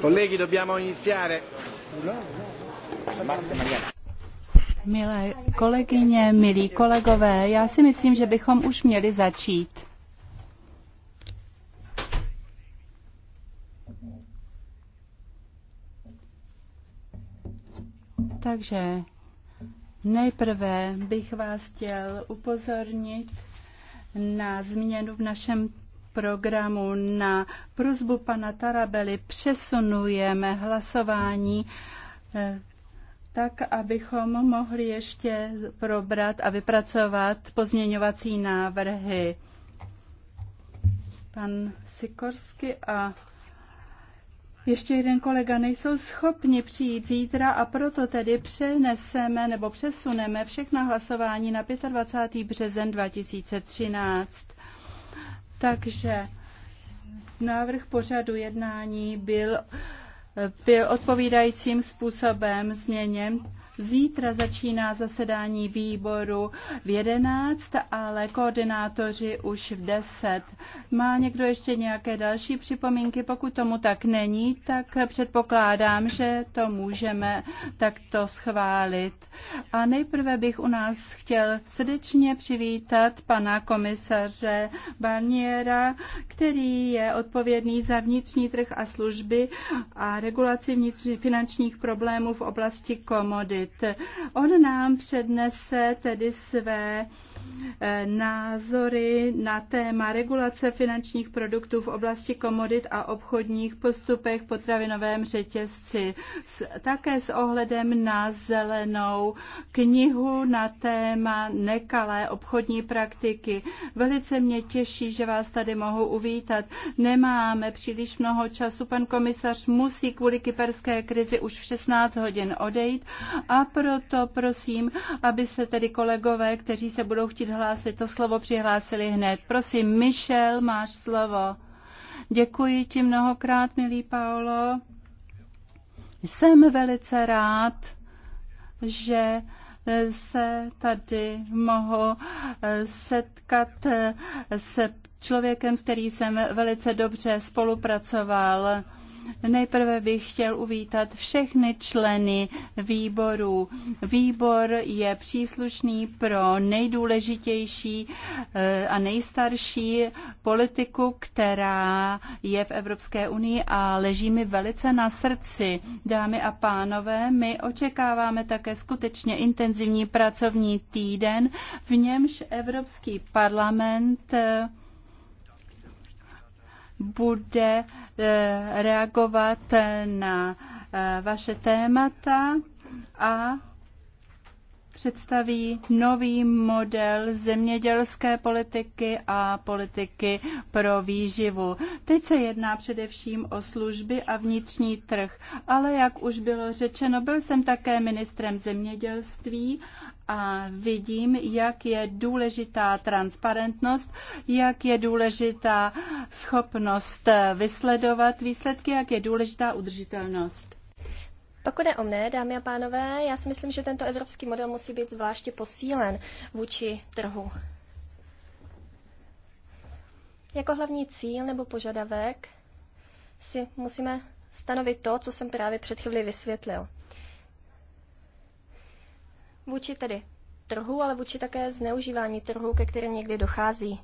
Colleghi, dobbiamo iniziare. Milé kolegyně, milí kolegové, já si myslím, že bychom už měli začít. Takže nejprve bych vás chtěl upozornit na změnu v našem programu na prozbu pana Tarabely přesunujeme hlasování eh, tak, abychom mohli ještě probrat a vypracovat pozměňovací návrhy. Pan Sikorsky a ještě jeden kolega nejsou schopni přijít zítra a proto tedy přeneseme nebo přesuneme všechna hlasování na 25. březen 2013. Takže návrh pořadu jednání byl, byl odpovídajícím způsobem změněn Zítra začíná zasedání výboru v 11, ale koordinátoři už v 10. Má někdo ještě nějaké další připomínky? Pokud tomu tak není, tak předpokládám, že to můžeme takto schválit. A nejprve bych u nás chtěl srdečně přivítat pana komisaře Barniera, který je odpovědný za vnitřní trh a služby a regulaci vnitř finančních problémů v oblasti komodit. On nám přednese tedy své Eh, názory na téma regulace finančních produktů v oblasti komodit a obchodních postupech potravinovém řetězci. Také s ohledem na zelenou knihu na téma nekalé obchodní praktiky. Velice mě těší, že vás tady mohu uvítat. Nemáme příliš mnoho času. Pan komisař musí kvůli kyperské krizi už v 16 hodin odejít a proto prosím, aby se tedy kolegové, kteří se budou chtít přihlásit, to slovo přihlásili hned. Prosím, Michel, máš slovo. Děkuji ti mnohokrát, milý Paolo. Jsem velice rád, že se tady mohu eh, setkat eh, s člověkem, s kterým jsem velice dobře spolupracoval. Nejprve bych chtěl uvítat všechny členy výboru. Výbor je příslušný pro nejdůležitější eh, a nejstarší politiku, která je v Evropské unii a leží mi velice na srdci. Dámy a pánové, my očekáváme také skutečně intenzivní pracovní týden, v němž Evropský parlament eh, bude eh, reagovat na eh, vaše témata a představí nový model zemědělské politiky a politiky pro výživu. Teď se jedná především o služby a vnitřní trh, ale jak už bylo řečeno, byl jsem také ministrem zemědělství a vidím, jak je důležitá transparentnost, jak je důležitá schopnost vysledovat výsledky, jak je důležitá udržitelnost. Pokud je o mne, dámy a pánové, já si myslím, že tento evropský model musí být zvláště posílen vůči trhu. Jako hlavní cíl nebo požadavek si musíme stanovit to, co jsem právě před chvíli vysvětlil vůči tedy trhu, ale vůči také zneužívání trhu, ke kterým někdy dochází.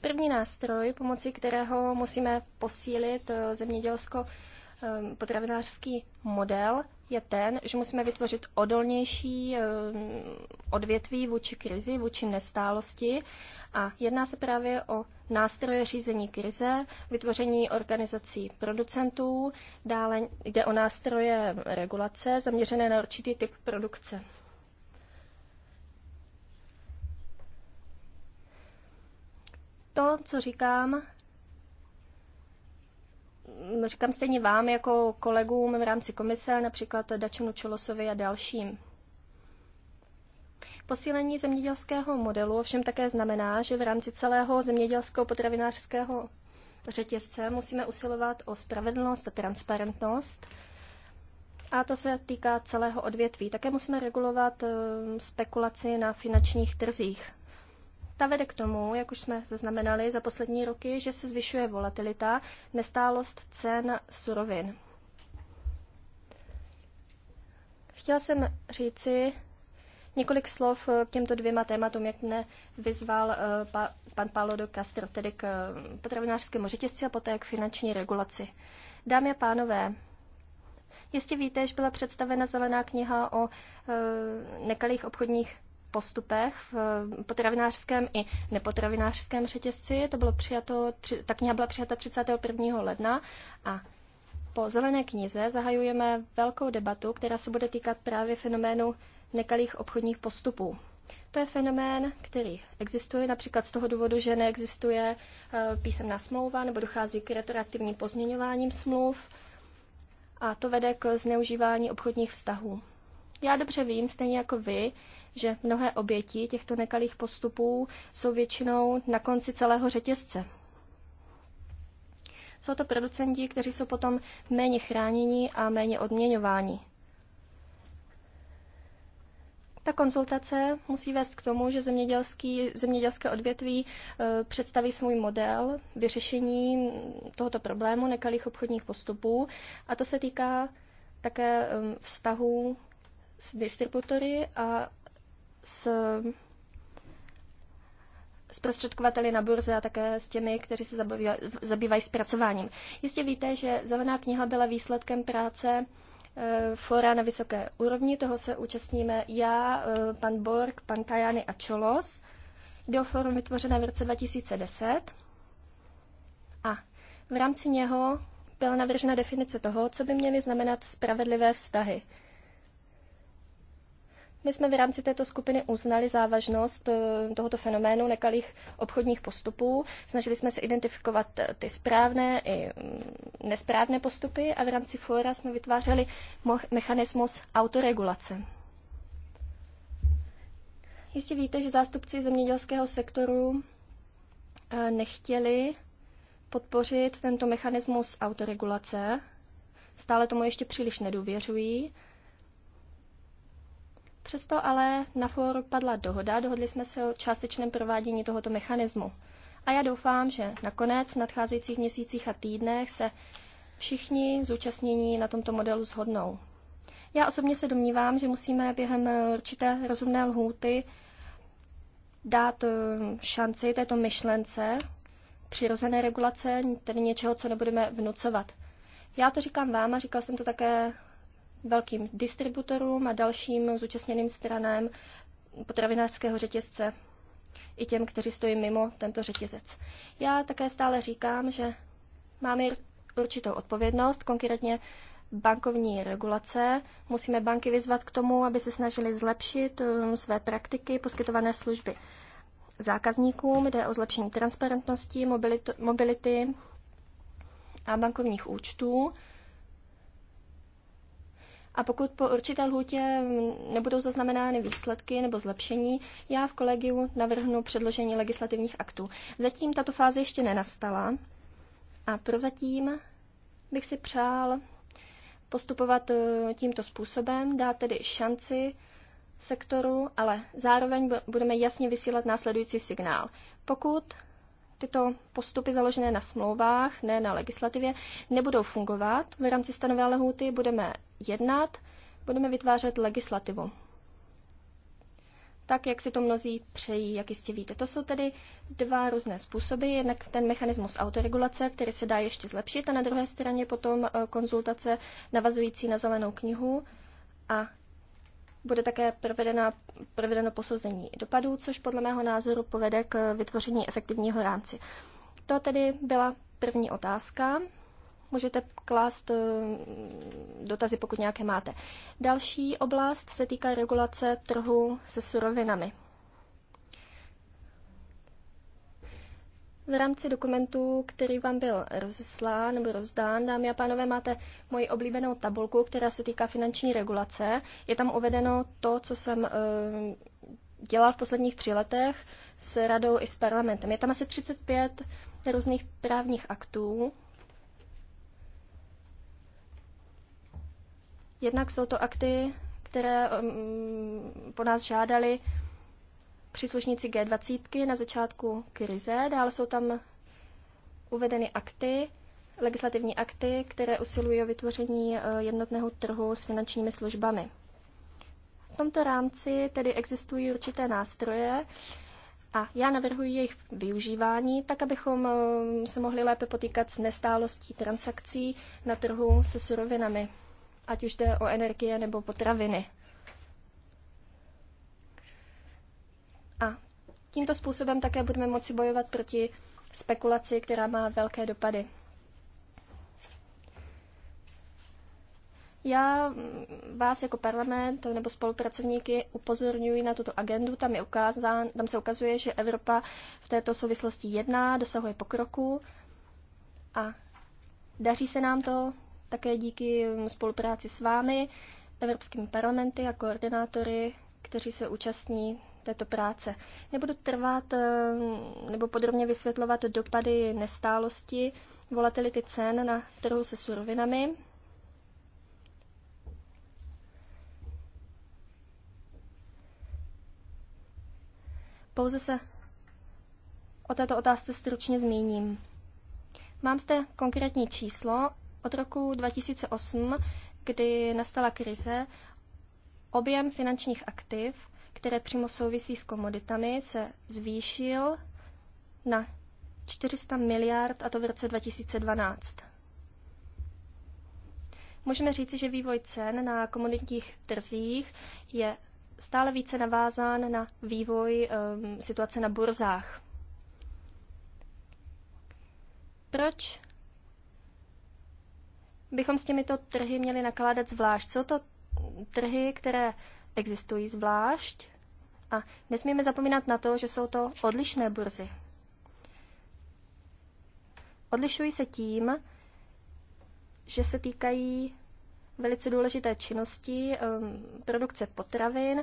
První nástroj, pomocí kterého musíme posílit eh, zemědělsko-potravinářský eh, model, je ten, že musíme vytvořit odolnější ehm, odvětví vůči krizi, vůči nestálosti. A jedná se právě o nástroje řízení krize, vytvoření organizací producentů, dále jde o nástroje regulace zaměřené na určitý typ produkce. To, co říkám, říkám stejně vám jako kolegům v rámci komise, například Dačinu Čolosovi a dalším. Posílení zemědělského modelu ovšem také znamená, že v rámci celého zemědělského potravinářského řetězce musíme usilovat o spravedlnost a transparentnost. A to se týká celého odvětví. Také musíme regulovat eh, spekulaci na finančních trzích. Ta vede k tomu, jak už jsme zaznamenali za poslední roky, že se zvyšuje volatilita, nestálost cen surovin. Chtěla jsem říci několik slov k těmto dvěma tématům, jak mne vyzval eh, pa, pan Paolo do Castro, tedy k eh, potravinářskému řetězci a poté k finanční regulaci. Dámy a pánové, jistě víte, že byla představena zelená kniha o eh, nekalých obchodních postupech v eh, potravinářském i nepotravinářském řetězci. To bylo přijato, ta kniha byla přijata 31. ledna a po zelené knize zahajujeme velkou debatu, která se bude týkat právě fenoménu nekalých obchodních postupů. To je fenomén, který existuje například z toho důvodu, že neexistuje eh, písemná smlouva nebo dochází k retroaktivním pozměňováním smluv a to vede k zneužívání obchodních vztahů. Já dobře vím, stejně jako vy, že mnohé oběti těchto nekalých postupů jsou většinou na konci celého řetězce. Jsou to producenti, kteří jsou potom méně chráněni a méně odměňováni. Ta konzultace musí vést k tomu, že zemědělský, zemědělské odvětví e, představí svůj model vyřešení tohoto problému nekalých obchodních postupů. A to se týká také e, vztahů s distributory a s zprostředkovateli na burze a také s těmi, kteří se zabývají, zabývají zpracováním. Jistě víte, že Zelená kniha byla výsledkem práce e, fora na vysoké úrovni. Toho se účastníme já, e, pan Borg, pan Tajany a Čolos. Jde o forum vytvořené v roce 2010 a v rámci něho byla navržena definice toho, co by měly znamenat spravedlivé vztahy – my jsme v rámci této skupiny uznali závažnost eh, tohoto fenoménu nekalých obchodních postupů. Snažili jsme se identifikovat eh, ty správné i mm, nesprávné postupy a v rámci fóra jsme vytvářeli mechanismus autoregulace. Jistě víte, že zástupci zemědělského sektoru eh, nechtěli podpořit tento mechanismus autoregulace. Stále tomu ještě příliš nedůvěřují. Přesto ale na fóru padla dohoda, dohodli jsme se o částečném provádění tohoto mechanismu. A já doufám, že nakonec v nadcházejících měsících a týdnech se všichni zúčastnění na tomto modelu shodnou. Já osobně se domnívám, že musíme během určité rozumné lhůty dát eh, šanci této myšlence přirozené regulace, tedy něčeho, co nebudeme vnucovat. Já to říkám vám a říkal jsem to také velkým distributorům a dalším zúčastněným stranám potravinářského řetězce i těm, kteří stojí mimo tento řetězec. Já také stále říkám, že máme určitou odpovědnost, konkrétně bankovní regulace. Musíme banky vyzvat k tomu, aby se snažili zlepšit um, své praktiky poskytované služby zákazníkům. Jde o zlepšení transparentnosti, mobility a bankovních účtů. A pokud po určité lhůtě nebudou zaznamenány výsledky nebo zlepšení, já v kolegiu navrhnu předložení legislativních aktů. Zatím tato fáze ještě nenastala a prozatím bych si přál postupovat eh, tímto způsobem, dát tedy šanci sektoru, ale zároveň budeme jasně vysílat následující signál. Pokud tyto postupy založené na smlouvách, ne na legislativě, nebudou fungovat v rámci stanové lehuty, budeme jednat, budeme vytvářet legislativu. Tak, jak si to mnozí přejí, jak jistě víte. To jsou tedy dva různé způsoby. Jednak ten mechanismus autoregulace, který se dá ještě zlepšit, a na druhé straně potom eh, konzultace navazující na zelenou knihu a bude také provedena, provedeno posouzení dopadů, což podle mého názoru povede k vytvoření efektivního rámci. To tedy byla první otázka. Můžete klást eh, dotazy, pokud nějaké máte. Další oblast se týká regulace trhu se surovinami. V rámci dokumentu, který vám byl rozeslán nebo rozdán, dámy a pánové, máte moji oblíbenou tabulku, která se týká finanční regulace. Je tam uvedeno to, co jsem eh, dělal v posledních tři letech s radou i s parlamentem. Je tam asi 35 různých právních aktů, Jednak jsou to akty, které um, po nás žádali příslušníci G20 na začátku krize. Dále jsou tam uvedeny akty, legislativní akty, které usilují o vytvoření uh, jednotného trhu s finančními službami. V tomto rámci tedy existují určité nástroje a já navrhuji jejich využívání, tak abychom um, se mohli lépe potýkat s nestálostí transakcí na trhu se surovinami ať už jde o energie nebo potraviny. A tímto způsobem také budeme moci bojovat proti spekulaci, která má velké dopady. Já vás jako parlament nebo spolupracovníky upozorňuji na tuto agendu. Tam, je ukázán, tam se ukazuje, že Evropa v této souvislosti jedná, dosahuje pokroku a daří se nám to také díky mm, spolupráci s vámi, evropskými parlamenty a koordinátory, kteří se účastní této práce. Nebudu trvat mm, nebo podrobně vysvětlovat dopady nestálosti, volatility cen na trhu se surovinami. Pouze se o této otázce stručně zmíním. Mám zde konkrétní číslo od roku 2008, kdy nastala krize, objem finančních aktiv, které přímo souvisí s komoditami, se zvýšil na 400 miliard, a to v roce 2012. Můžeme říci, že vývoj cen na komoditních trzích je stále více navázán na vývoj um, situace na burzách. Proč bychom s těmito trhy měli nakládat zvlášť. Jsou to trhy, které existují zvlášť a nesmíme zapomínat na to, že jsou to odlišné burzy. Odlišují se tím, že se týkají velice důležité činnosti um, produkce potravin,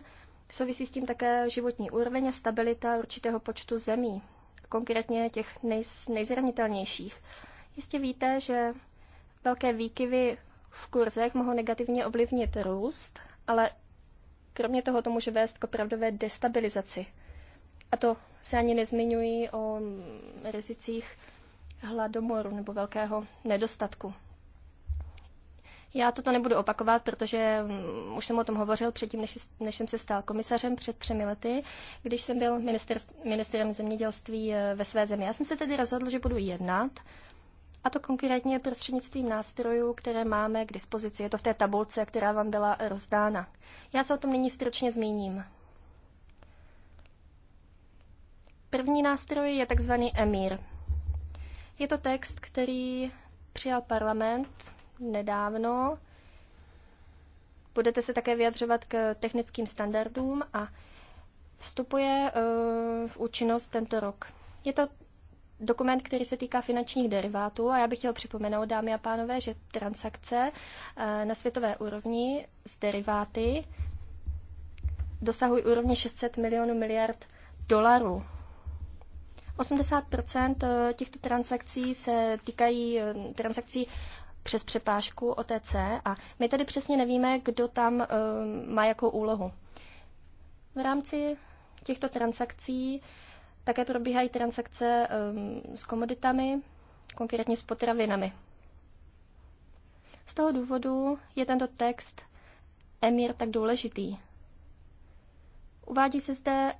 souvisí s tím také životní úroveň a stabilita určitého počtu zemí, konkrétně těch nejz, nejzranitelnějších. Jistě víte, že Velké výkyvy v kurzech mohou negativně ovlivnit růst, ale kromě toho to může vést k opravdové destabilizaci. A to se ani nezmiňují o rizicích hladomoru nebo velkého nedostatku. Já toto nebudu opakovat, protože mm, už jsem o tom hovořil předtím, než, než jsem se stal komisařem před třemi lety, když jsem byl minister, ministerem zemědělství eh, ve své zemi. Já jsem se tedy rozhodl, že budu jednat a to konkrétně prostřednictvím nástrojů, které máme k dispozici. Je to v té tabulce, která vám byla rozdána. Já se o tom nyní stručně zmíním. První nástroj je tzv. EMIR. Je to text, který přijal parlament nedávno. Budete se také vyjadřovat k technickým standardům a vstupuje eh, v účinnost tento rok. Je to dokument, který se týká finančních derivátů a já bych chtěl připomenout, dámy a pánové, že transakce eh, na světové úrovni s deriváty dosahují úrovně 600 milionů miliard dolarů. 80 eh, těchto transakcí se týkají eh, transakcí přes přepážku OTC a my tedy přesně nevíme, kdo tam má jakou úlohu. V rámci těchto transakcí také probíhají transakce um, s komoditami, konkrétně s potravinami. Z toho důvodu je tento text Emir tak důležitý. Uvádí se zde,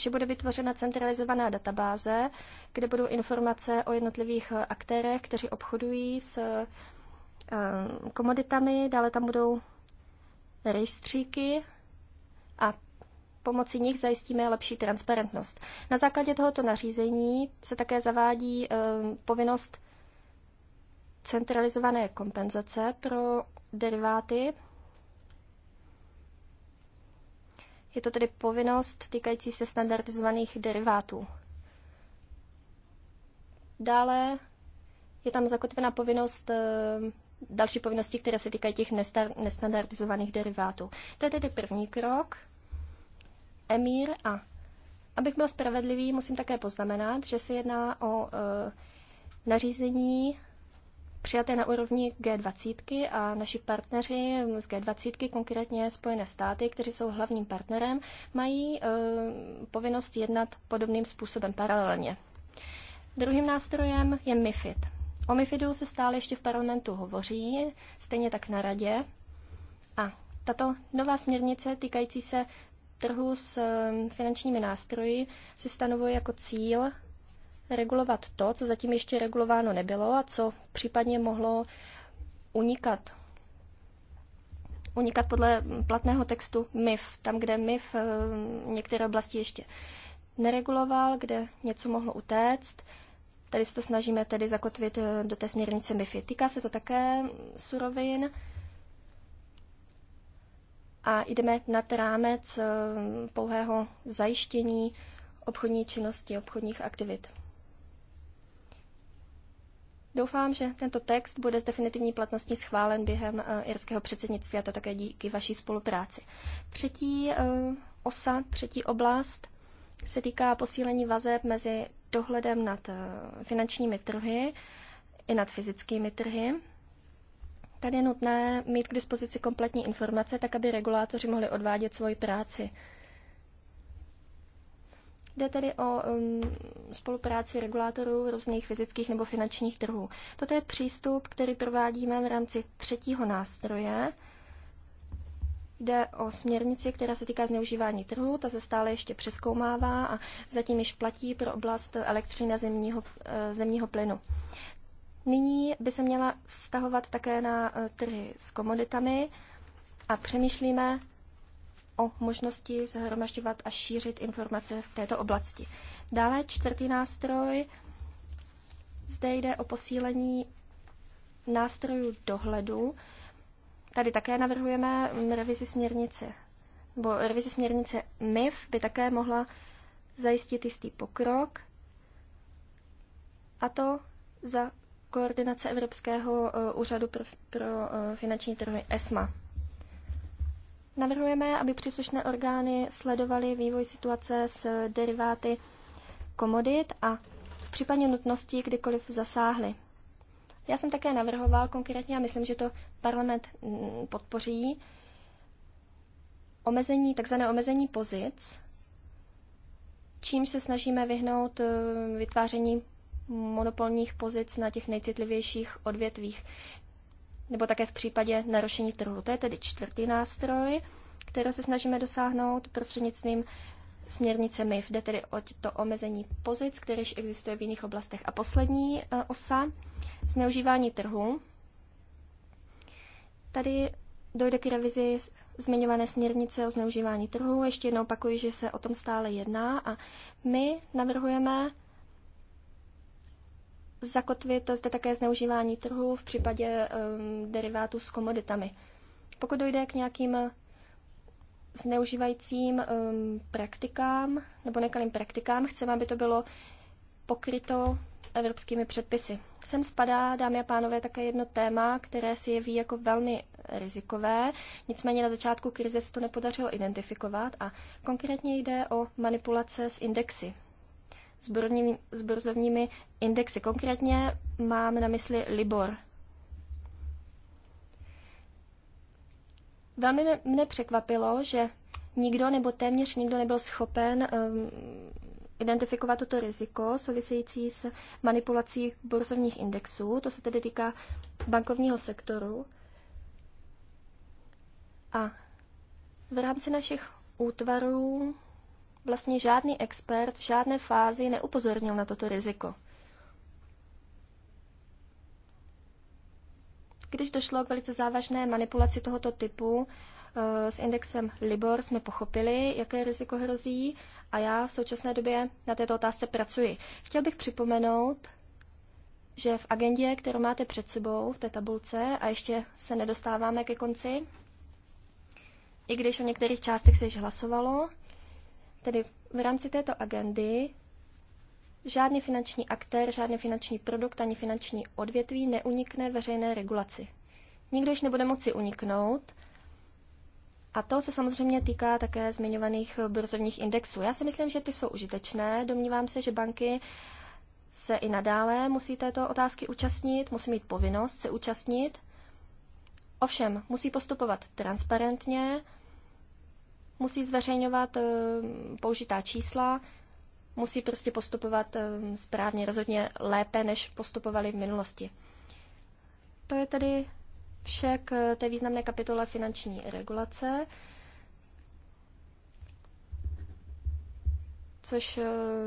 že bude vytvořena centralizovaná databáze, kde budou informace o jednotlivých eh, aktérech, kteří obchodují s ehm, komoditami, dále tam budou rejstříky a pomocí nich zajistíme lepší transparentnost. Na základě tohoto nařízení se také zavádí eh, povinnost centralizované kompenzace pro deriváty. Je to tedy povinnost týkající se standardizovaných derivátů. Dále je tam zakotvena povinnost eh, další povinnosti, které se týkají těch nestandardizovaných derivátů. To je tedy první krok emír a abych byl spravedlivý, musím také poznamenat, že se jedná o e, nařízení přijaté na úrovni G20 a naši partneři z G20, konkrétně Spojené státy, kteří jsou hlavním partnerem, mají e, povinnost jednat podobným způsobem paralelně. Druhým nástrojem je MIFID. O MIFIDu se stále ještě v parlamentu hovoří, stejně tak na radě. A tato nová směrnice týkající se trhu s um, finančními nástroji si stanovuje jako cíl regulovat to, co zatím ještě regulováno nebylo a co případně mohlo unikat. Unikat podle platného textu MIF, tam, kde MIF um, některé oblasti ještě nereguloval, kde něco mohlo utéct. Tady se to snažíme tedy zakotvit uh, do té směrnice MIFI. Týká se to také surovin, a jdeme nad rámec eh, pouhého zajištění obchodní činnosti, obchodních aktivit. Doufám, že tento text bude z definitivní platnosti schválen během eh, irského předsednictví a to také díky vaší spolupráci. Třetí eh, osa, třetí oblast se týká posílení vazeb mezi dohledem nad finančními trhy i nad fyzickými trhy. Tady je nutné mít k dispozici kompletní informace, tak aby regulátoři mohli odvádět svoji práci. Jde tedy o um, spolupráci regulátorů různých fyzických nebo finančních trhů. Toto je přístup, který provádíme v rámci třetího nástroje. Jde o směrnici, která se týká zneužívání trhu, ta se stále ještě přeskoumává a zatím již platí pro oblast elektřiny a zemního, eh, zemního plynu. Nyní by se měla vztahovat také na e, trhy s komoditami a přemýšlíme o možnosti zhromažďovat a šířit informace v této oblasti. Dále čtvrtý nástroj. Zde jde o posílení nástrojů dohledu. Tady také navrhujeme revizi směrnice. Bo revizi směrnice MIF by také mohla zajistit jistý pokrok, a to za koordinace Evropského eh, úřadu pro, pro eh, finanční trhy ESMA. Navrhujeme, aby příslušné orgány sledovaly vývoj situace s deriváty komodit a v případě nutnosti kdykoliv zasáhly. Já jsem také navrhoval konkrétně, a myslím, že to parlament mm, podpoří, omezení, takzvané omezení pozic, čím se snažíme vyhnout eh, vytváření monopolních pozic na těch nejcitlivějších odvětvích, nebo také v případě narušení trhu. To je tedy čtvrtý nástroj, kterou se snažíme dosáhnout prostřednictvím směrnice MIF. Jde tedy o to omezení pozic, které již existuje v jiných oblastech. A poslední eh, osa, zneužívání trhu. Tady dojde k revizi zmiňované směrnice o zneužívání trhu. Ještě jednou opakuji, že se o tom stále jedná a my navrhujeme zakotvit zde také zneužívání trhu v případě um, derivátů s komoditami. Pokud dojde k nějakým zneužívajícím um, praktikám nebo nekalým praktikám, chceme, aby to bylo pokryto evropskými předpisy. Sem spadá, dámy a pánové, také jedno téma, které se jeví jako velmi rizikové. Nicméně na začátku krize se to nepodařilo identifikovat a konkrétně jde o manipulace s indexy s burzovními indexy. Konkrétně mám na mysli Libor. Velmi mne překvapilo, že nikdo nebo téměř nikdo nebyl schopen um, identifikovat toto riziko související s manipulací burzovních indexů. To se tedy týká bankovního sektoru. A v rámci našich útvarů vlastně žádný expert v žádné fázi neupozornil na toto riziko. Když došlo k velice závažné manipulaci tohoto typu eh, s indexem Libor, jsme pochopili, jaké riziko hrozí a já v současné době na této otázce pracuji. Chtěl bych připomenout, že v agendě, kterou máte před sebou v té tabulce, a ještě se nedostáváme ke konci, i když o některých částech se již hlasovalo, Tedy v rámci této agendy žádný finanční aktér, žádný finanční produkt ani finanční odvětví neunikne veřejné regulaci. Nikdo již nebude moci uniknout. A to se samozřejmě týká také zmiňovaných burzovních indexů. Já si myslím, že ty jsou užitečné. Domnívám se, že banky se i nadále musí této otázky účastnit, musí mít povinnost se účastnit. Ovšem, musí postupovat transparentně, musí zveřejňovat eh, použitá čísla, musí prostě postupovat eh, správně, rozhodně lépe, než postupovali v minulosti. To je tedy vše k eh, té významné kapitole finanční regulace, což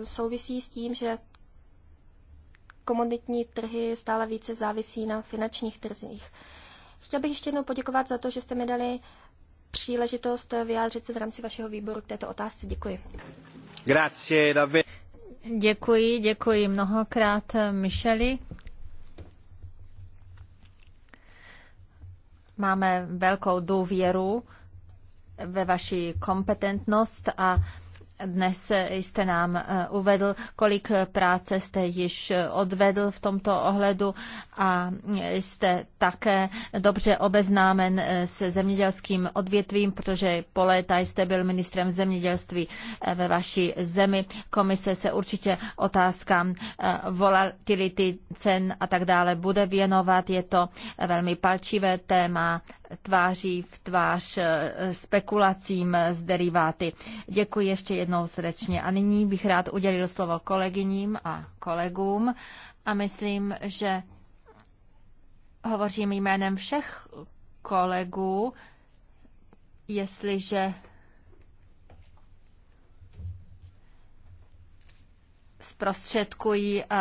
souvisí s tím, že komoditní trhy stále více závisí na finančních trzích. Chtěl bych ještě jednou poděkovat za to, že jste mi dali příležitost vyjádřit se v rámci vašeho výboru k této otázce. Děkuji. Grazie, davvero. Děkuji, děkuji mnohokrát Micheli. Máme velkou důvěru ve vaši kompetentnost a dnes jste nám eh, uvedl, kolik práce jste již odvedl v tomto ohledu a jste také dobře obeznámen eh, s zemědělským odvětvím, protože po léta jste byl ministrem zemědělství eh, ve vaší zemi. Komise se určitě otázkám volatility cen a tak dále bude věnovat. Je to velmi palčivé téma tváří v tvář spekulacím z deriváty. Děkuji ještě jednou jednou srdečně. A nyní bych rád udělil slovo kolegyním a kolegům a myslím, že hovořím jménem všech kolegů, jestliže zprostředkují eh,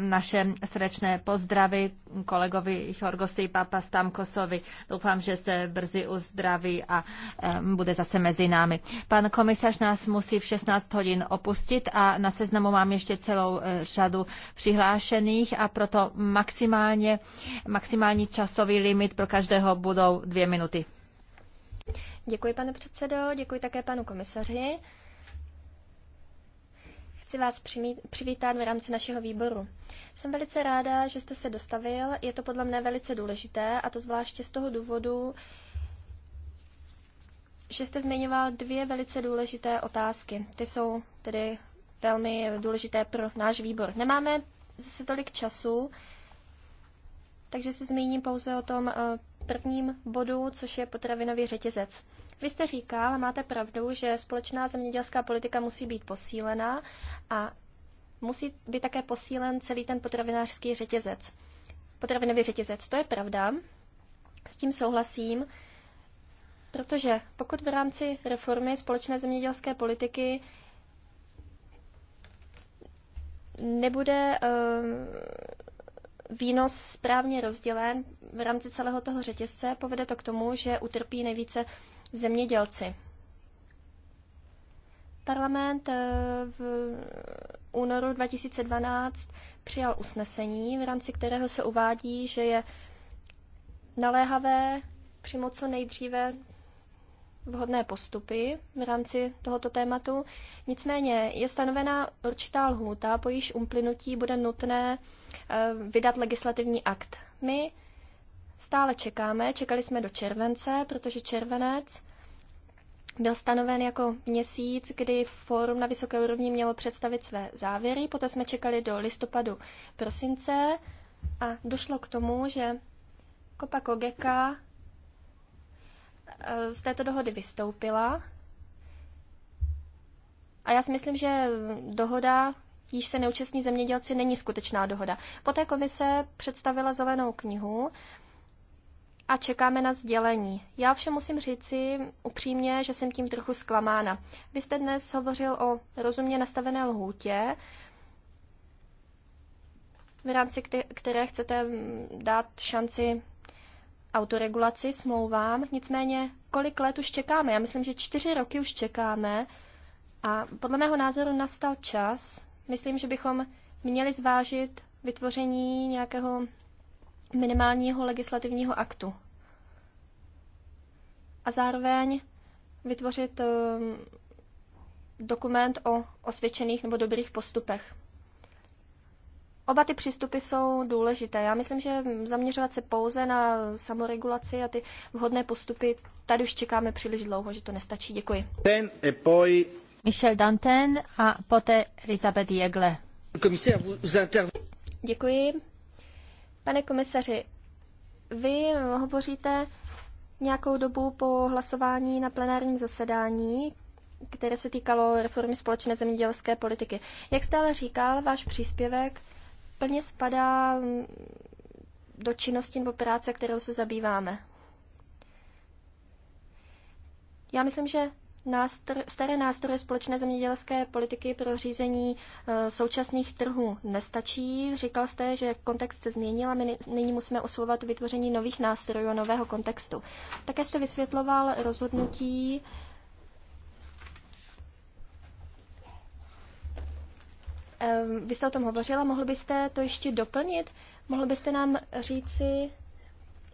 naše srdečné pozdravy kolegovi Jorgosi Papastamkosovi. Doufám, že se brzy uzdraví a eh, bude zase mezi námi. Pan komisař nás musí v 16 hodin opustit a na seznamu mám ještě celou eh, řadu přihlášených a proto maximálně, maximální časový limit pro každého budou dvě minuty. Děkuji, pane předsedo, děkuji také panu komisaři chci vás přivítat v rámci našeho výboru. Jsem velice ráda, že jste se dostavil. Je to podle mne velice důležité, a to zvláště z toho důvodu, že jste zmiňoval dvě velice důležité otázky. Ty jsou tedy velmi důležité pro náš výbor. Nemáme zase tolik času, takže se zmíním pouze o tom eh, prvním bodu, což je potravinový řetězec. Vy jste říkal, máte pravdu, že společná zemědělská politika musí být posílená a musí být také posílen celý ten potravinářský řetězec. Potravinový řetězec, to je pravda, s tím souhlasím, protože pokud v rámci reformy společné zemědělské politiky nebude ehm, výnos správně rozdělen v rámci celého toho řetězce, povede to k tomu, že utrpí nejvíce zemědělci. Parlament eh, v únoru 2012 přijal usnesení, v rámci kterého se uvádí, že je naléhavé přímo co nejdříve vhodné postupy v rámci tohoto tématu. Nicméně je stanovena určitá lhůta, po již uplynutí bude nutné eh, vydat legislativní akt. My Stále čekáme, čekali jsme do července, protože červenec byl stanoven jako měsíc, kdy fórum na vysoké úrovni mělo představit své závěry. Poté jsme čekali do listopadu prosince a došlo k tomu, že Kopa Kogeka eh, z této dohody vystoupila. A já si myslím, že dohoda, již se neúčastní zemědělci, není skutečná dohoda. Poté komise představila zelenou knihu, a čekáme na sdělení. Já všem musím říci upřímně, že jsem tím trochu zklamána. Vy jste dnes hovořil o rozumně nastavené lhůtě, v rámci které chcete mm, dát šanci autoregulaci, smlouvám. Nicméně, kolik let už čekáme? Já myslím, že čtyři roky už čekáme a podle mého názoru nastal čas. Myslím, že bychom měli zvážit vytvoření nějakého minimálního legislativního aktu. A zároveň vytvořit um, dokument o osvědčených nebo dobrých postupech. Oba ty přístupy jsou důležité. Já myslím, že zaměřovat se pouze na samoregulaci a ty vhodné postupy, tady už čekáme příliš dlouho, že to nestačí. Děkuji. Ten e poi... Michel Danten a poté Elizabeth Jegle. Děkuji. Pane komisaři, vy hovoříte nějakou dobu po hlasování na plenárním zasedání, které se týkalo reformy společné zemědělské politiky. Jak jste ale říkal, váš příspěvek plně spadá mm, do činnosti nebo práce, kterou se zabýváme. Já myslím, že nástr- staré nástroje společné zemědělské politiky pro řízení e, současných trhů nestačí. Říkal jste, že kontext se změnil a my nyní musíme oslovovat vytvoření nových nástrojů a nového kontextu. Také jste vysvětloval rozhodnutí Vy jste o tom hovořila, mohl byste to ještě doplnit? Mohl byste nám říci,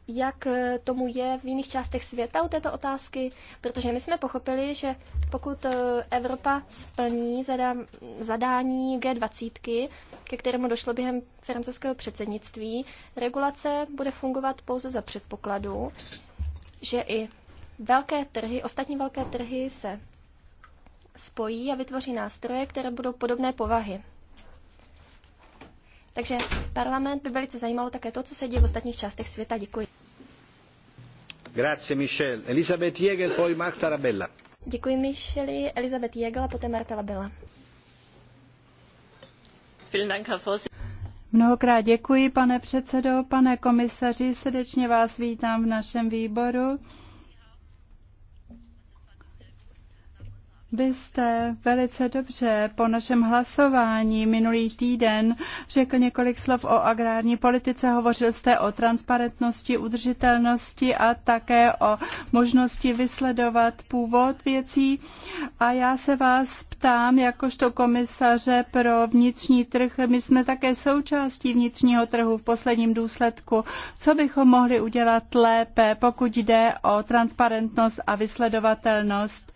jak eh, tomu je v jiných částech světa u této otázky, protože my jsme pochopili, že pokud eh, Evropa splní zadání G20, ke kterému došlo během francouzského předsednictví, regulace bude fungovat pouze za předpokladu, že i velké trhy, ostatní velké trhy se spojí a vytvoří nástroje, které budou podobné povahy. Takže parlament by velice zajímalo také to, co se děje v ostatních částech světa. Děkuji. Grazie poi Děkuji Micheli, Elizabeth a poté Mark Tarabella. Mnohokrát děkuji, pane předsedo, pane komisaři, srdečně vás vítám v našem výboru. Vy jste velice dobře po našem hlasování minulý týden řekl několik slov o agrární politice. Hovořil jste o transparentnosti, udržitelnosti a také o možnosti vysledovat původ věcí. A já se vás ptám, jakožto komisaře pro vnitřní trh, my jsme také součástí vnitřního trhu v posledním důsledku. Co bychom mohli udělat lépe, pokud jde o transparentnost a vysledovatelnost?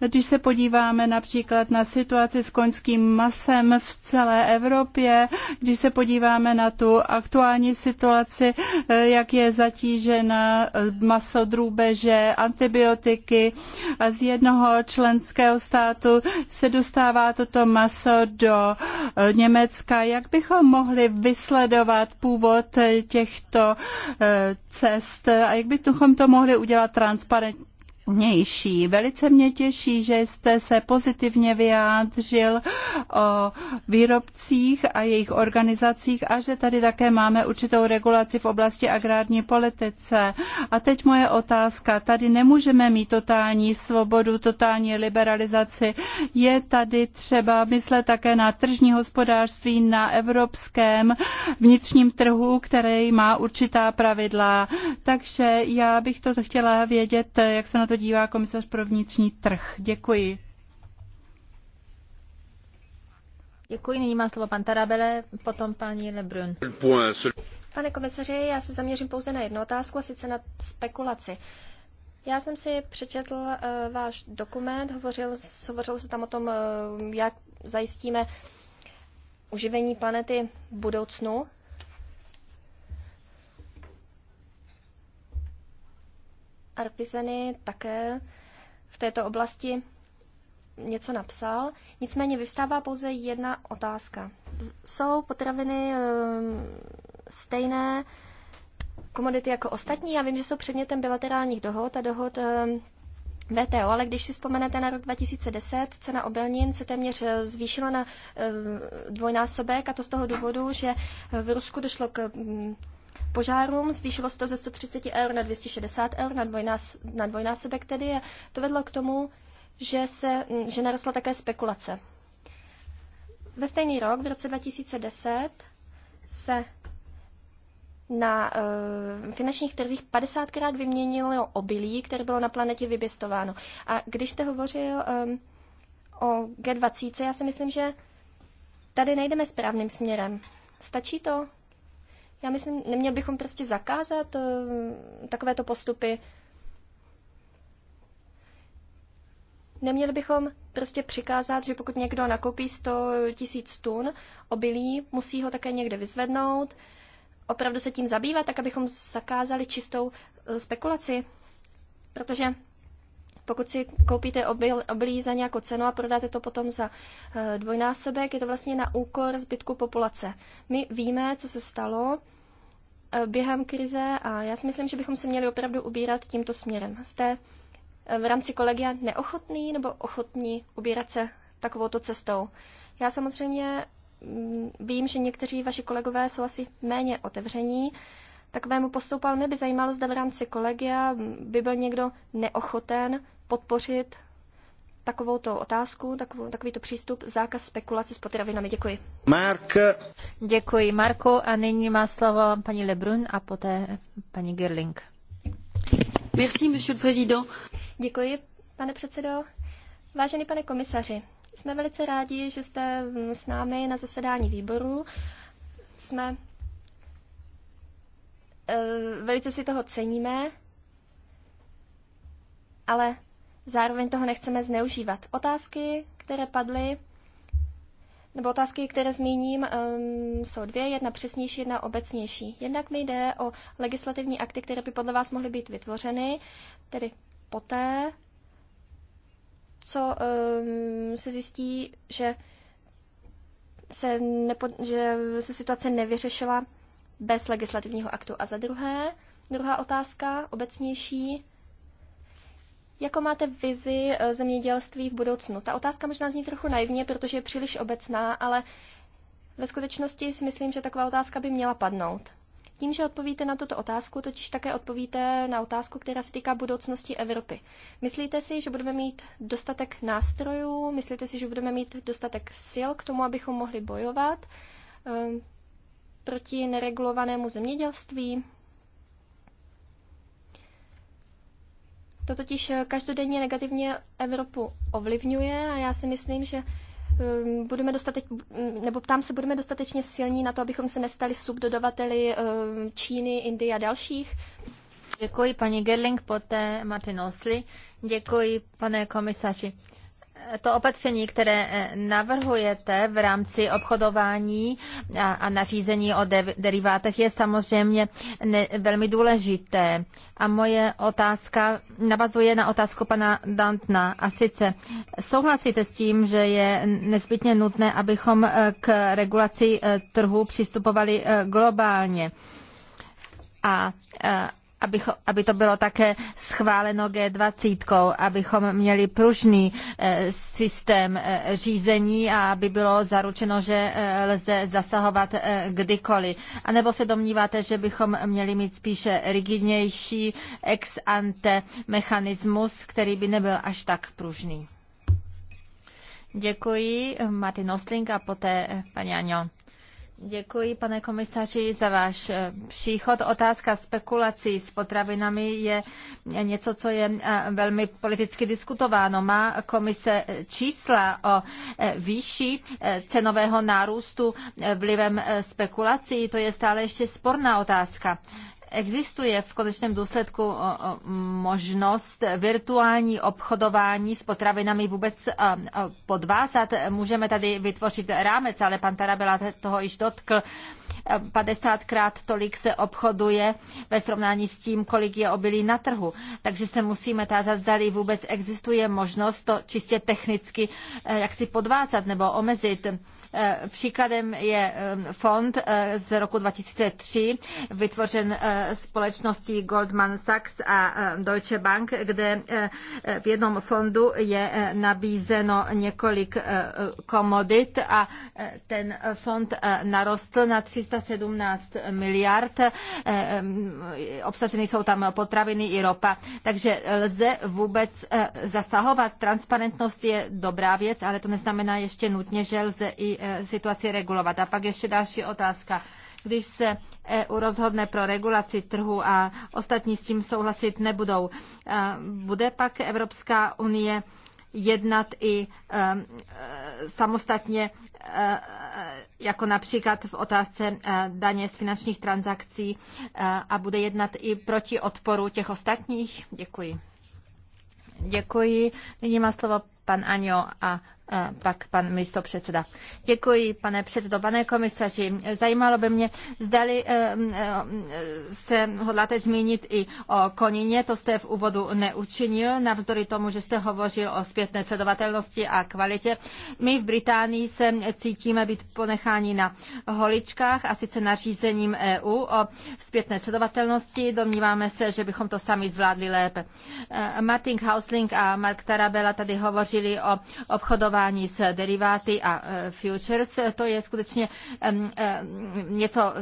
Když se podíváme například na situaci s koňským masem v celé Evropě, když se podíváme na tu aktuální situaci, eh, jak je zatížena eh, maso drůbeže, antibiotiky a z jednoho členského státu se dostává toto maso do eh, Německa. Jak bychom mohli vysledovat původ těchto cest a jak bychom to mohli udělat transparentně? vnější. Velice mě těší, že jste se pozitivně vyjádřil o výrobcích a jejich organizacích a že tady také máme určitou regulaci v oblasti agrární politice. A teď moje otázka. Tady nemůžeme mít totální svobodu, totální liberalizaci. Je tady třeba myslet také na tržní hospodářství na evropském vnitřním trhu, který má určitá pravidla. Takže já bych to chtěla vědět, jak se na to dívá komisař pro vnitřní trh. Děkuji. Děkuji, nyní má slovo pan Tarabele, potom paní Lebrun. Pane komisaři, já se zaměřím pouze na jednu otázku, a sice na spekulaci. Já jsem si přečetl uh, váš dokument, hovořil, hovořilo se tam o tom, uh, jak zajistíme uživení planety v budoucnu. Arpizeny také v této oblasti něco napsal. Nicméně vyvstává pouze jedna otázka. Jsou potraviny ehm, stejné komodity jako ostatní? Já vím, že jsou předmětem bilaterálních dohod a dohod ehm, VTO, ale když si vzpomenete na rok 2010, cena obilnin se téměř eh, zvýšila na ehm, dvojnásobek a to z toho důvodu, že v Rusku došlo k mm, požárům. Zvýšilo se to ze 130 eur na 260 eur, na, dvojnás, na dvojnásobek tedy. A to vedlo k tomu, že, se, že narostla také spekulace. Ve stejný rok, v roce 2010, se na e, finančních trzích 50krát vyměnilo obilí, které bylo na planetě vypěstováno. A když jste hovořil e, o G20, já si myslím, že tady nejdeme správným směrem. Stačí to? Já myslím, neměl bychom prostě zakázat eh, takovéto postupy. Neměli bychom prostě přikázat, že pokud někdo nakoupí 100 tisíc tun obilí, musí ho také někde vyzvednout, opravdu se tím zabývat, tak abychom zakázali čistou eh, spekulaci. Protože pokud si koupíte obil, obilí za nějakou cenu a prodáte to potom za eh, dvojnásobek, je to vlastně na úkor zbytku populace. My víme, co se stalo eh, během krize a já si myslím, že bychom se měli opravdu ubírat tímto směrem. Jste eh, v rámci kolegia neochotný nebo ochotní ubírat se takovouto cestou? Já samozřejmě mm, vím, že někteří vaši kolegové jsou asi méně otevření takovému postupu, ale mě by zajímalo, zda v rámci kolegia mm, by byl někdo neochoten podpořit to otázku, takovou, takovýto přístup, zákaz spekulace s potravinami. Děkuji. Mark. Děkuji, Marko A nyní má slovo paní Lebrun a poté paní Gerling. Merci, monsieur le président. Děkuji, pane předsedo. Vážený pane komisaři, jsme velice rádi, že jste s námi na zasedání výboru. Jsme eh, velice si toho ceníme, ale zároveň toho nechceme zneužívat. Otázky, které padly, nebo otázky, které zmíním, um, jsou dvě, jedna přesnější, jedna obecnější. Jednak mi jde o legislativní akty, které by podle vás mohly být vytvořeny, tedy poté, co um, se zjistí, že se, nepo, že se situace nevyřešila bez legislativního aktu. A za druhé, druhá otázka, obecnější, Jakou máte vizi eh, zemědělství v budoucnu? Ta otázka možná zní trochu naivně, protože je příliš obecná, ale ve skutečnosti si myslím, že taková otázka by měla padnout. Tím, že odpovíte na tuto otázku, totiž také odpovíte na otázku, která se týká budoucnosti Evropy. Myslíte si, že budeme mít dostatek nástrojů? Myslíte si, že budeme mít dostatek sil k tomu, abychom mohli bojovat um, proti neregulovanému zemědělství? To totiž eh, každodenně negativně Evropu ovlivňuje a já si myslím, že ehm, budeme dostateč, mm, nebo ptám se, budeme dostatečně silní na to, abychom se nestali subdodavateli ehm, Číny, Indie a dalších. Děkuji paní Gerling, poté Martin Osli. Děkuji, pane komisaři to opatření, které eh, navrhujete v rámci obchodování a, a nařízení o de- derivátech, je samozřejmě ne- velmi důležité. A moje otázka navazuje na otázku pana Dantna. A sice souhlasíte s tím, že je nezbytně nutné, abychom eh, k regulaci eh, trhu přistupovali globálně? A, a abych, aby to bylo také schváleno G20, abychom měli pružný eh, systém eh, řízení a aby bylo zaručeno, že eh, lze zasahovat kdykoliv. A nebo se domníváte, že bychom měli mít spíše rigidnější ex ante mechanismus, který by nebyl až tak pružný? Děkuji, Martin Osling a poté paní Aňo. Děkuji, pane komisaři, za váš eh, příchod. Otázka spekulací s potravinami je něco, co je eh, velmi politicky diskutováno. Má komise eh, čísla o výši cenového nárůstu vlivem spekulací? To je stále ještě sporná otázka. Existuje v konečném důsledku možnost virtuální obchodování s potravinami vůbec podvázat. Můžeme tady vytvořit rámec, ale pan Tarabela toho již dotkl. 50krát tolik se obchoduje ve srovnání s tím, kolik je obilí na trhu. Takže se musíme tázat, zda vůbec existuje možnost to čistě technicky eh, jak si podvázat nebo omezit. Eh, příkladem je eh, fond z roku 2003, vytvořen společností Goldman Sachs a e, Deutsche Bank, kde e, e, v jednom fondu je nabízeno několik komodit a ten fond narostl na 317 miliard. Obsaženy jsou tam potraviny i ropa. Takže lze vůbec zasahovat. Transparentnost je dobrá věc, ale to neznamená ještě nutně, že lze i situaci regulovat. A pak ještě další otázka když se EU rozhodne pro regulaci trhu a ostatní s tím souhlasit nebudou. E, bude pak Evropská unie jednat i e, e, samostatně, jako například v otázce daně z finančních transakcí a bude jednat i proti odporu těch ostatních? Děkuji. Děkuji. Nyní má slovo pan Anjo a pak pan místo předseda. Děkuji, pane předsedo, pane komisaři. Zajímalo by mě, zdali eh, eh, se hodláte zmínit i o konině, to jste v úvodu neučinil, navzdory tomu, že jste hovořil o zpětné sledovatelnosti a kvalitě. My v Británii se cítíme být ponecháni na holičkách a sice nařízením EU o zpětné sledovatelnosti. Domníváme se, že bychom to sami zvládli lépe. Eh, Martin Hausling a Mark Tarabella tady hovořili o obchodování obchodování s deriváty a e, futures. To je skutečně něco e,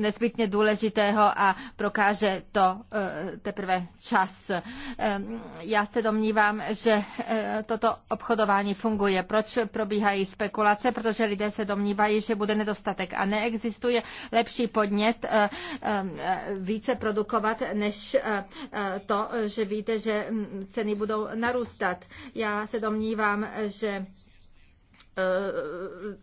nezbytně důležitého a prokáže to e, teprve čas. Já se domnívám, že toto obchodování funguje. Proč probíhají spekulace? Protože lidé se domnívají, že bude nedostatek a neexistuje lepší podnět více produkovat, než to, že víte, že ceny budou narůstat. Já se domnívám, že Eh,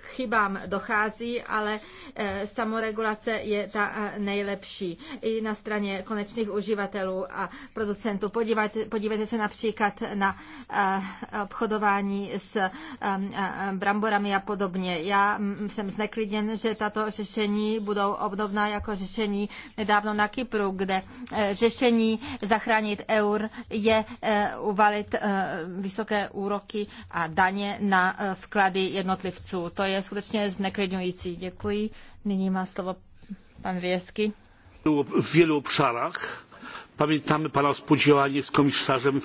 chybám dochází, ale eh, samoregulace je ta eh, nejlepší i na straně konečných uživatelů a producentů. Podívejte, podívejte se například na obchodování s bramborami a podobně. Já mm, jsem zneklidněn, že tato řešení budou obdobná jako řešení nedávno na Kypru, kde řešení zachránit eur je uvalit vysoké úroky a daně na vklady jednotlivců. To je skutečně zneklidňující. Děkuji. Nyní má slovo pan Věsky. V wielu obšarách. Pamětáme pana spodívání s komisarzem.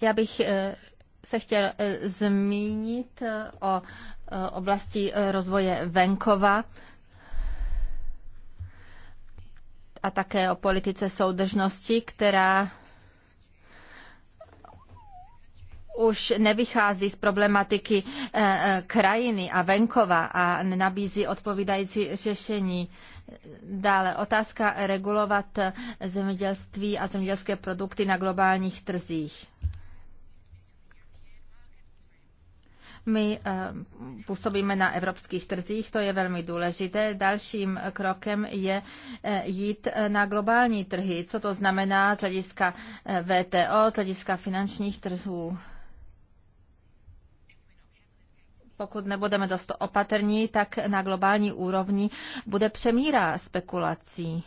Já bych e, se chtěl e, zmínit e, o oblasti rozvoje venkova a také o politice soudržnosti, která už nevychází z problematiky eh, eh, krajiny a venkova a nabízí odpovídající řešení. Dále otázka regulovat eh, zemědělství a zemědělské produkty na globálních trzích. My působíme na evropských trzích, to je velmi důležité. Dalším krokem je jít na globální trhy. Co to znamená z hlediska VTO, z hlediska finančních trhů? pokud nebudeme dost opatrní, tak na globální úrovni bude přemíra spekulací.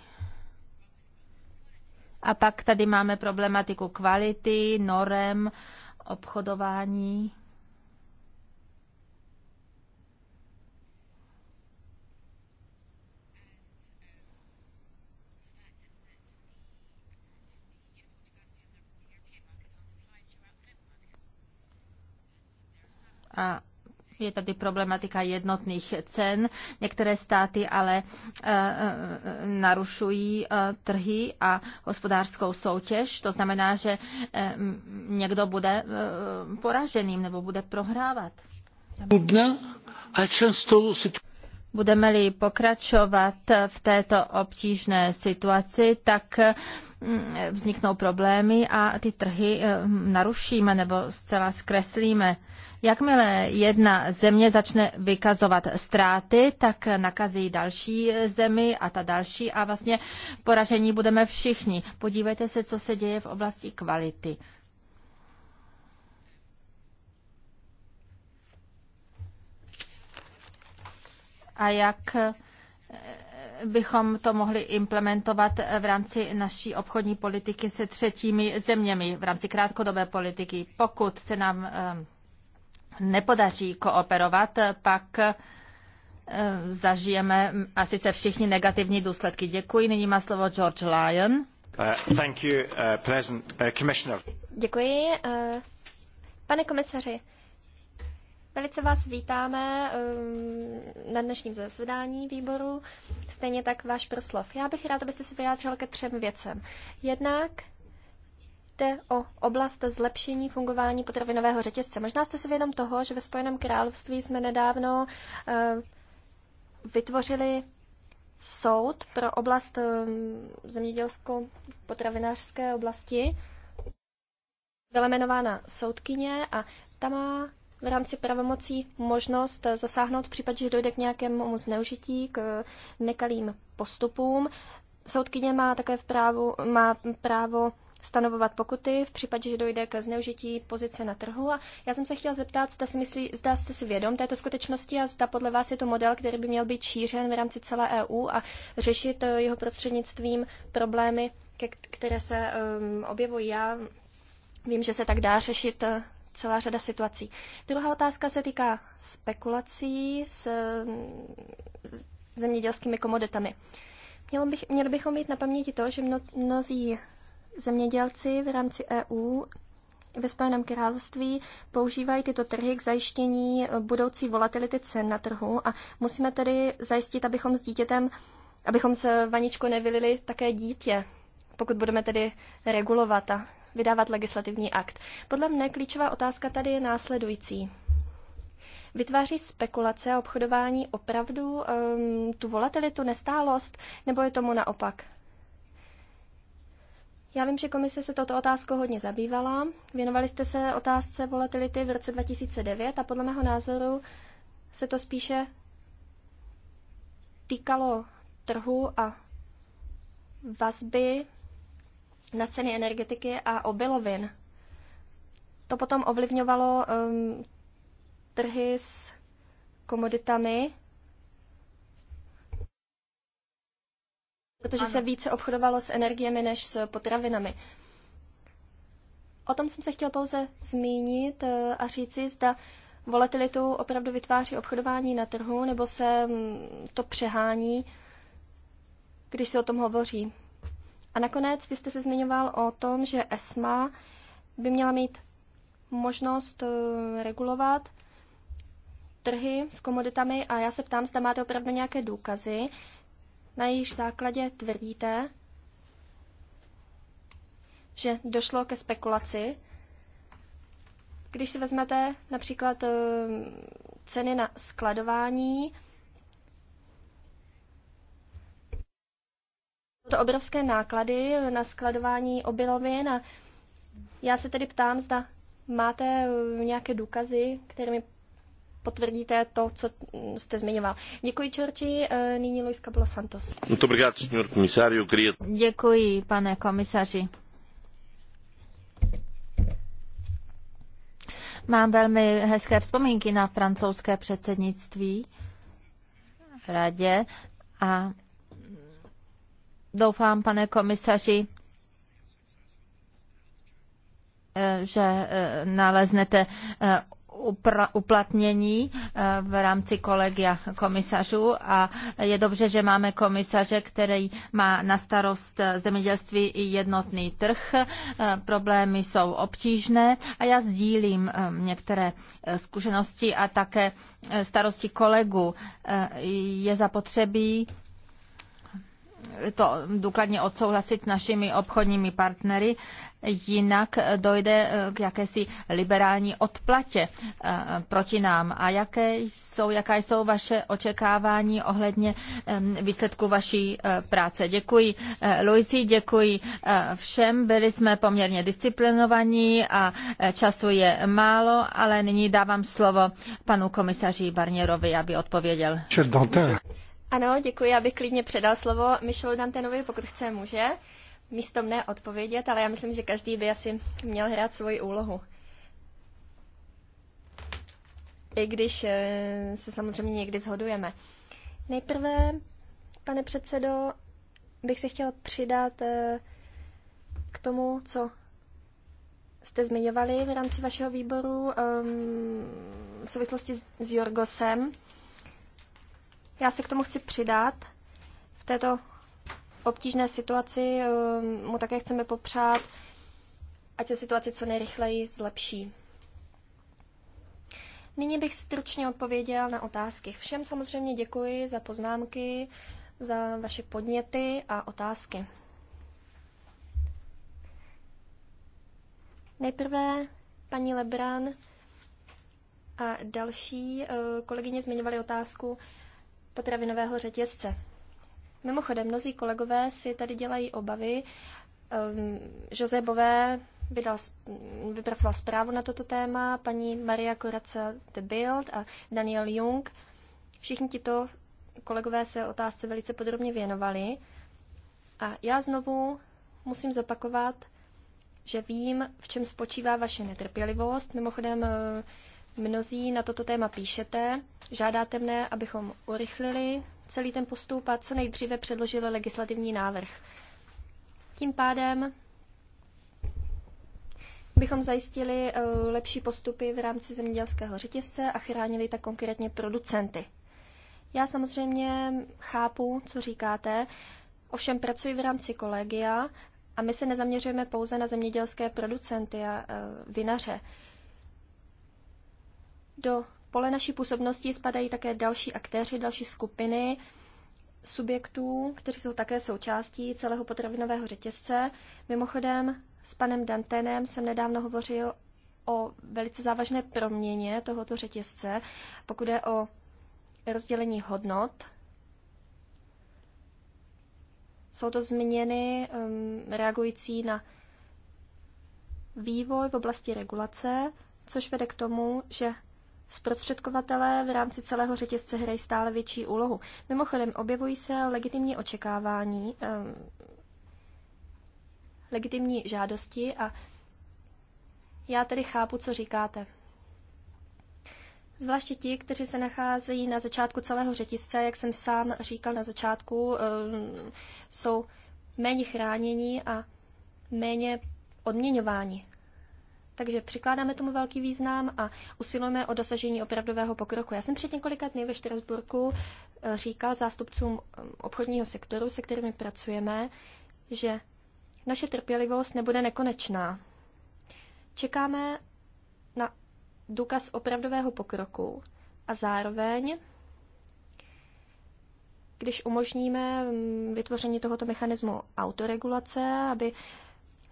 A pak tady máme problematiku kvality, norem, obchodování. A je tady problematika jednotných cen. Některé státy ale e, e, narušují e, trhy a hospodářskou soutěž. To znamená, že někdo bude poraženým nebo bude prohrávat. Budeme-li pokračovat v této obtížné situaci, tak vzniknou problémy a ty trhy narušíme nebo zcela zkreslíme. Jakmile jedna země začne vykazovat ztráty, tak nakazí další zemi a ta další a vlastně poražení budeme všichni. Podívejte se, co se děje v oblasti kvality. A jak eh, bychom to mohli implementovat v rámci naší obchodní politiky se třetími zeměmi, v rámci krátkodobé politiky, pokud se nám eh, nepodaří kooperovat, pak eh, zažijeme asi se všichni negativní důsledky. Děkuji. Nyní má slovo George Lyon. Uh, thank you, uh, President, uh, Commissioner. Děkuji. Uh, pane komisaři, Velice vás vítáme um, na dnešním zasedání výboru, stejně tak váš proslov. Já bych rád, abyste se vyjádřil ke třem věcem. Jednak jde o oblast zlepšení fungování potravinového řetězce. Možná jste si vědom toho, že ve Spojeném království jsme nedávno eh, vytvořili soud pro oblast eh, zemědělsko-potravinářské oblasti. Byla jmenována soudkyně a ta má v rámci pravomocí možnost zasáhnout v případě, že dojde k nějakému zneužití, k nekalým postupům. Soudkyně má také v právu, má právo stanovovat pokuty v případě, že dojde k zneužití pozice na trhu. A já jsem se chtěl zeptat, zda, si myslí, zda jste si vědom této skutečnosti a zda podle vás je to model, který by měl být šířen v rámci celé EU a řešit eh, jeho prostřednictvím problémy, které se um, objevují. Já vím, že se tak dá řešit eh, celá řada situací. Druhá otázka se týká spekulací s, s zemědělskými komoditami. Měl bych, měli bychom mít na paměti to, že mno, mnozí Zemědělci v rámci EU ve Spojeném království používají tyto trhy k zajištění budoucí volatility cen na trhu a musíme tedy zajistit, abychom s dítětem, abychom se vaničko nevylili také dítě, pokud budeme tedy regulovat a vydávat legislativní akt. Podle mne klíčová otázka tady je následující. Vytváří spekulace a obchodování opravdu um, tu volatilitu, nestálost, nebo je tomu naopak? Já vím, že komise se toto otázkou hodně zabývala. Věnovali jste se otázce volatility v roce 2009 a podle mého názoru se to spíše týkalo trhu a vazby na ceny energetiky a obilovin. To potom ovlivňovalo um, trhy s komoditami protože ano. se více obchodovalo s energiemi než s potravinami. O tom jsem se chtěl pouze zmínit eh, a říci, zda volatilitu opravdu vytváří obchodování na trhu, nebo se mm, to přehání, když se o tom hovoří. A nakonec vy jste se zmiňoval o tom, že ESMA by měla mít možnost eh, regulovat trhy s komoditami a já se ptám, zda máte opravdu nějaké důkazy, na jejich základě tvrdíte, že došlo ke spekulaci. Když si vezmete například eh, ceny na skladování, to obrovské náklady na skladování obilovin a já se tedy ptám, zda máte eh, nějaké důkazy, kterými potvrdíte to, co jste zmiňoval. Děkuji, Čorči. E, nyní Luis Cabo Santos. Děkuji, pane komisaři. Mám velmi hezké vzpomínky na francouzské předsednictví radě a doufám, pane komisaři, e, že e, naleznete uplatnění eh, v rámci kolegia komisařů a je dobře, že máme komisaře, který má na starost zemědělství i jednotný trh. Eh, problémy jsou obtížné a já sdílím eh, některé zkušenosti a také starosti kolegů. Je zapotřebí to důkladně odsouhlasit s našimi obchodními partnery, jinak dojde eh, k jakési liberální odplatě eh, proti nám. A jaké jsou, jaká jsou vaše očekávání ohledně výsledku vaší eh, práce? Děkuji Luisi, děkuji všem. Byli jsme poměrně disciplinovaní a času je málo, ale nyní dávám slovo panu komisaři Barnierovi, aby odpověděl. Ano, děkuji, já bych klidně předal slovo Michelu Dantenovi, pokud chce, může. Místo mne odpovědět, ale já myslím, že každý by asi měl hrát svoji úlohu. I když eh, se samozřejmě někdy zhodujeme. Nejprve, pane předsedo, bych se chtěl přidat eh, k tomu, co jste zmiňovali v rámci vašeho výboru ehm, v souvislosti s Jorgosem. Já se k tomu chci přidat. V této obtížné situaci ehm, mu také chceme popřát, ať se situace co nejrychleji zlepší. Nyní bych stručně odpověděl na otázky. Všem samozřejmě děkuji za poznámky, za vaše podněty a otázky. Nejprve paní Lebran a další eh, kolegyně zmiňovaly otázku potravinového řetězce. Mimochodem, mnozí kolegové si tady dělají obavy. Um, Josebové vydal, vypracoval zprávu na toto téma, paní Maria Koraca de Bild a Daniel Jung. Všichni tito kolegové se otázce velice podrobně věnovali. A já znovu musím zopakovat, že vím, v čem spočívá vaše netrpělivost. Mimochodem, Mnozí na toto téma píšete, žádáte mne, abychom urychlili celý ten postup a co nejdříve předložili legislativní návrh. Tím pádem bychom zajistili eh, lepší postupy v rámci zemědělského řetězce a chránili tak konkrétně producenty. Já samozřejmě chápu, co říkáte, ovšem pracuji v rámci kolegia a my se nezaměřujeme pouze na zemědělské producenty a eh, vinaře. Do pole naší působnosti spadají také další aktéři, další skupiny subjektů, kteří jsou také součástí celého potravinového řetězce. Mimochodem, s panem Dantenem jsem nedávno hovořil o velice závažné proměně tohoto řetězce, pokud je o rozdělení hodnot. Jsou to změny um, reagující na vývoj v oblasti regulace, což vede k tomu, že Zprostředkovatelé v rámci celého řetězce hrají stále větší úlohu. Mimochodem, objevují se legitimní očekávání, eh, legitimní žádosti a já tedy chápu, co říkáte. Zvláště ti, kteří se nacházejí na začátku celého řetězce, jak jsem sám říkal na začátku, eh, jsou méně chránění a méně odměňováni. Takže přikládáme tomu velký význam a usilujeme o dosažení opravdového pokroku. Já jsem před několika dny ve Štrasburku eh, říkal zástupcům eh, obchodního sektoru, se kterými pracujeme, že naše trpělivost nebude nekonečná. Čekáme na důkaz opravdového pokroku a zároveň, když umožníme mm, vytvoření tohoto mechanismu autoregulace, aby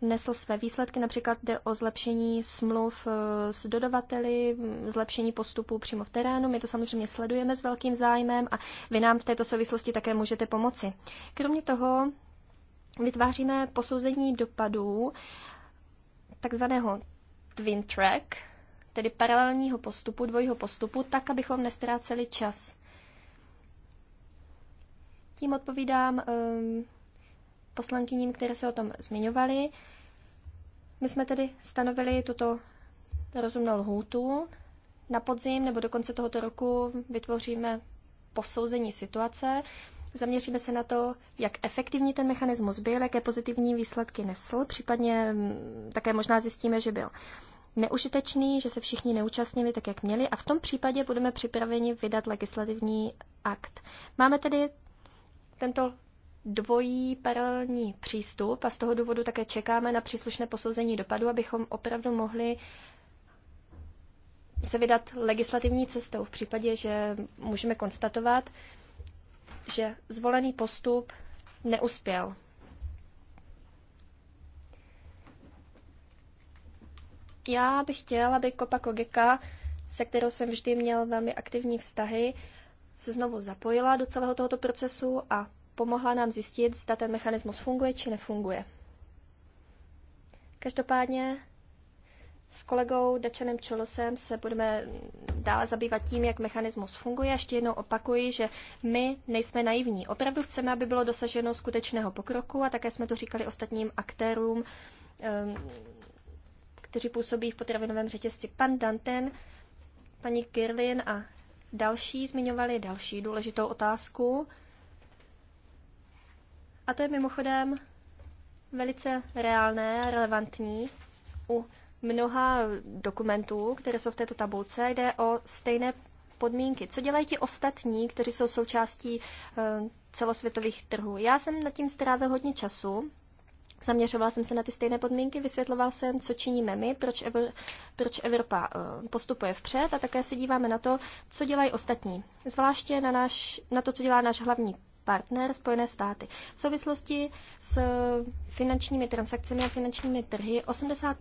nesl své výsledky. Například jde o zlepšení smluv eh, s dodavateli, mm, zlepšení postupů přímo v terénu. My to samozřejmě sledujeme s velkým zájmem a vy nám v této souvislosti také můžete pomoci. Kromě toho vytváříme posouzení dopadů takzvaného twin track, tedy paralelního postupu, dvojího postupu, tak, abychom nestráceli čas. Tím odpovídám um, poslankyním, které se o tom zmiňovaly. My jsme tedy stanovili tuto rozumnou lhůtu. Na podzim nebo do konce tohoto roku vytvoříme posouzení situace. Zaměříme se na to, jak efektivní ten mechanismus byl, jaké pozitivní výsledky nesl, případně mm, také možná zjistíme, že byl neužitečný, že se všichni neúčastnili tak, jak měli a v tom případě budeme připraveni vydat legislativní akt. Máme tedy tento dvojí paralelní přístup a z toho důvodu také čekáme na příslušné posouzení dopadu, abychom opravdu mohli se vydat legislativní cestou v případě, že můžeme konstatovat, že zvolený postup neuspěl. Já bych chtěla, aby Kopa Kogeka, se kterou jsem vždy měl velmi aktivní vztahy, se znovu zapojila do celého tohoto procesu a pomohla nám zjistit, zda ten mechanismus funguje či nefunguje. Každopádně s kolegou Dačanem Čolosem se budeme dále zabývat tím, jak mechanismus funguje. Ještě jednou opakuji, že my nejsme naivní. Opravdu chceme, aby bylo dosaženo skutečného pokroku a také jsme to říkali ostatním aktérům, ehm, kteří působí v potravinovém řetězci. Pan Danten, paní Kirlin a další zmiňovali další důležitou otázku, a to je mimochodem velice reálné, relevantní. U mnoha dokumentů, které jsou v této tabulce, jde o stejné podmínky. Co dělají ti ostatní, kteří jsou součástí eh, celosvětových trhů? Já jsem nad tím strávil hodně času. Zaměřovala jsem se na ty stejné podmínky, vysvětloval jsem, co činíme my, proč, Evr- proč Evropa eh, postupuje vpřed a také se díváme na to, co dělají ostatní. Zvláště na, náš, na to, co dělá náš hlavní partner Spojené státy. V souvislosti s finančními transakcemi a finančními trhy 80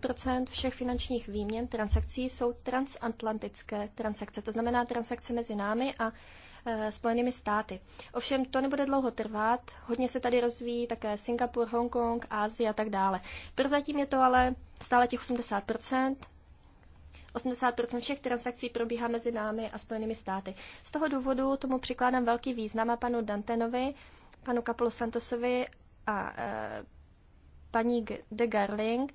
všech finančních výměn transakcí jsou transatlantické transakce, to znamená transakce mezi námi a eh, Spojenými státy. Ovšem to nebude dlouho trvat, hodně se tady rozvíjí také Singapur, Hongkong, Ázie a tak dále. Prozatím je to ale stále těch 80 80% všech transakcí probíhá mezi námi a Spojenými státy. Z toho důvodu tomu přikládám velký význam a panu Dantenovi, panu Kapolu Santosovi a e, paní de Garling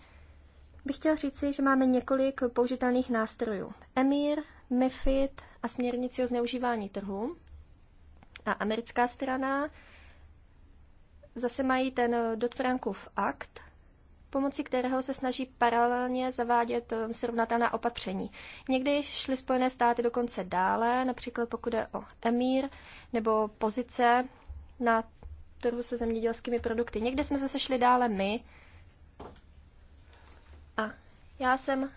bych chtěl říci, že máme několik použitelných nástrojů. EMIR, MIFID a směrnici o zneužívání trhu. A americká strana zase mají ten e, Dodd-Frankův akt, pomocí kterého se snaží paralelně zavádět eh, srovnatelná opatření. Někdy šly Spojené státy dokonce dále, například pokud je o emír nebo pozice na trhu se zemědělskými produkty. Někde jsme zase šli dále my. A já jsem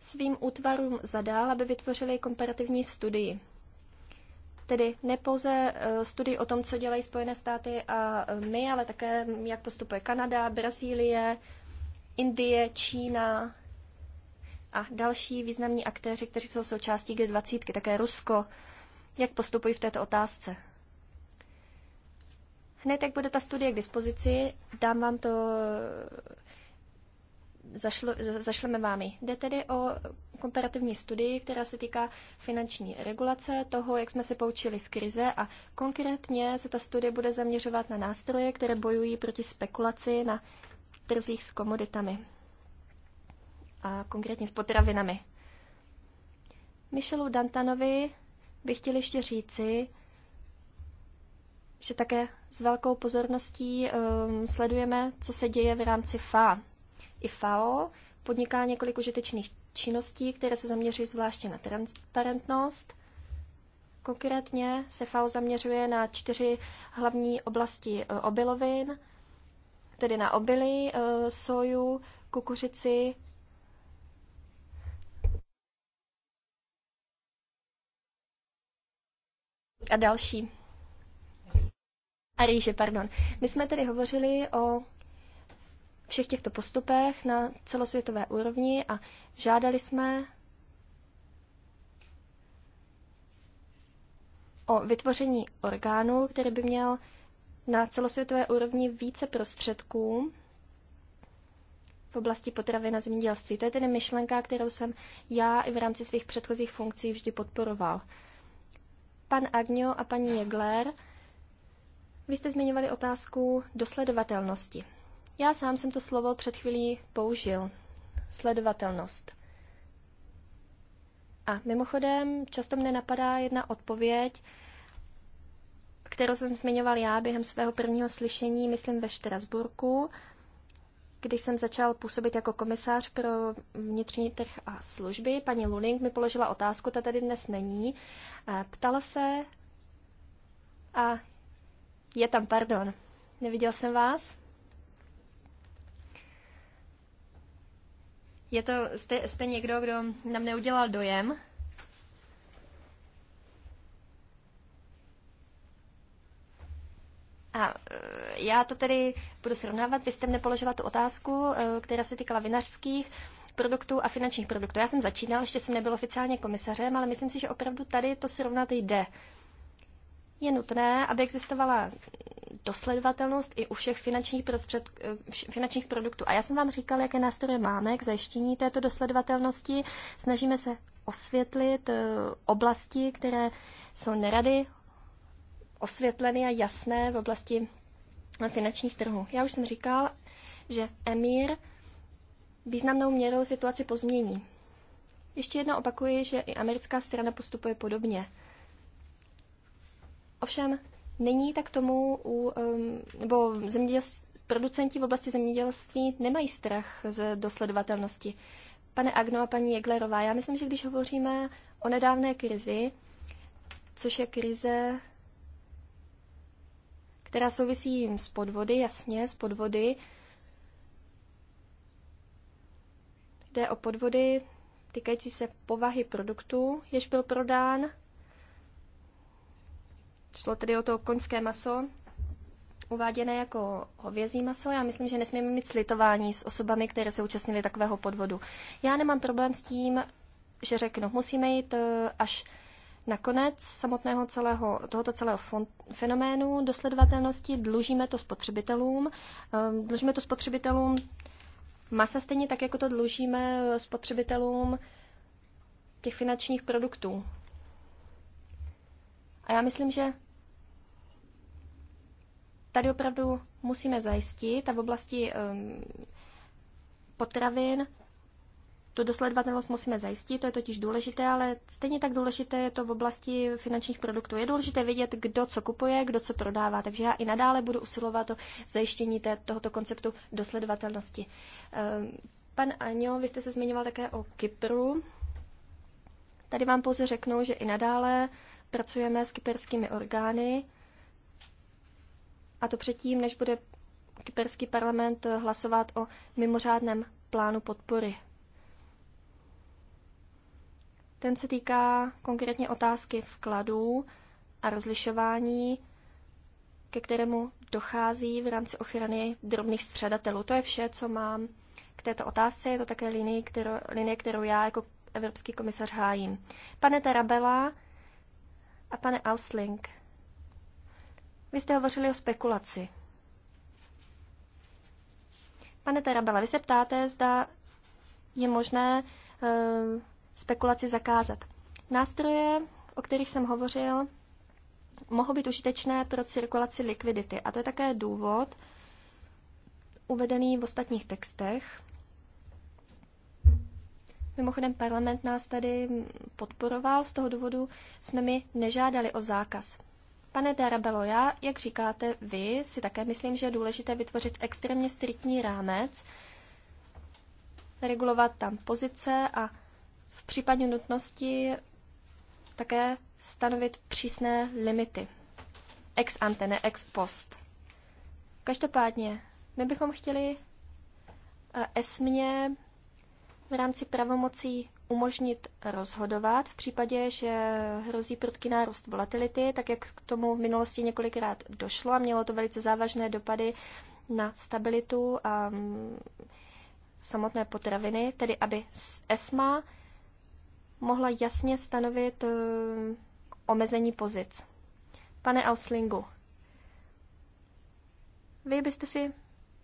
svým útvarům zadal, aby vytvořili komparativní studii. Tedy ne pouze eh, studii o tom, co dělají Spojené státy a eh, my, ale také jak postupuje Kanada, Brazílie, Indie, Čína a další významní aktéři, kteří jsou součástí G20, také Rusko, jak postupují v této otázce. Hned, jak bude ta studie k dispozici, dám vám to zašlo, zašleme vám Jde tedy o komparativní studii, která se týká finanční regulace, toho, jak jsme se poučili z krize a konkrétně se ta studie bude zaměřovat na nástroje, které bojují proti spekulaci na trzích s komoditami a konkrétně s potravinami. Michelu Dantanovi bych chtěl ještě říci, že také s velkou pozorností um, sledujeme, co se děje v rámci FA, IFAO podniká několik užitečných činností, které se zaměřují zvláště na transparentnost. Konkrétně se FAO zaměřuje na čtyři hlavní oblasti e, obilovin, tedy na obily, e, soju, kukuřici, a další. A rýže, pardon. My jsme tedy hovořili o všech těchto postupech na celosvětové úrovni a žádali jsme o vytvoření orgánu, který by měl na celosvětové úrovni více prostředků v oblasti potravy na zemědělství. To je tedy myšlenka, kterou jsem já i v rámci svých předchozích funkcí vždy podporoval. Pan Agňo a paní Jegler, vy jste zmiňovali otázku dosledovatelnosti. Já sám jsem to slovo před chvílí použil. Sledovatelnost. A mimochodem, často mne napadá jedna odpověď, kterou jsem zmiňoval já během svého prvního slyšení, myslím ve Štrasburku, když jsem začal působit jako komisář pro vnitřní trh a služby, paní Luling mi položila otázku, ta tady dnes není. Ptala se a je tam, pardon, neviděl jsem vás. Je to, jste, jste někdo, kdo nám neudělal dojem? A eh, já to tedy budu srovnávat. Vy jste mne položila tu otázku, eh, která se týkala vinařských produktů a finančních produktů. Já jsem začínal, ještě jsem nebyl oficiálně komisařem, ale myslím si, že opravdu tady to srovnat jde. Je nutné, aby existovala dosledovatelnost i u všech finančních, prostřed, eh, finančních produktů. A já jsem vám říkal, jaké nástroje máme k zajištění této dosledovatelnosti. Snažíme se osvětlit eh, oblasti, které jsou nerady osvětleny a jasné v oblasti finančních trhů. Já už jsem říkal, že Emir významnou měrou situaci pozmění. Ještě jedno opakuji, že i americká strana postupuje podobně. Ovšem, Není tak tomu u, um, nebo producenti v oblasti zemědělství nemají strach z dosledovatelnosti. Pane Agno a paní Jeglerová, já myslím, že když hovoříme o nedávné krizi, což je krize, která souvisí s podvody, jasně, s podvody, jde o podvody týkající se povahy produktu, jež byl prodán, Šlo tedy o to koňské maso, uváděné jako hovězí maso. Já myslím, že nesmíme mít slitování s osobami, které se účastnily takového podvodu. Já nemám problém s tím, že řeknu, musíme jít e, až na konec samotného celého, tohoto celého fenoménu dosledovatelnosti, dlužíme to spotřebitelům, e, dlužíme to spotřebitelům masa stejně tak, jako to dlužíme spotřebitelům těch finančních produktů. A já myslím, že tady opravdu musíme zajistit a v oblasti um, potravin tu dosledovatelnost musíme zajistit, to je totiž důležité, ale stejně tak důležité je to v oblasti finančních produktů. Je důležité vidět, kdo co kupuje, kdo co prodává, takže já i nadále budu usilovat o zajištění té, tohoto konceptu dosledovatelnosti. Um, pan Aňo, vy jste se zmiňoval také o Kypru. Tady vám pouze řeknu, že i nadále pracujeme s kyperskými orgány a to předtím, než bude kyperský parlament hlasovat o mimořádném plánu podpory. Ten se týká konkrétně otázky vkladů a rozlišování, ke kterému dochází v rámci ochrany drobných středatelů. To je vše, co mám k této otázce. Je to také linie, kterou, linie, kterou já jako evropský komisař hájím. Pane Tarabela a pane Ausling, vy jste hovořili o spekulaci. Pane Terabela, vy se ptáte, zda je možné e, spekulaci zakázat. Nástroje, o kterých jsem hovořil, mohou být užitečné pro cirkulaci likvidity. A to je také důvod uvedený v ostatních textech. Mimochodem, parlament nás tady podporoval, z toho důvodu jsme mi nežádali o zákaz. Pane Darabelo, já, jak říkáte vy, si také myslím, že je důležité vytvořit extrémně striktní rámec, regulovat tam pozice a v případě nutnosti také stanovit přísné limity. Ex ante, ne ex post. Každopádně, my bychom chtěli eh, esmě v rámci pravomocí umožnit rozhodovat v případě, že hrozí prudký nárůst volatility, tak jak k tomu v minulosti několikrát došlo a mělo to velice závažné dopady na stabilitu a um, samotné potraviny, tedy aby ESMA mohla jasně stanovit um, omezení pozic. Pane Auslingu, vy byste si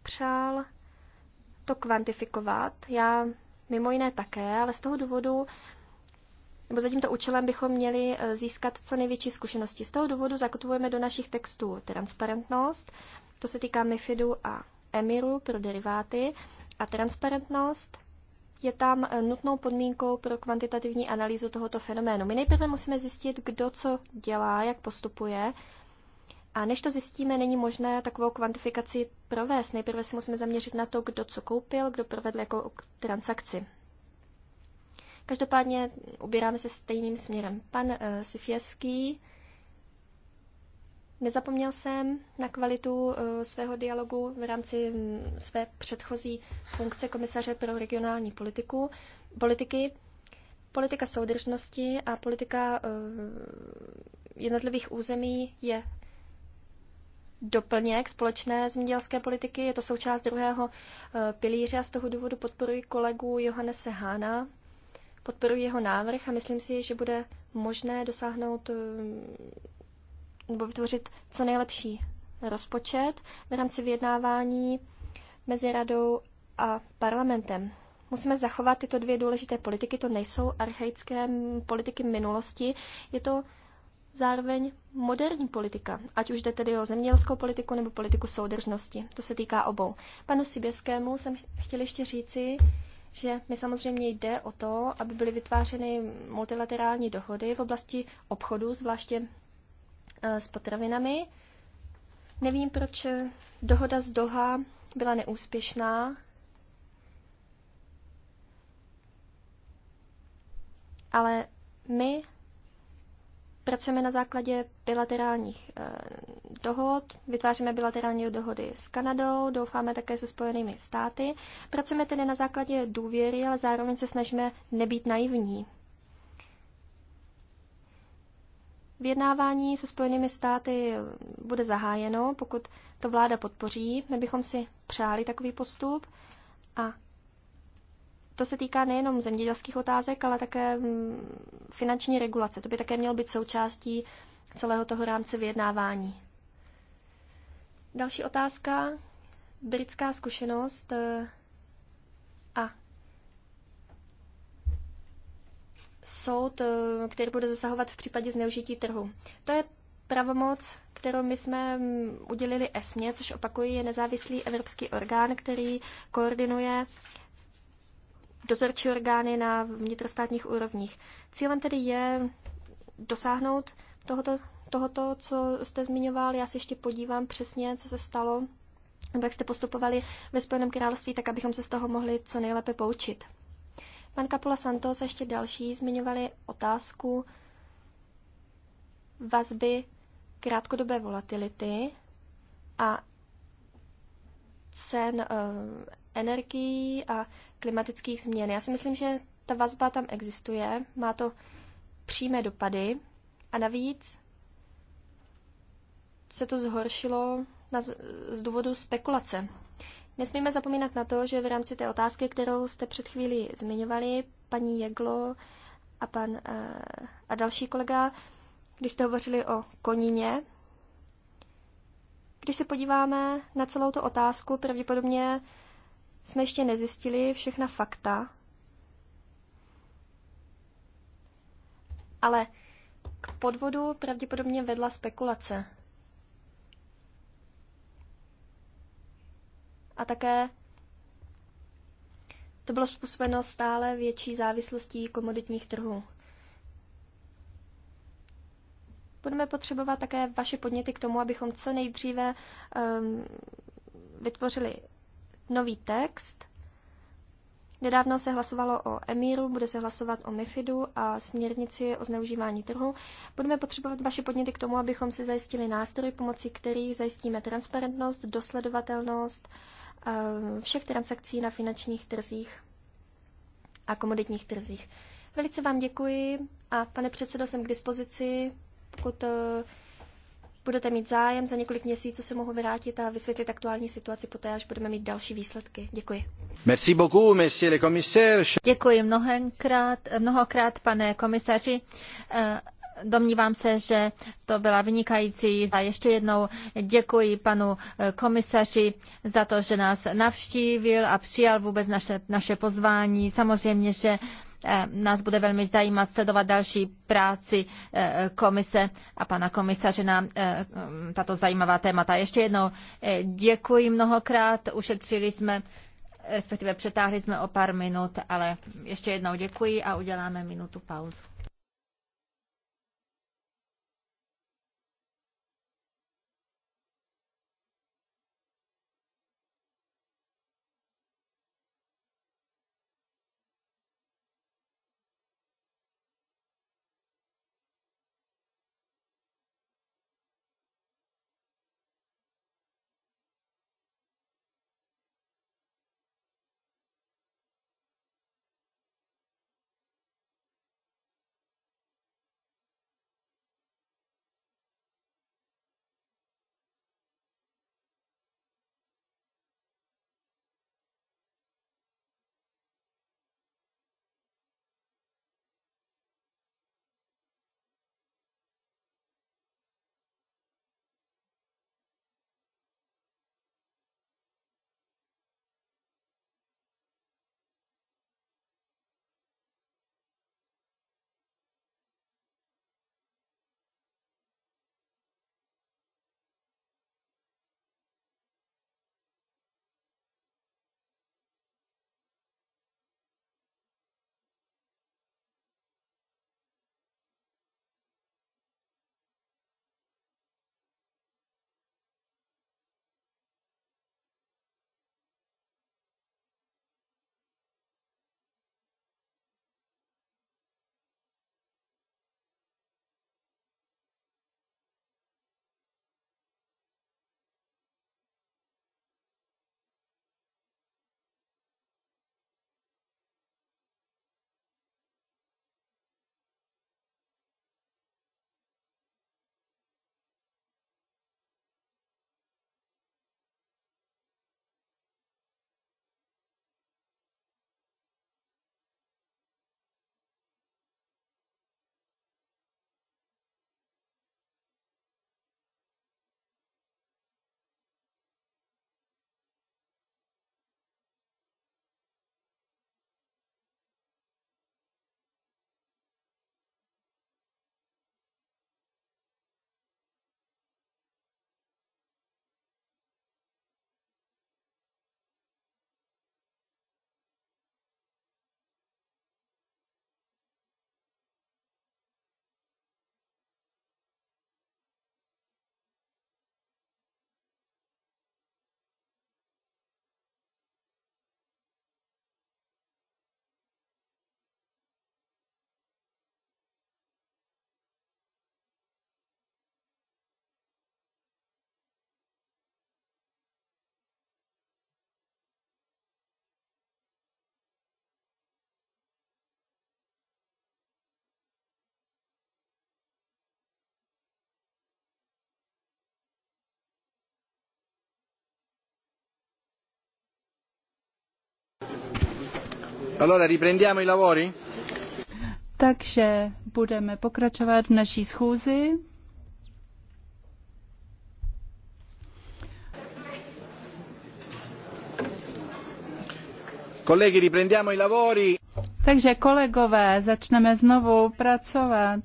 přál to kvantifikovat. Já mimo jiné také, ale z toho důvodu, nebo za tímto účelem bychom měli eh, získat co největší zkušenosti. Z toho důvodu zakotvujeme do našich textů transparentnost, to se týká MIFIDu a EMIRu pro deriváty, a transparentnost je tam eh, nutnou podmínkou pro kvantitativní analýzu tohoto fenoménu. My nejprve musíme zjistit, kdo co dělá, jak postupuje, a než to zjistíme, není možné takovou kvantifikaci provést. Nejprve se musíme zaměřit na to, kdo co koupil, kdo provedl jako transakci. Každopádně ubíráme se stejným směrem. Pan uh, eh, Sifieský, nezapomněl jsem na kvalitu uh, svého dialogu v rámci m, mm, své předchozí funkce komisaře pro regionální politiku, politiky, politika soudržnosti a politika uh, jednotlivých území je doplněk společné zemědělské politiky. Je to součást druhého eh, pilíře a z toho důvodu podporuji kolegu Johannese Hána. Podporuji jeho návrh a myslím si, že bude možné dosáhnout eh, nebo vytvořit co nejlepší rozpočet v rámci vyjednávání mezi radou a parlamentem. Musíme zachovat tyto dvě důležité politiky, to nejsou archaické politiky minulosti, je to zároveň moderní politika, ať už jde tedy o zemědělskou politiku nebo politiku soudržnosti. To se týká obou. Panu Siběskému jsem chtěl ještě říci, že mi samozřejmě jde o to, aby byly vytvářeny multilaterální dohody v oblasti obchodu, zvláště eh, s potravinami. Nevím, proč eh, dohoda z Doha byla neúspěšná, ale my Pracujeme na základě bilaterálních eh, dohod, vytváříme bilaterální dohody s Kanadou, doufáme také se Spojenými státy. Pracujeme tedy na základě důvěry, ale zároveň se snažíme nebýt naivní. Vyjednávání se Spojenými státy bude zahájeno, pokud to vláda podpoří. My bychom si přáli takový postup a to se týká nejenom zemědělských otázek, ale také mm, finanční regulace. To by také mělo být součástí celého toho rámce vyjednávání. Další otázka. Britská zkušenost eh, a soud, eh, který bude zasahovat v případě zneužití trhu. To je pravomoc, kterou my jsme mm, udělili ESMě, což opakuji je nezávislý evropský orgán, který koordinuje uh, dozorčí orgány na vnitrostátních úrovních. Cílem tedy je dosáhnout tohoto, tohoto, co jste zmiňoval. Já se ještě podívám přesně, co se stalo, jak jste postupovali ve Spojeném království, tak abychom se z toho mohli co nejlépe poučit. Pan Kapula Santos a ještě další zmiňovali otázku vazby krátkodobé volatility a cen uh, energií a klimatických změn. Já si myslím, že ta vazba tam existuje, má to přímé dopady a navíc se to zhoršilo na, z důvodu spekulace. Nesmíme zapomínat na to, že v rámci té otázky, kterou jste před chvílí zmiňovali, paní Jeglo a, pan, eh, a další kolega, když jste hovořili o konině, když se podíváme na celou tu otázku, pravděpodobně jsme ještě nezjistili všechna fakta, ale k podvodu pravděpodobně vedla spekulace. A také to bylo způsobeno stále větší závislostí komoditních trhů. Budeme potřebovat také vaše podněty k tomu, abychom co nejdříve um, vytvořili nový text. Nedávno se hlasovalo o Emíru, bude se hlasovat o MIFIDu a směrnici o zneužívání trhu. Budeme potřebovat vaše podněty k tomu, abychom si zajistili nástroj, pomocí kterých zajistíme transparentnost, dosledovatelnost eh, všech transakcí na finančních trzích a komoditních trzích. Velice vám děkuji a pane předsedo, jsem k dispozici, pokud eh, budete mít zájem, za několik měsíců se mohu vrátit a vysvětlit aktuální situaci poté, až budeme mít další výsledky. Děkuji. Merci beaucoup, monsieur le commissaire. Děkuji mnohokrát, mnohokrát pane komisaři. Eh, domnívám se, že to byla vynikající. A ještě jednou děkuji panu eh, komisaři za to, že nás navštívil a přijal vůbec naše, naše pozvání. Samozřejmě, že Eh, nás bude velmi zajímat sledovat další práci eh, komise a pana komisaře na eh, mm, tato zajímavá témata. Ještě jednou děkuji mnohokrát, ušetřili jsme respektive přetáhli jsme o pár minut, ale ještě jednou děkuji a uděláme minutu pauzu. Allora riprendiamo i lavori? Takže budeme pokračovat v naší schůzi. Kolegy, riprendiamo i lavori. Takže kolegové, začneme znovu pracovat.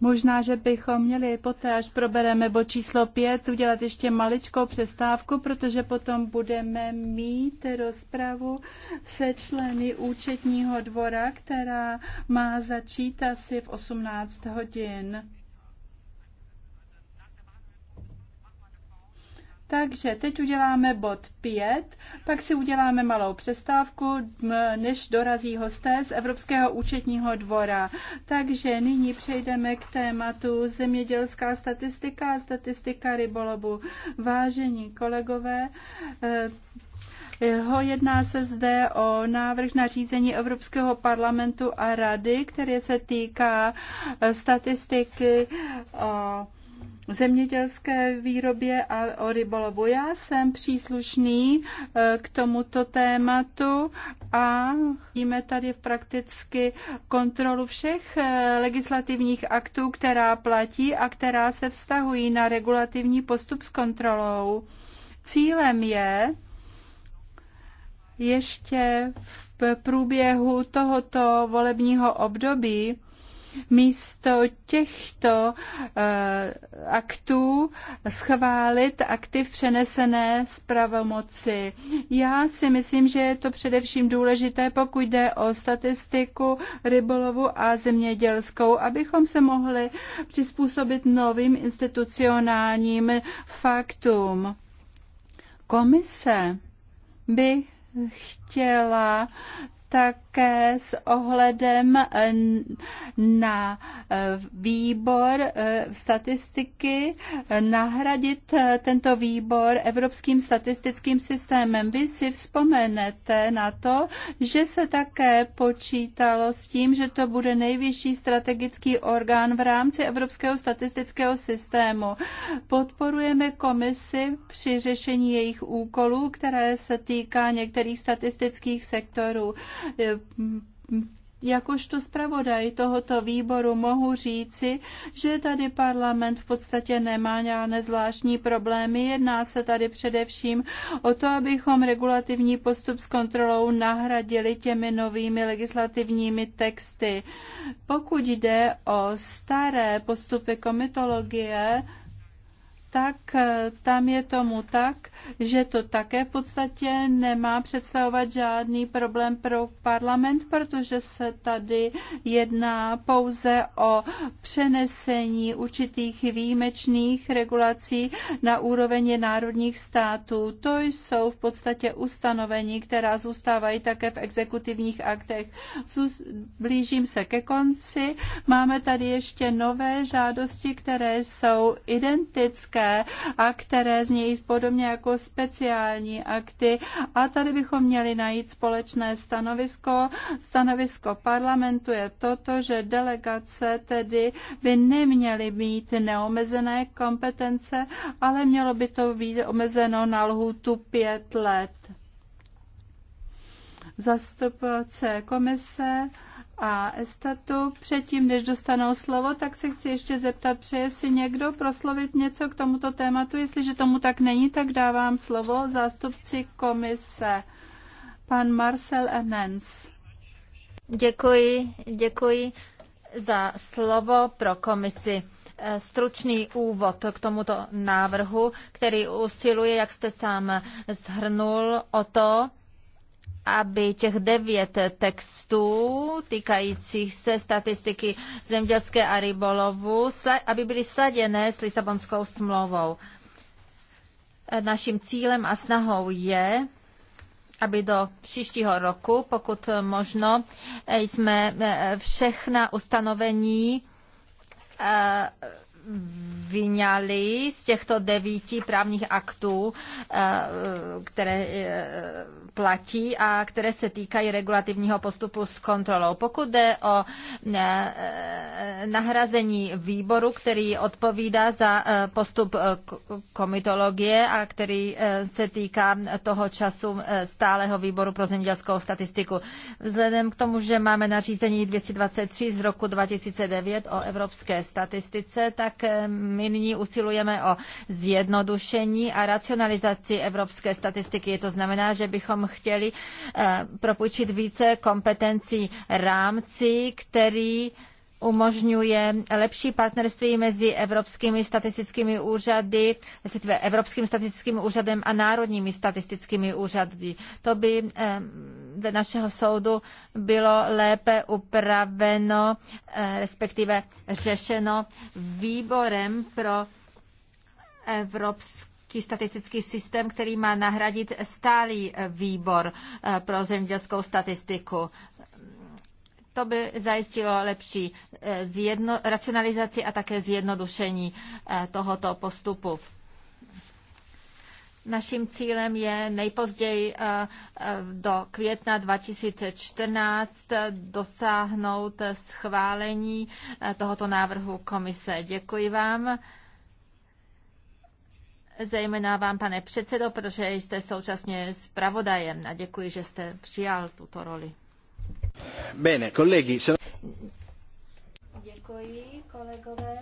Možná, že bychom měli poté, až probereme bod číslo pět, udělat ještě maličkou přestávku, protože potom budeme mít rozpravu se členy účetního dvora, která má začít asi v 18 hodin. Takže teď uděláme bod 5, pak si uděláme malou přestávku, než dorazí hosté z Evropského účetního dvora. Takže nyní přejdeme k tématu zemědělská statistika a statistika rybolobu. Vážení kolegové, eh, Ho jedná se zde o návrh na řízení Evropského parlamentu a rady, které se týká eh, statistiky o eh, zemědělské výrobě a o rybolovu. Já jsem příslušný eh, k tomuto tématu a vidíme tady v prakticky kontrolu všech eh, legislativních aktů, která platí a která se vztahují na regulativní postup s kontrolou. Cílem je ještě v průběhu tohoto volebního období místo těchto eh, aktů schválit akty v přenesené zpravomoci. Já si myslím, že je to především důležité, pokud jde o statistiku rybolovu a zemědělskou, abychom se mohli přizpůsobit novým institucionálním faktům. Komise by chtěla také s ohledem eh, na eh, výbor eh, statistiky nahradit tento výbor Evropským statistickým systémem. Vy si vzpomenete na to, že se také počítalo s tím, že to bude nejvyšší strategický orgán v rámci Evropského statistického systému. Podporujeme komisi při řešení jejich úkolů, které se týká některých statistických sektorů. Jakožto zpravodaj tohoto výboru mohu říci, že tady parlament v podstatě nemá žádné zvláštní problémy. Jedná se tady především o to, abychom regulativní postup s kontrolou nahradili těmi novými legislativními texty. Pokud jde o staré postupy komitologie, tak eh, tam je tomu tak, že to také v podstatě nemá představovat žádný problém pro parlament, protože se tady jedná pouze o přenesení určitých výjimečných regulací na úroveň národních států. To jsou v podstatě ustanovení, která zůstávají také v exekutivních aktech. Blížím se ke konci. Máme tady ještě nové žádosti, které jsou identické a které znějí podobně jako speciální akty. A tady bychom měli najít společné stanovisko. Stanovisko parlamentu je toto, že delegace tedy by neměly mít neomezené kompetence, ale mělo by to být omezeno na lhůtu pět let. Zastupce komise a Estatu. Předtím, než dostanou slovo, tak se chci ještě zeptat, přeje si někdo proslovit něco k tomuto tématu. Jestliže tomu tak není, tak dávám slovo zástupci komise, pan Marcel Enens. Děkuji, děkuji za slovo pro komisi stručný úvod k tomuto návrhu, který usiluje, jak jste sám zhrnul, o to, aby těch devět textů týkajících se statistiky zemědělské a rybolovu, aby byly sladěné s Lisabonskou smlouvou. Naším cílem a snahou je, aby do příštího roku, pokud možno, jsme e, všechna ustanovení e, vyňali z těchto devíti právních aktů, eh, které eh, platí a které se týkají regulativního postupu s kontrolou. Pokud jde o eh, nahrazení výboru, který odpovídá za postup komitologie a který se týká toho času stáleho výboru pro zemědělskou statistiku. Vzhledem k tomu, že máme nařízení 223 z roku 2009 o evropské statistice, tak tak eh, my nyní usilujeme o zjednodušení a racionalizaci evropské statistiky. To znamená, že bychom chtěli eh, propůjčit více kompetencí rámci, který umožňuje lepší partnerství mezi evropskými statistickými úřady, respektive Evropským statistickým úřadem a národními statistickými úřady. To by eh, dle našeho soudu bylo lépe upraveno, eh, respektive řešeno výborem pro evropské statistický systém, který má nahradit stálý eh, výbor pro zemědělskou statistiku. To by zajistilo lepší eh, zjedno, racionalizaci a také zjednodušení eh, tohoto postupu. Naším cílem je nejpozději eh, do května 2014 dosáhnout schválení tohoto návrhu komise. Děkuji vám. Zejména vám, pane předsedo, protože jste současně zpravodajem a děkuji, že jste přijal tuto roli. Bene, kolegy, se... No- Děkuji, kolegové.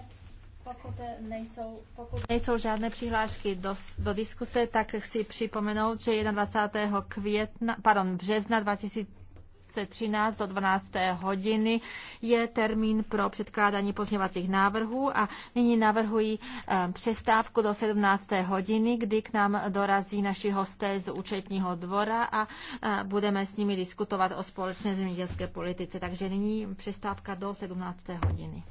Pokud nejsou, pokud nejsou žádné přihlášky do, do diskuse, tak chci připomenout, že 21. Května, pardon, března 2000 2013 do 12. hodiny je termín pro předkládání pozměvacích návrhů a nyní navrhuji eh, přestávku do 17. hodiny, kdy k nám dorazí naši hosté z účetního dvora a eh, budeme s nimi diskutovat o společné zemědělské politice. Takže nyní přestávka do 17. hodiny.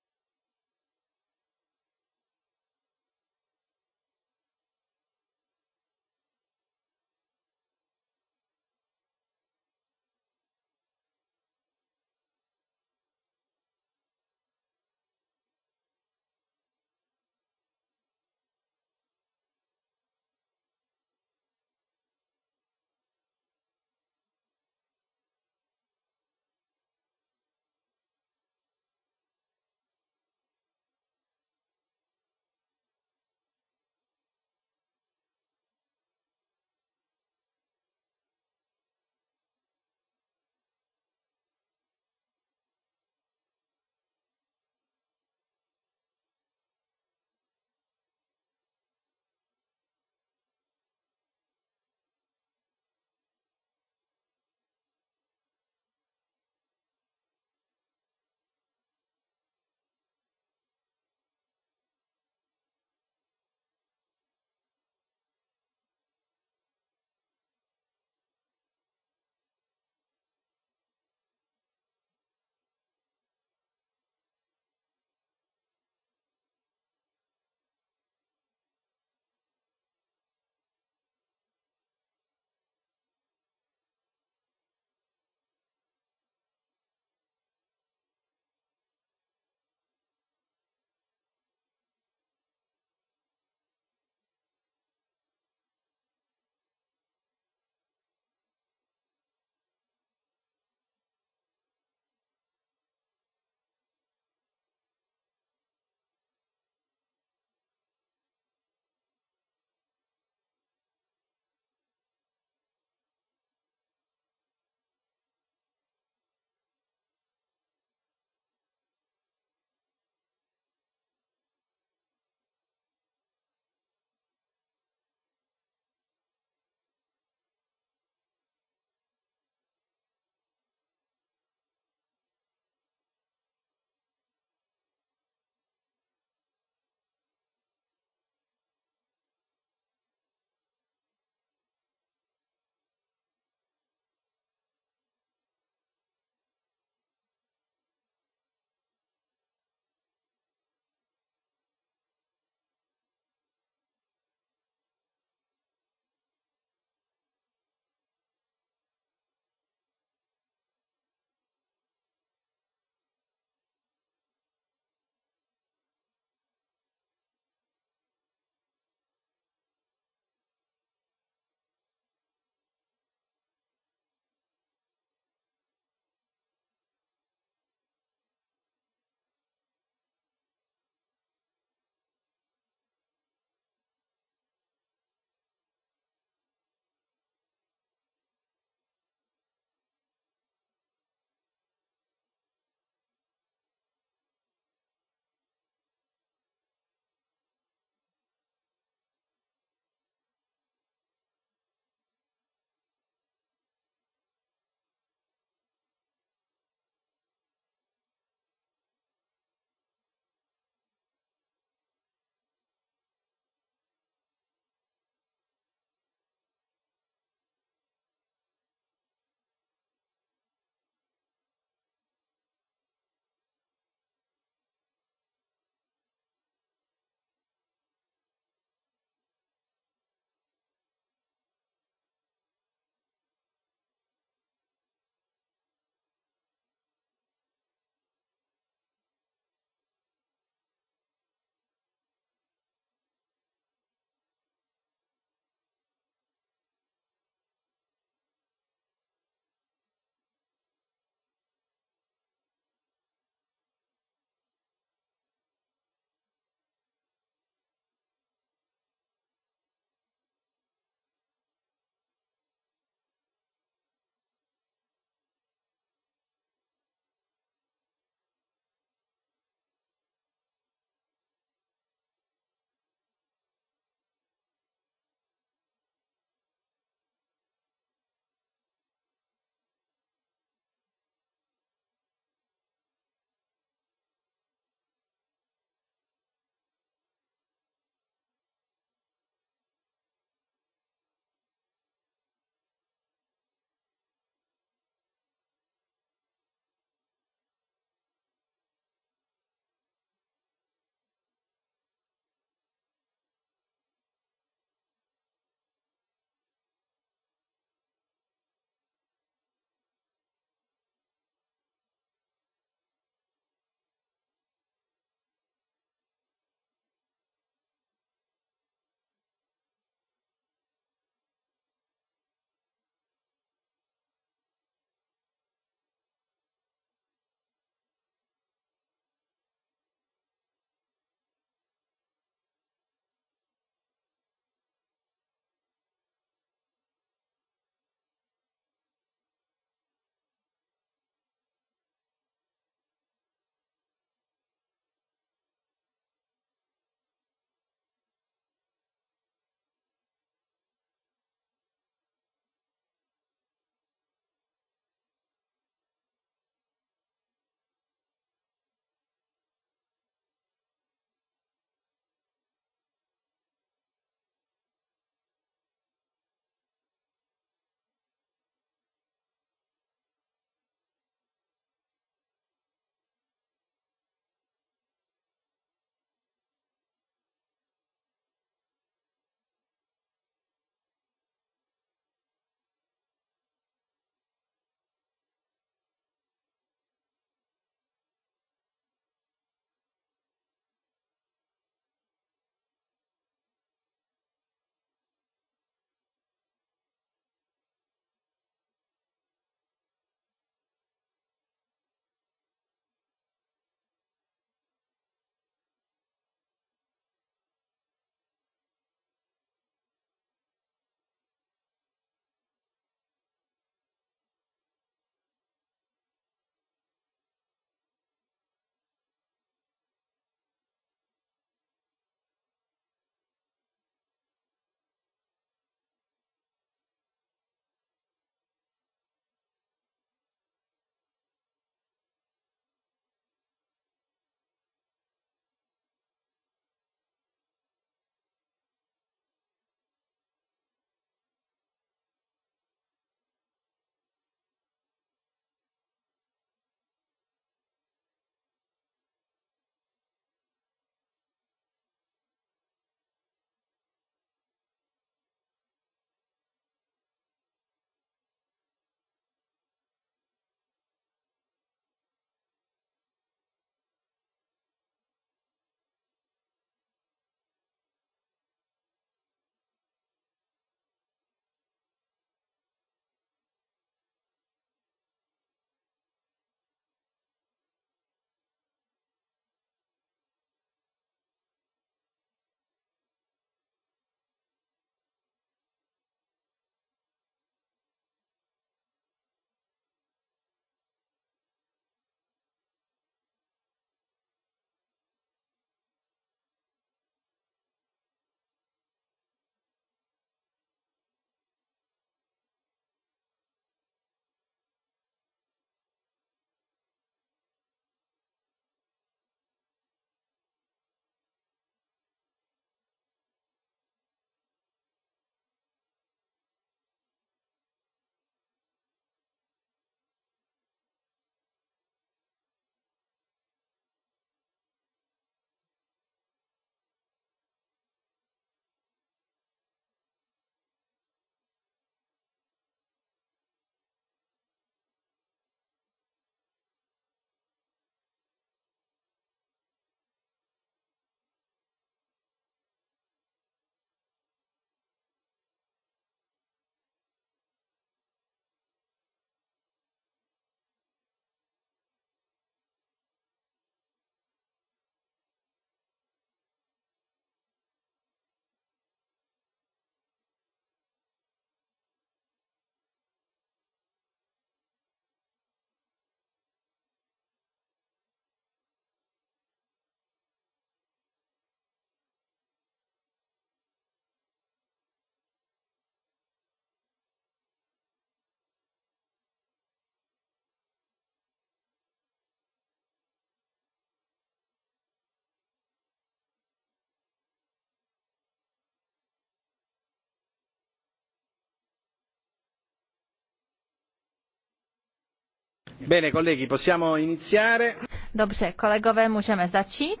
Bene, colleghi, possiamo iniziare. Dobře, kolegové, můžeme začít.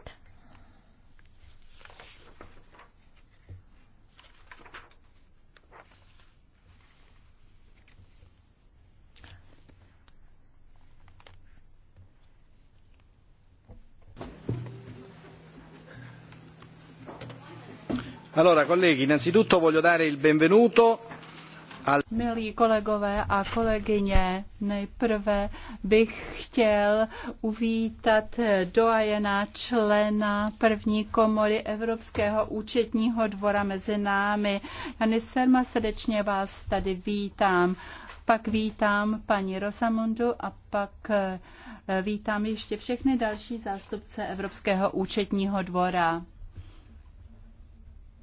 Allora, colleghi, innanzitutto voglio dare il benvenuto Milí kolegové a kolegyně, nejprve bych chtěl uvítat doajena člena první komory Evropského účetního dvora mezi námi. Jany Serma, srdečně vás tady vítám. Pak vítám paní Rosamundu a pak eh, vítám ještě všechny další zástupce Evropského účetního dvora.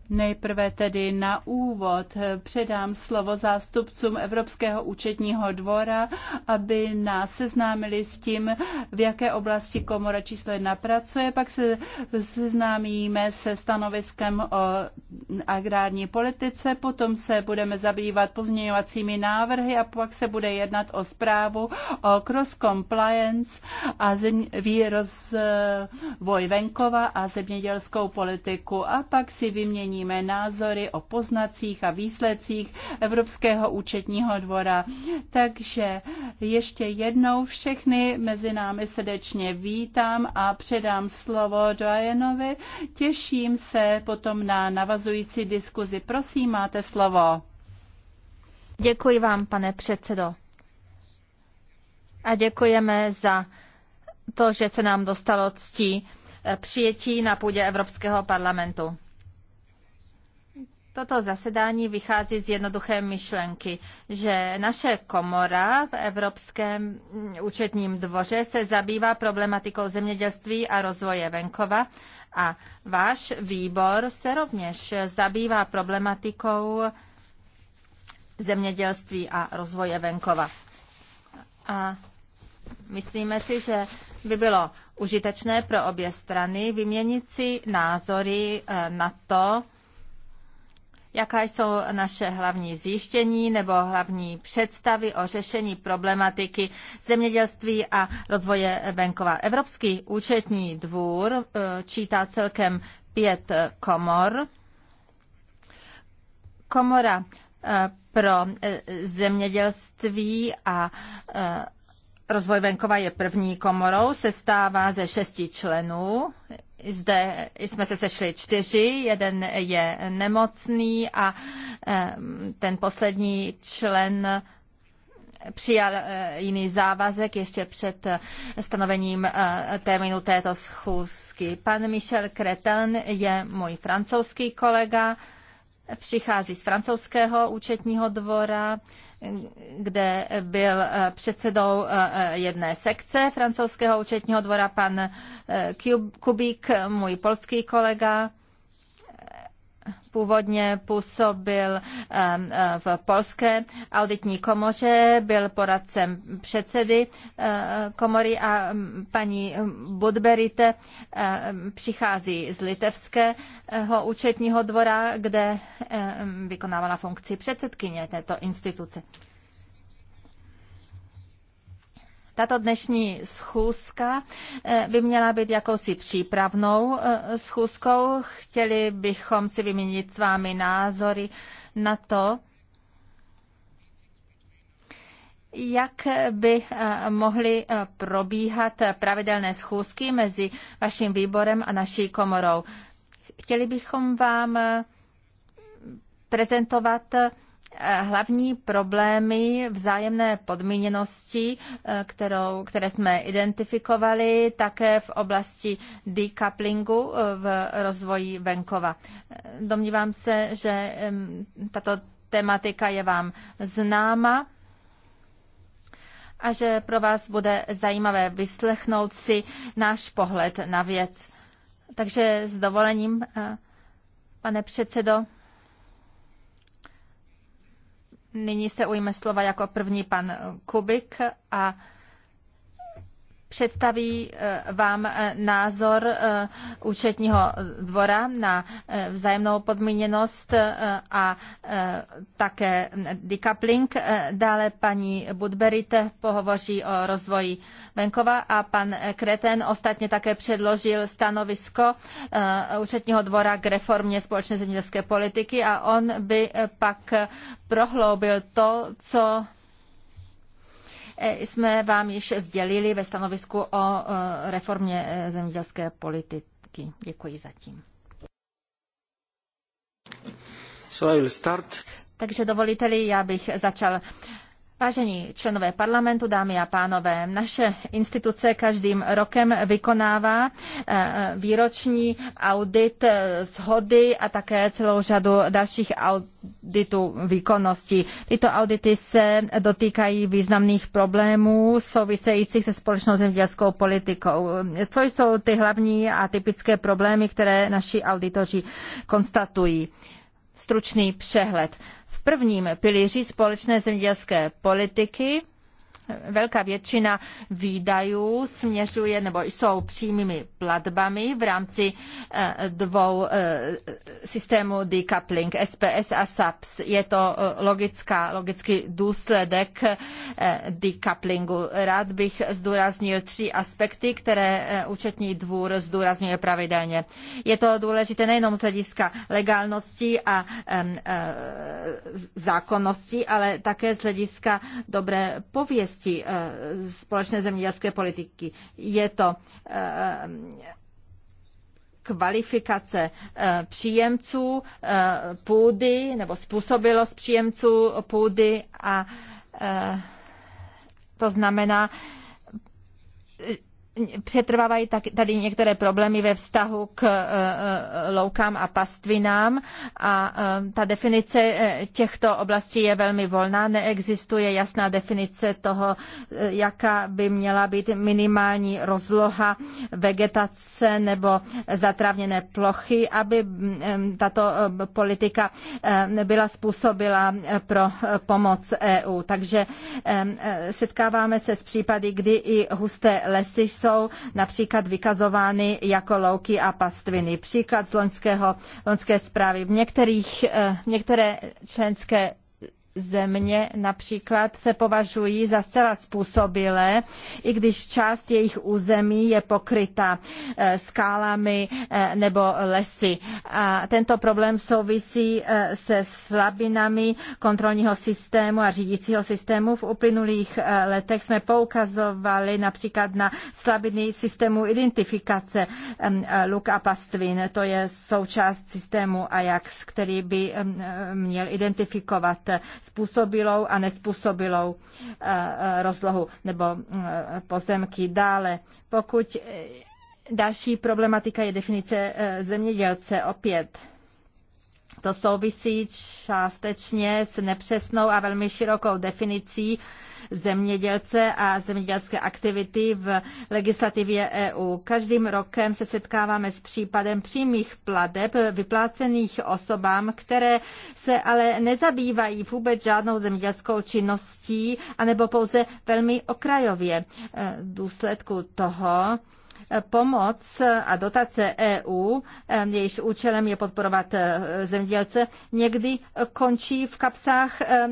Nejprve tedy na úvod předám slovo zástupcům Evropského účetního dvora, aby nás seznámili s tím, v jaké oblasti komora číslo 1 pracuje, pak se seznámíme se stanoviskem o agrární politice, potom se budeme zabývat pozměňovacími návrhy a pak se bude jednat o zprávu o cross compliance a výrozvoj venkova a zemědělskou politiku a pak si vymění vyměníme názory o poznacích a výsledcích Evropského účetního dvora. Takže ještě jednou všechny mezi námi srdečně vítám a předám slovo Doajenovi. Těším se potom na navazující diskuzi. Prosím, máte slovo. Děkuji vám, pane předsedo. A děkujeme za to, že se nám dostalo ctí eh, přijetí na půdě Evropského parlamentu. Toto zasedání vychází z jednoduché myšlenky, že naše komora v Evropském mm, účetním dvoře se zabývá problematikou zemědělství a rozvoje venkova a váš výbor se rovněž zabývá problematikou zemědělství a rozvoje venkova. A myslíme si, že by bylo užitečné pro obě strany vyměnit si názory eh, na to, Jaká jsou naše hlavní zjištění nebo hlavní představy o řešení problematiky zemědělství a rozvoje venkova? Evropský účetní dvůr eh, čítá celkem pět eh, komor. Komora eh, pro zemědělství a rozvoj venkova je první komorou, se stává ze šesti členů. Zde jsme se sešli čtyři, jeden je nemocný a ten poslední člen přijal eh, jiný závazek ještě před eh, stanovením eh, termínu této schůzky. Pan Michel Cretin je můj francouzský kolega, přichází z francouzského účetního dvora, kde byl eh, předsedou eh, eh, jedné sekce francouzského účetního dvora pan Kubík, můj polský kolega původně působil eh, v polské auditní komoře, byl poradcem předsedy eh, komory a mm, paní Budberite přichází z litevského účetního dvora, kde vykonávala funkci předsedkyně této instituce. Tato dnešní schůzka eh, by měla být jakousi přípravnou eh, schůzkou. Chtěli bychom si vyměnit s vámi názory na to, jak by eh, mohly probíhat pravidelné schůzky mezi vaším výborem a naší komorou. Chtěli bychom vám prezentovat Eh, hlavní problémy vzájemné podmíněnosti, eh, kterou, které jsme identifikovali také v oblasti decouplingu eh, v rozvoji venkova. Domnívám se, že tato tematika je vám známa a že pro vás bude zajímavé vyslechnout si náš pohled na věc. Takže s dovolením, pane předsedo, Nyní se ujme slova jako první pan Kubik a představí eh, vám eh, názor eh, účetního dvora na vzájemnou podmíněnost a také mm, decoupling. Dále paní Budberite pohovoří o rozvoji venkova a pan Kreten ostatně také předložil stanovisko účetního dvora k reformě společné zemědělské politiky a on by pak prohloubil to, co Eh, jsme vám již sdělili ve stanovisku o eh, reformě eh, zemědělské politiky. Děkuji zatím. So I will start. Takže dovolíte-li, já bych začal. Vážení členové parlamentu, dámy a pánové, naše instituce každým rokem vykonává eh, výroční audit eh, shody a také celou řadu dalších auditů výkonnosti. Tyto audity se dotýkají významných problémů souvisejících se společnou zemědělskou politikou. Co jsou ty hlavní a typické problémy, které naši auditoři konstatují? stručný přehled. V prvním pilíři společné zemědělské politiky Velká většina výdajů směřuje nebo jsou přímými platbami v rámci eh, dvou eh, systémů decoupling SPS a SAPS. Je to eh, logická, logický důsledek decouplingu. Rád bych zdůraznil tři aspekty, které účetní dvůr zdůrazňuje pravidelně. Je to důležité nejenom z hlediska legálnosti a zákonnosti, ale také z hlediska dobré pověsti oblasti eh, společné zemědělské politiky. Je to eh, kvalifikace eh, příjemců půdy nebo způsobilost příjemců půdy a to znamená, přetrvávají tady některé problémy ve vztahu k eh, eh, loukám a pastvinám a eh, ta definice těchto oblastí je velmi volná. Neexistuje jasná definice toho, jaká by měla být minimální rozloha vegetace nebo zatravněné plochy, aby mm, tato politika nebyla způsobila pro pomoc EU. Takže setkáváme se s případy, kdy i husté lesy jsou například vykazovány jako louky a pastviny. Příklad z loňského, loňské zprávy. V některých, eh, některé členské země například se považují za zcela způsobilé, i když část jejich území je pokryta eh, skálami eh, nebo lesy. A tento problém souvisí eh, se slabinami kontrolního systému a řídícího systému. V uplynulých letech jsme poukazovali například na slabiny systému identifikace luk a pastvin. To je součást systému AJAX, který by měl identifikovat způsobilou a nespůsobilou eh, eh, rozlohu nebo eh, pozemky. Dále, pokud další problematika je definice zemědělce opět. To souvisí částečně s nepřesnou a velmi širokou definicí zemědělce a zemědělské aktivity v legislativě EU. Každým rokem se setkáváme s případem přímých plateb vyplácených osobám, které se ale nezabývají vůbec žádnou zemědělskou činností anebo pouze velmi okrajově. E, v důsledku toho Pomoc a dotace EU, eh, jejíž účelem je podporovat eh, zemědělce, někdy končí v kapsách eh,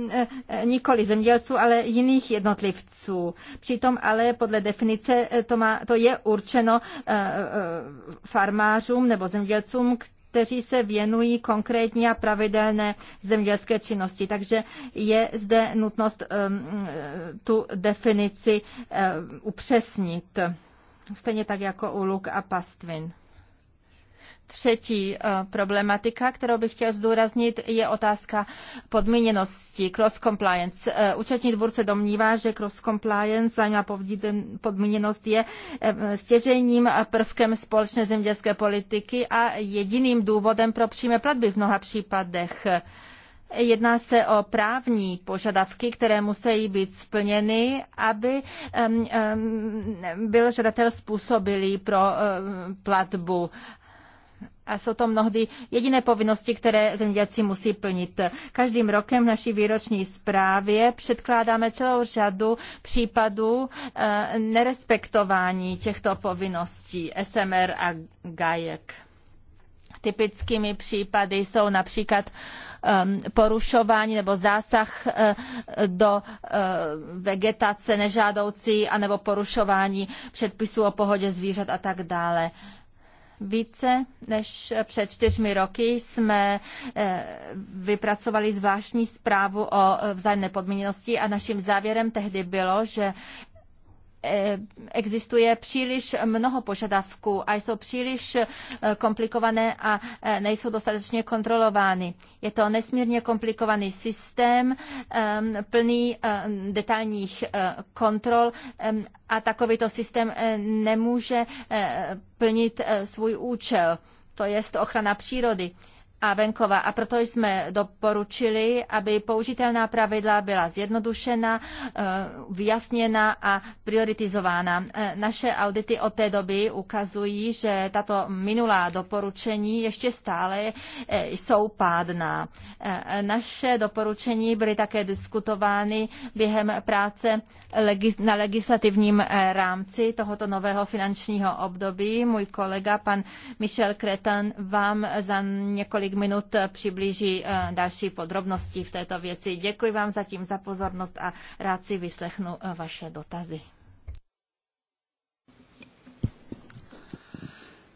nikoli zemědělců, ale jiných jednotlivců. Přitom ale podle definice to, má, to je určeno farmářům nebo zemědělcům, kteří se věnují konkrétní a pravidelné zemědělské činnosti. Takže je zde nutnost um, tu definici um, upřesnit stejně tak jako u luk a pastvin. Třetí eh, problematika, kterou bych chtěl zdůraznit, je otázka podmíněnosti, cross compliance. Eh, účetní dvůr se domnívá, že cross compliance, zájemná podmíněnost je eh, stěžejním prvkem společné zemědělské politiky a jediným důvodem pro přímé platby v mnoha případech. Jedná se o právní požadavky, které musí být splněny, aby byl žadatel způsobilý pro platbu a jsou to mnohdy jediné povinnosti, které zemědělci musí plnit. Každým rokem v naší výroční zprávě předkládáme celou řadu případů eh, nerespektování těchto povinností SMR a GAJEK. Typickými případy jsou například Um, porušování nebo zásah uh, do uh, vegetace nežádoucí anebo porušování předpisů o pohodě zvířat a tak dále více než před čtyřmi roky jsme eh, vypracovali zvláštní zprávu o eh, vzájemné podmíněnosti a naším závěrem tehdy bylo, že Eh, existuje příliš mnoho požadavků a jsou příliš eh, komplikované a eh, nejsou dostatečně kontrolovány. Je to nesmírně komplikovaný systém, plný detailních kontrol a takovýto systém nemůže plnit svůj účel to je ochrana přírody a venkova. A proto jsme doporučili, aby použitelná pravidla byla zjednodušena, eh, vyjasněna a prioritizována. Eh, naše audity od té doby ukazují, že tato minulá doporučení ještě stále eh, jsou pádná. Naše doporučení byly také diskutovány během práce na legislativním rámci tohoto nového finančního období. Můj kolega, pan Michel Kretan, vám za několik několik minut přiblíží eh, další podrobnosti v této věci. Děkuji vám zatím za pozornost a rád si vyslechnu eh, vaše dotazy.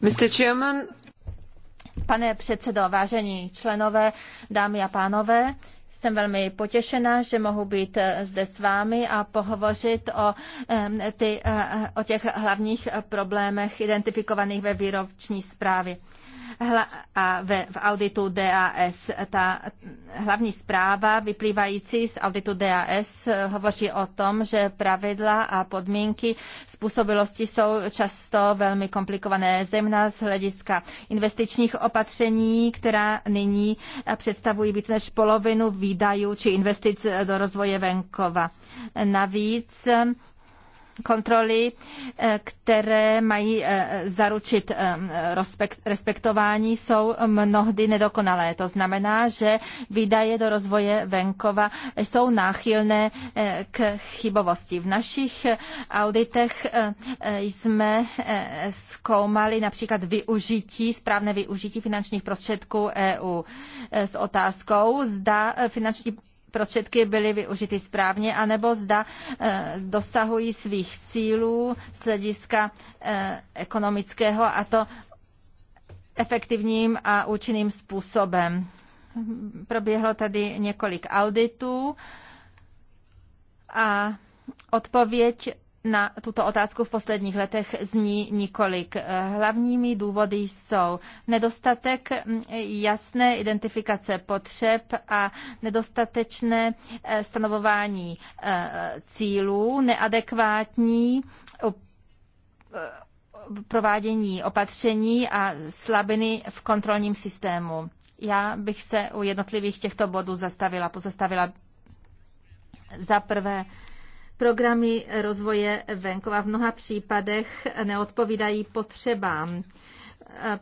Mr. Chairman. Pane předsedo, vážení členové, dámy a pánové, jsem velmi potěšena, že mohu být eh, zde s vámi a pohovořit o, ty, o těch hlavních problémech identifikovaných ve výroční zprávě a ve, v auditu DAS. Ta hlavní zpráva vyplývající z auditu DAS hovoří o tom, že pravidla a podmínky způsobilosti jsou často velmi komplikované, zemna z hlediska investičních opatření, která nyní představují více než polovinu výdajů či investic do rozvoje venkova. Navíc kontroly, eh, které mají eh, zaručit eh, respektování, jsou mnohdy nedokonalé. To znamená, že výdaje do rozvoje venkova jsou náchylné k chybovosti. V našich auditech jsme zkoumali například využití, správné využití finančních prostředků EU s otázkou, zda finanční prostředky byly využity správně, anebo zda eh, dosahují svých cílů z hlediska eh, ekonomického a to efektivním a účinným způsobem. Proběhlo tady několik auditů a odpověď na tuto otázku v posledních letech zní několik. Eh, hlavními důvody jsou nedostatek mm, jasné identifikace potřeb a nedostatečné eh, stanovování eh, cílů, neadekvátní provádění opatření a slabiny v kontrolním systému. Já bych se u jednotlivých těchto bodů zastavila, pozastavila za prvé Programy rozvoje venkova v mnoha případech neodpovídají potřebám eh,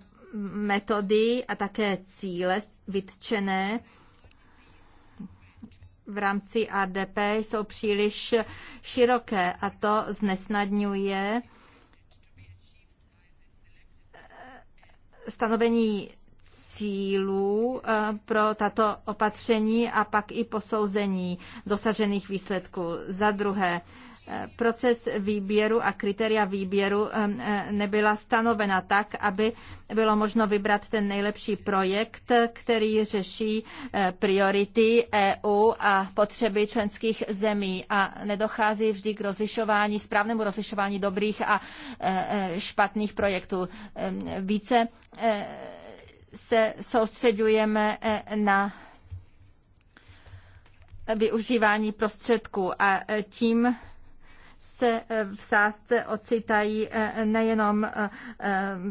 metody a také cíle vytčené v rámci RDP jsou příliš široké a to znesnadňuje stanovení cílů eh, pro tato opatření a pak i posouzení dosažených výsledků. Za druhé, eh, proces výběru a kritéria výběru eh, nebyla stanovena tak, aby bylo možno vybrat ten nejlepší projekt, který řeší priority EU a potřeby členských zemí a nedochází vždy k rozlišování, správnému rozlišování dobrých a špatných projektů. Více se soustředujeme eh, na využívání prostředků a eh, tím se eh, v sázce ocitají eh, nejenom eh,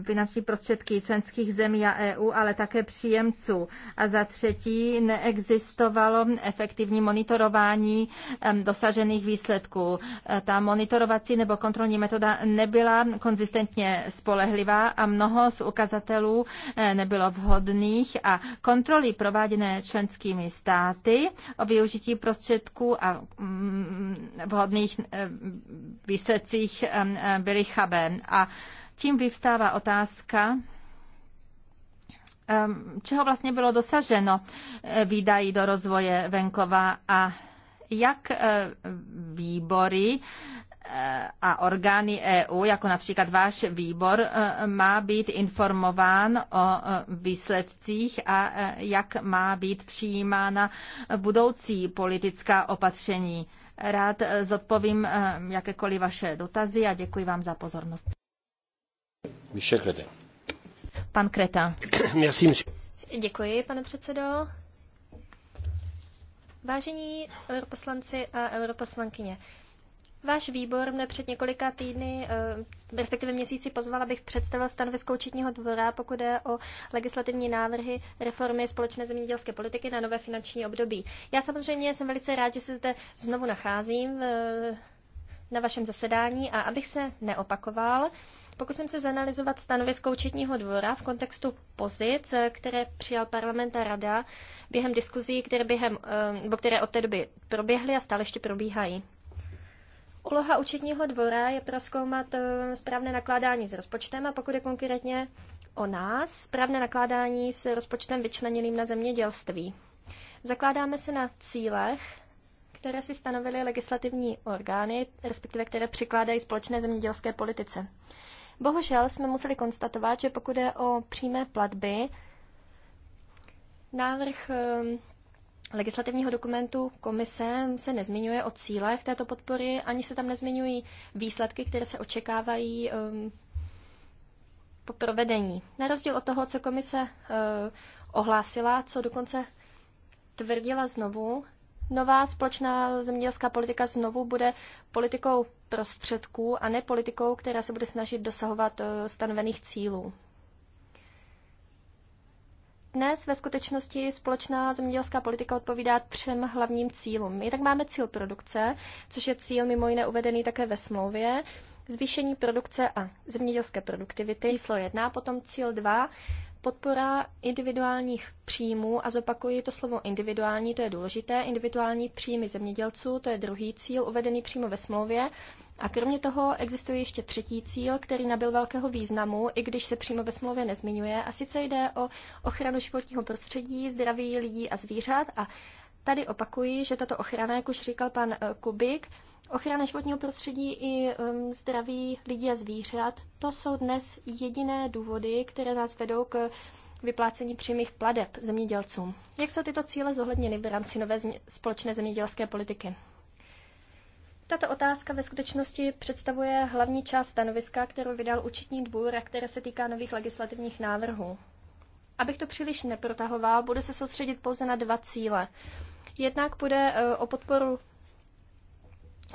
finanční prostředky členských zemí a EU, ale také příjemců. A za třetí neexistovalo efektivní monitorování dosažených výsledků. Ta monitorovací nebo kontrolní metoda nebyla konzistentně spolehlivá a mnoho z ukazatelů nebylo vhodných a kontroly prováděné členskými státy o využití prostředků a mm, vhodných výsledcích byly chabé. A tím vyvstává otázka, čeho vlastně bylo dosaženo e, výdají do rozvoje venkova a jak e, výbory e, a orgány EU, jako například váš výbor, má být informován o výsledcích a jak má být přijímána budoucí politická opatření rád eh, zodpovím eh, jakékoliv vaše dotazy a děkuji vám za pozornost. Pan Kreta. Děkuji, pane předsedo. Vážení europoslanci a europoslankyně, Váš výbor mne před několika týdny, eh, respektive měsíci pozval, abych představil stanovisko Učitního dvora, pokud je o legislativní návrhy reformy společné zemědělské politiky na nové finanční období. Já samozřejmě jsem velice rád, že se zde znovu nacházím eh, na vašem zasedání a abych se neopakoval, pokusím se zanalizovat stanovisko Učitního dvora v kontextu pozic, eh, které přijal parlament a rada během diskuzí, které, během, které od té doby proběhly a stále ještě probíhají. Úloha účetního dvora je proskoumat eh, správné nakládání s rozpočtem a pokud je konkrétně o nás, správné nakládání s rozpočtem vyčleněným na zemědělství. Zakládáme se na cílech, které si stanovily legislativní orgány, respektive které přikládají společné zemědělské politice. Bohužel jsme museli konstatovat, že pokud je o přímé platby, návrh eh, legislativního dokumentu komise se nezmiňuje o cílech této podpory, ani se tam nezmiňují výsledky, které se očekávají um, po provedení. Na rozdíl od toho, co komise uh, ohlásila, co dokonce tvrdila znovu, nová společná zemědělská politika znovu bude politikou prostředků a ne politikou, která se bude snažit dosahovat uh, stanovených cílů. Dnes ve skutečnosti společná zemědělská politika odpovídá třem hlavním cílům. tak máme cíl produkce, což je cíl mimo jiné uvedený také ve smlouvě, zvýšení produkce a zemědělské produktivity. Číslo jedna, potom cíl dva, podpora individuálních příjmů, a zopakuji to slovo individuální, to je důležité, individuální příjmy zemědělců, to je druhý cíl uvedený přímo ve smlouvě. A kromě toho existuje ještě třetí cíl, který nabyl velkého významu, i když se přímo ve smlouvě nezmiňuje, a sice jde o ochranu životního prostředí, zdraví lidí a zvířat. A tady opakuji, že tato ochrana, jak už říkal pan eh, Kubik, Ochrana životního prostředí i um, zdraví lidí a zvířat, to jsou dnes jediné důvody, které nás vedou k vyplácení přímých pladeb zemědělcům. Jak jsou tyto cíle zohledněny v rámci nové společné zemědělské politiky? Tato otázka ve skutečnosti představuje hlavní část stanoviska, kterou vydal účetní dvůr a které se týká nových legislativních návrhů. Abych to příliš neprotahoval, bude se soustředit pouze na dva cíle. Jednak bude eh, o podporu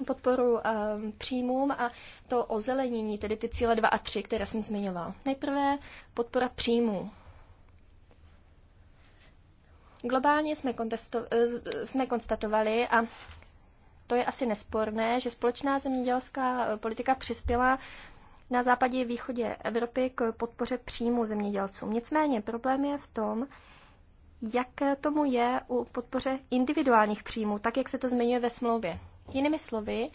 podporu eh, příjmům a to ozelenění, tedy ty cíle 2 a 3, které jsem zmiňoval. Nejprve podpora příjmů. Globálně jsme, kontesto, eh, jsme konstatovali, a to je asi nesporné, že společná zemědělská eh, politika přispěla na západě i východě Evropy k podpoře příjmu zemědělcům. Nicméně problém je v tom, jak tomu je u podpoře individuálních příjmů, tak jak se to zmiňuje ve smlouvě. Jinými slovy,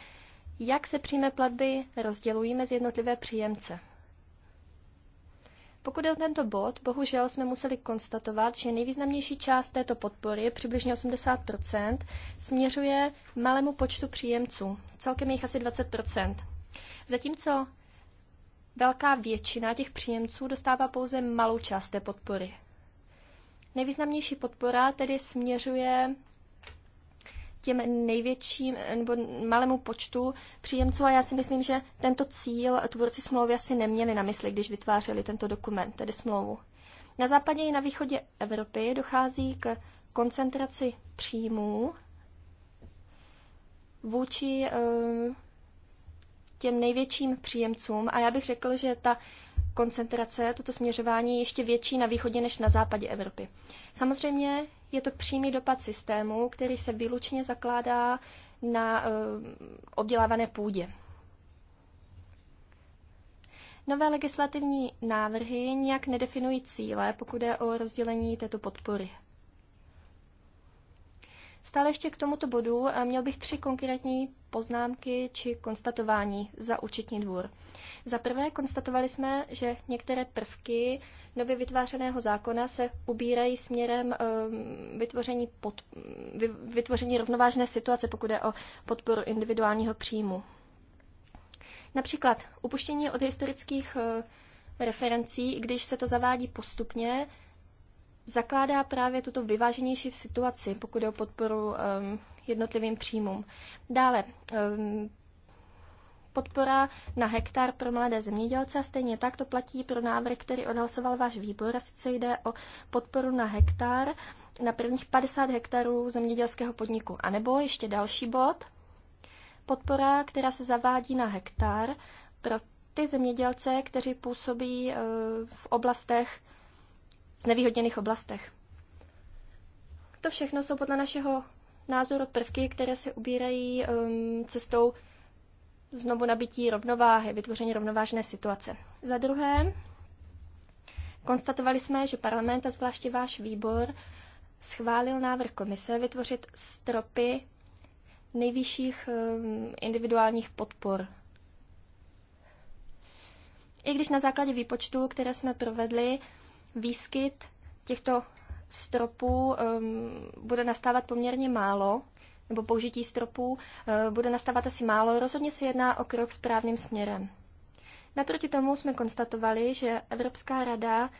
jak se přímé platby rozdělují mezi jednotlivé příjemce. Pokud je o tento bod, bohužel jsme museli konstatovat, že nejvýznamnější část této podpory, přibližně 80 směřuje malému počtu příjemců, celkem jich asi 20 Zatímco velká většina těch příjemců dostává pouze malou část té podpory. Nejvýznamnější podpora tedy směřuje těm největším eh, nebo malému počtu příjemců a já si myslím, že tento cíl tvůrci smlouvy asi neměli na mysli, když vytvářeli tento dokument, tedy smlouvu. Na západě i na východě Evropy dochází k koncentraci příjmů vůči eh, těm největším příjemcům a já bych řekl, že ta koncentrace, toto směřování je ještě větší na východě než na západě Evropy. Samozřejmě je to přímý dopad systému, který se výlučně zakládá na uh, obdělávané půdě. Nové legislativní návrhy nijak nedefinují cíle, pokud je o rozdělení této podpory. Stále ještě k tomuto bodu měl bych tři konkrétní poznámky či konstatování za účetní dvůr. Za prvé konstatovali jsme, že některé prvky nově vytvářeného zákona se ubírají směrem ehm, vytvoření, pod, vytvoření rovnovážné situace, pokud je o podporu individuálního příjmu. Například upuštění od historických eh, referencí, když se to zavádí postupně, zakládá právě tuto vyváženější situaci, pokud je o podporu um, jednotlivým příjmům. Dále, um, podpora na hektar pro mladé zemědělce a stejně tak to platí pro návrh, který odhlasoval váš výbor a sice jde o podporu na hektar na prvních 50 hektarů zemědělského podniku. A nebo ještě další bod, podpora, která se zavádí na hektar pro ty zemědělce, kteří působí uh, v oblastech znevýhodněných oblastech. To všechno jsou podle našeho názoru prvky, které se ubírají um, cestou znovu nabití rovnováhy, vytvoření rovnovážné situace. Za druhé, konstatovali jsme, že parlament a zvláště váš výbor schválil návrh komise vytvořit stropy nejvyšších um, individuálních podpor. I když na základě výpočtu, které jsme provedli, výskyt těchto stropů um, bude nastávat poměrně málo, nebo použití stropů uh, bude nastávat asi málo, rozhodně se jedná o krok správným směrem. Naproti tomu jsme konstatovali, že Evropská rada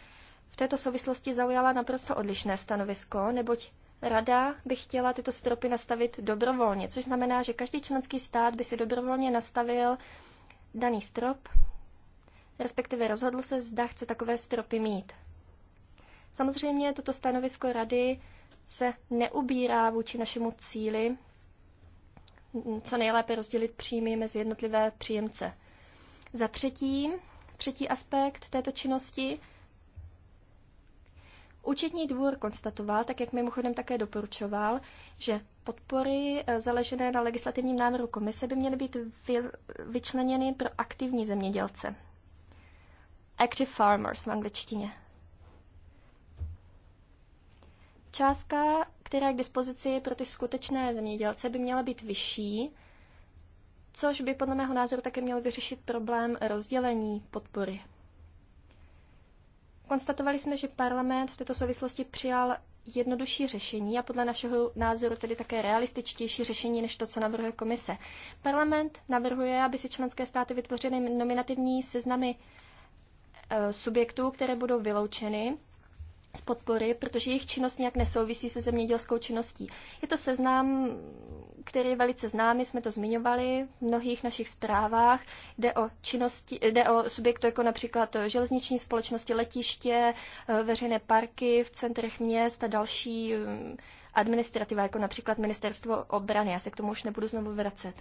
v této souvislosti zaujala naprosto odlišné stanovisko, neboť Rada by chtěla tyto stropy nastavit dobrovolně, což znamená, že každý členský stát by si dobrovolně nastavil daný strop, respektive rozhodl se, zda chce takové stropy mít. Samozřejmě toto stanovisko rady se neubírá vůči našemu cíli co nejlépe rozdělit příjmy mezi jednotlivé příjemce. Za třetí, třetí aspekt této činnosti, Účetní dvůr konstatoval, tak jak mimochodem také doporučoval, že podpory eh, založené na legislativním návrhu komise by měly být vyčleněny pro aktivní zemědělce. Active farmers v angličtině. Částka, která je k dispozici pro ty skutečné zemědělce, by měla být vyšší, což by podle mého názoru také měl vyřešit problém rozdělení podpory. Konstatovali jsme, že parlament v této souvislosti přijal jednodušší řešení a podle našeho názoru tedy také realističtější řešení než to, co navrhuje komise. Parlament navrhuje, aby si členské státy vytvořily nominativní seznamy eh, subjektů, které budou vyloučeny z podpory, protože jejich činnost nějak nesouvisí se zemědělskou činností. Je to seznam, který je velice známý, jsme to zmiňovali v mnohých našich zprávách. Jde o, činnosti, jde o subjekty jako například železniční společnosti, letiště, eh, veřejné parky v centrech měst a další mm, administrativa, jako například ministerstvo obrany. Já se k tomu už nebudu znovu vracet.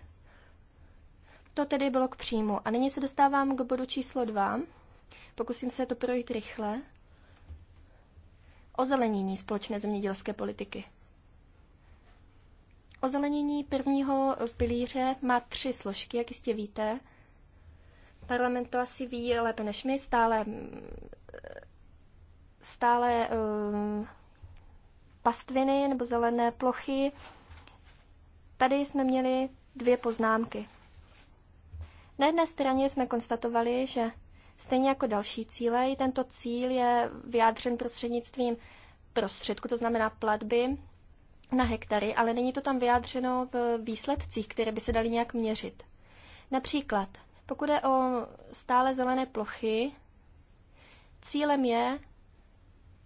To tedy bylo k příjmu. A nyní se dostávám k bodu číslo dva. Pokusím se to projít rychle ozelenění společné zemědělské politiky. Ozelenění prvního pilíře má tři složky, jak jistě víte. Parlament to asi ví lépe než my, stále, stále um, pastviny nebo zelené plochy. Tady jsme měli dvě poznámky. Na jedné straně jsme konstatovali, že Stejně jako další cíle, i tento cíl je vyjádřen prostřednictvím prostředku, to znamená platby na hektary, ale není to tam vyjádřeno v výsledcích, které by se daly nějak měřit. Například, pokud je o stále zelené plochy, cílem je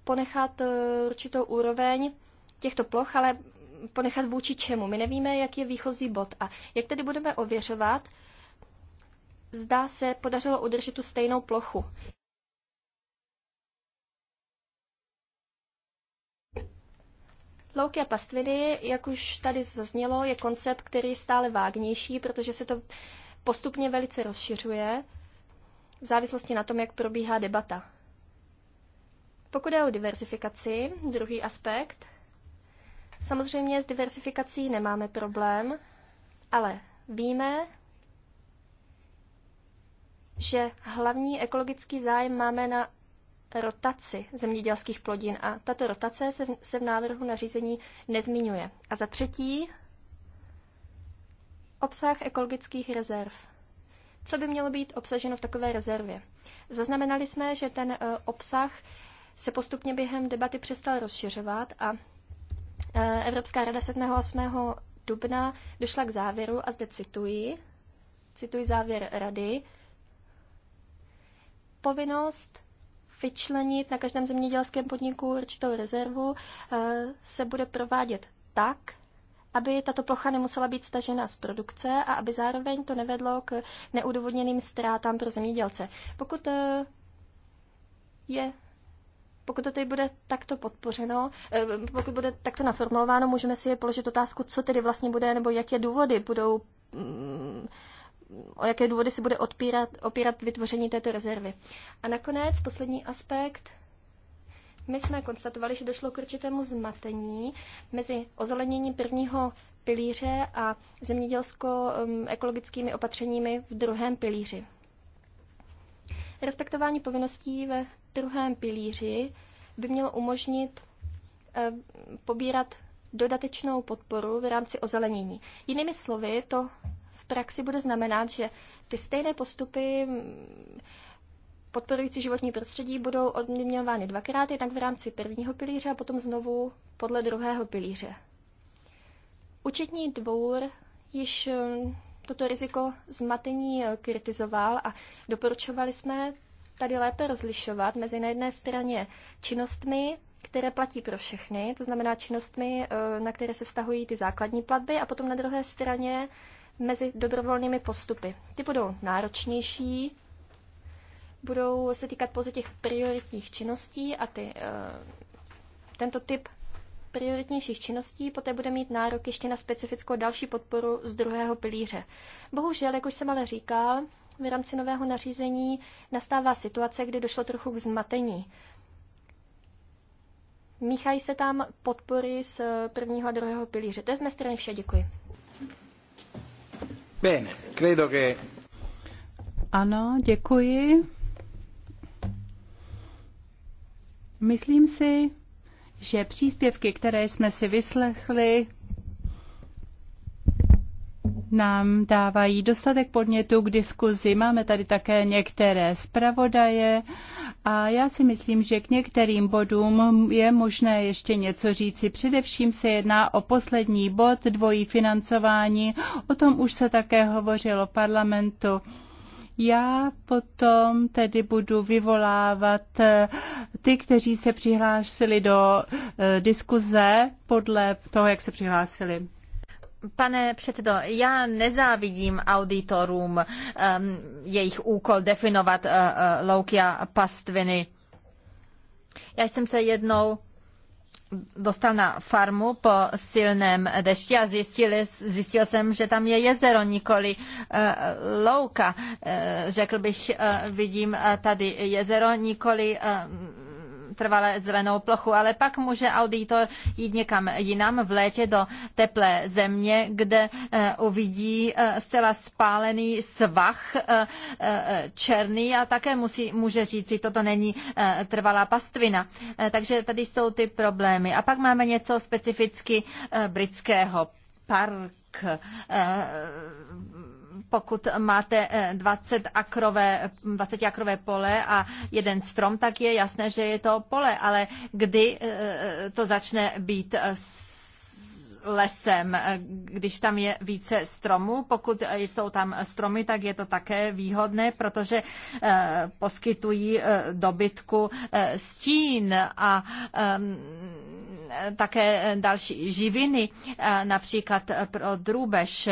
ponechat eh, určitou úroveň těchto ploch, ale ponechat vůči čemu. My nevíme, jak je výchozí bod. A jak tedy budeme ověřovat, zda se podařilo udržet tu stejnou plochu. Louky a pastviny, jak už tady zaznělo, je koncept, který je stále vágnější, protože se to postupně velice rozšiřuje v závislosti na tom, jak probíhá debata. Pokud je o diversifikaci, druhý aspekt, samozřejmě s diversifikací nemáme problém, ale víme, že hlavní ekologický zájem máme na rotaci zemědělských plodin a tato rotace se v, se v návrhu nařízení nezmiňuje. A za třetí, obsah ekologických rezerv. Co by mělo být obsaženo v takové rezervě? Zaznamenali jsme, že ten e, obsah se postupně během debaty přestal rozšiřovat a e, Evropská rada 7. a 8. dubna došla k závěru, a zde cituji, cituji závěr rady, povinnost vyčlenit na každém zemědělském podniku určitou rezervu eh, se bude provádět tak, aby tato plocha nemusela být stažena z produkce a aby zároveň to nevedlo k neudůvodněným ztrátám pro zemědělce. Pokud eh, je pokud to tady bude takto podpořeno, eh, pokud bude takto naformulováno, můžeme si položit otázku, co tedy vlastně bude, nebo jaké důvody budou mm, o jaké důvody se bude odpírat, opírat vytvoření této rezervy. A nakonec poslední aspekt. My jsme konstatovali, že došlo k určitému zmatení mezi ozeleněním prvního pilíře a zemědělsko-ekologickými opatřeními v druhém pilíři. Respektování povinností ve druhém pilíři by mělo umožnit eh, pobírat dodatečnou podporu v rámci ozelenění. Jinými slovy, to praxi bude znamenat, že ty stejné postupy mm, podporující životní prostředí budou odměňovány dvakrát, jednak v rámci prvního pilíře a potom znovu podle druhého pilíře. Učetní dvůr již mm, toto riziko zmatení eh, kritizoval a doporučovali jsme tady lépe rozlišovat mezi na jedné straně činnostmi, které platí pro všechny, to znamená činnostmi, eh, na které se vztahují ty základní platby, a potom na druhé straně mezi dobrovolnými postupy. Ty budou náročnější, budou se týkat pouze těch prioritních činností a ty, eh, tento typ prioritnějších činností poté bude mít nárok ještě na specifickou další podporu z druhého pilíře. Bohužel, jak už jsem ale říkal, v rámci nového nařízení nastává situace, kdy došlo trochu k zmatení. Míchají se tam podpory z prvního a druhého pilíře. To je z mé strany vše, děkuji. Ano, děkuji. Myslím si, že příspěvky, které jsme si vyslechli, nám dávají dostatek podnětů k diskuzi. Máme tady také některé zpravodaje, a já si myslím, že k některým bodům je možné ještě něco říci. Především se jedná o poslední bod dvojí financování. O tom už se také hovořilo v parlamentu. Já potom tedy budu vyvolávat eh, ty, kteří se přihlásili do eh, diskuze podle toho, jak se přihlásili. Pane předsedo, já nezávidím auditorům um, jejich úkol definovat uh, uh, louky a pastviny. Já jsem se jednou dostal na farmu po silném dešti a zjistil, zjistil jsem, že tam je jezero, nikoli uh, louka. Uh, řekl bych, uh, vidím uh, tady jezero, nikoli uh, trvale zelenou plochu, ale pak může auditor jít někam jinam v létě do teplé země, kde eh, uvidí eh, zcela spálený svach eh, černý a také musí, může že toto není trvalá pastvina. Takže tady jsou ty problémy. A pak máme něco specificky britského. Park, pokud máte 20 eh, akrové, 20 akrové pole a jeden strom, tak je jasné, že je to pole, ale kdy eh, to začne být eh, lesem, když tam je více stromů. Pokud jsou tam stromy, tak je to také výhodné, protože poskytují dobytku stín a ehm, také další živiny, například pro drůbež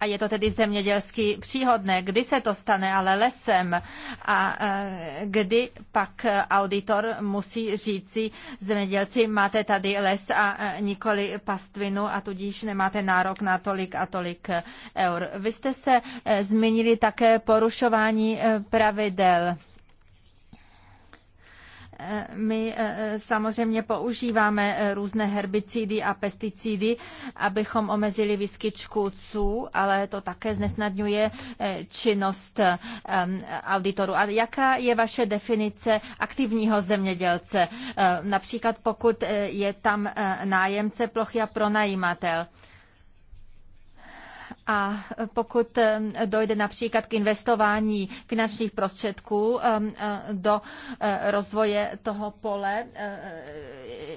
a je to tedy zemědělsky příhodné, kdy se to stane ale lesem a e, kdy pak auditor musí říci zemědělci, máte tady les a e, nikoli pastvinu a tudíž nemáte nárok na tolik a tolik e, eur. Vy jste se zmínili také porušování pravidel my eh, samozřejmě používáme eh, různé herbicidy a pesticidy, abychom omezili výskyt škůdců, ale to také znesnadňuje eh, činnost auditoru. A jaká je vaše definice aktivního zemědělce? Například pokud je tam nájemce plochy a pronajímatel. A pokud eh, dojde například k investování finančních prostředků eh, eh, do rozvoje toho pole,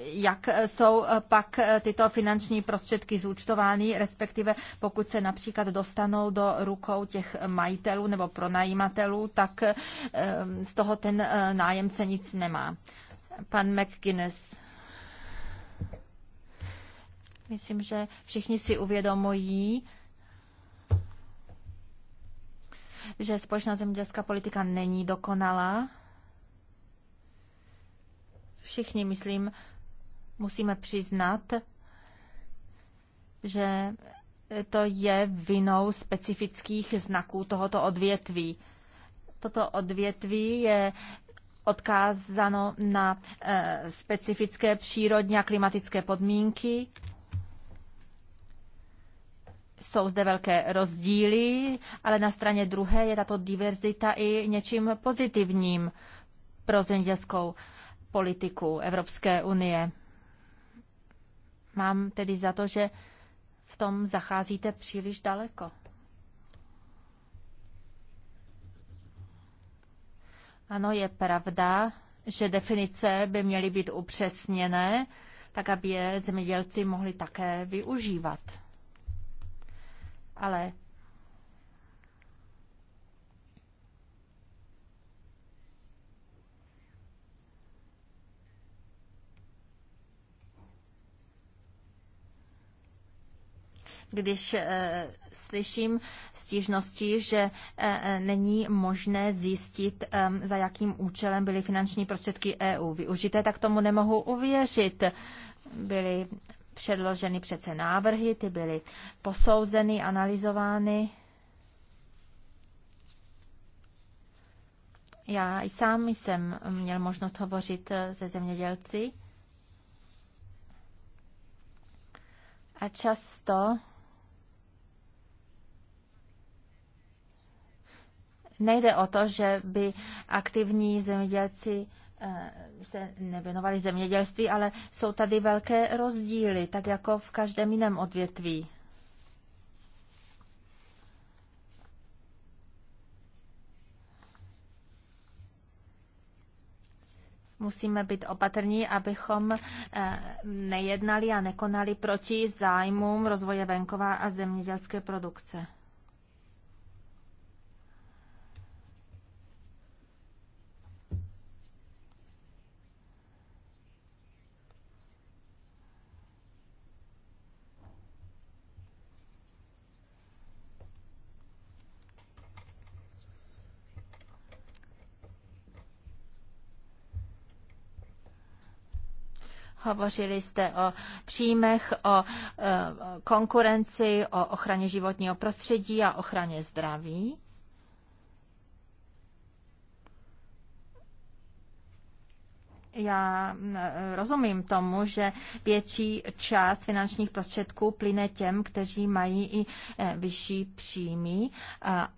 jak jsou pak tyto finanční prostředky zúčtovány, respektive pokud se například dostanou do rukou těch majitelů nebo pronajímatelů, tak z toho ten nájemce nic nemá. Pan McGuinness. Myslím, že všichni si uvědomují, že společná zemědělská politika není dokonalá. Všichni, myslím, musíme přiznat, že to je vinou specifických znaků tohoto odvětví. Toto odvětví je odkázáno na eh, specifické přírodní a klimatické podmínky, jsou zde velké rozdíly, ale na straně druhé je tato diverzita i něčím pozitivním pro zemědělskou politiku Evropské unie. Mám tedy za to, že v tom zacházíte příliš daleko. Ano, je pravda, že definice by měly být upřesněné, tak aby je zemědělci mohli také využívat ale když eh, slyším stížnosti, že eh, není možné zjistit, ehm, za jakým účelem byly finanční prostředky EU využité, tak tomu nemohu uvěřit. Byly předloženy přece návrhy, ty byly posouzeny, analyzovány. Já i sám jsem měl možnost hovořit eh, se zemědělci a často nejde o to, že by aktivní zemědělci Eh, se nevěnovali zemědělství, ale jsou tady velké rozdíly, tak jako v každém jiném odvětví. musíme být opatrní, abychom eh, nejednali a nekonali proti zájmům rozvoje venkova a zemědělské produkce. Hovořili jste o příjmech, eh, o konkurenci, o ochraně životního prostředí a ochraně zdraví. Já rozumím tomu, že větší část finančních prostředků plyne těm, kteří mají i e, vyšší příjmy,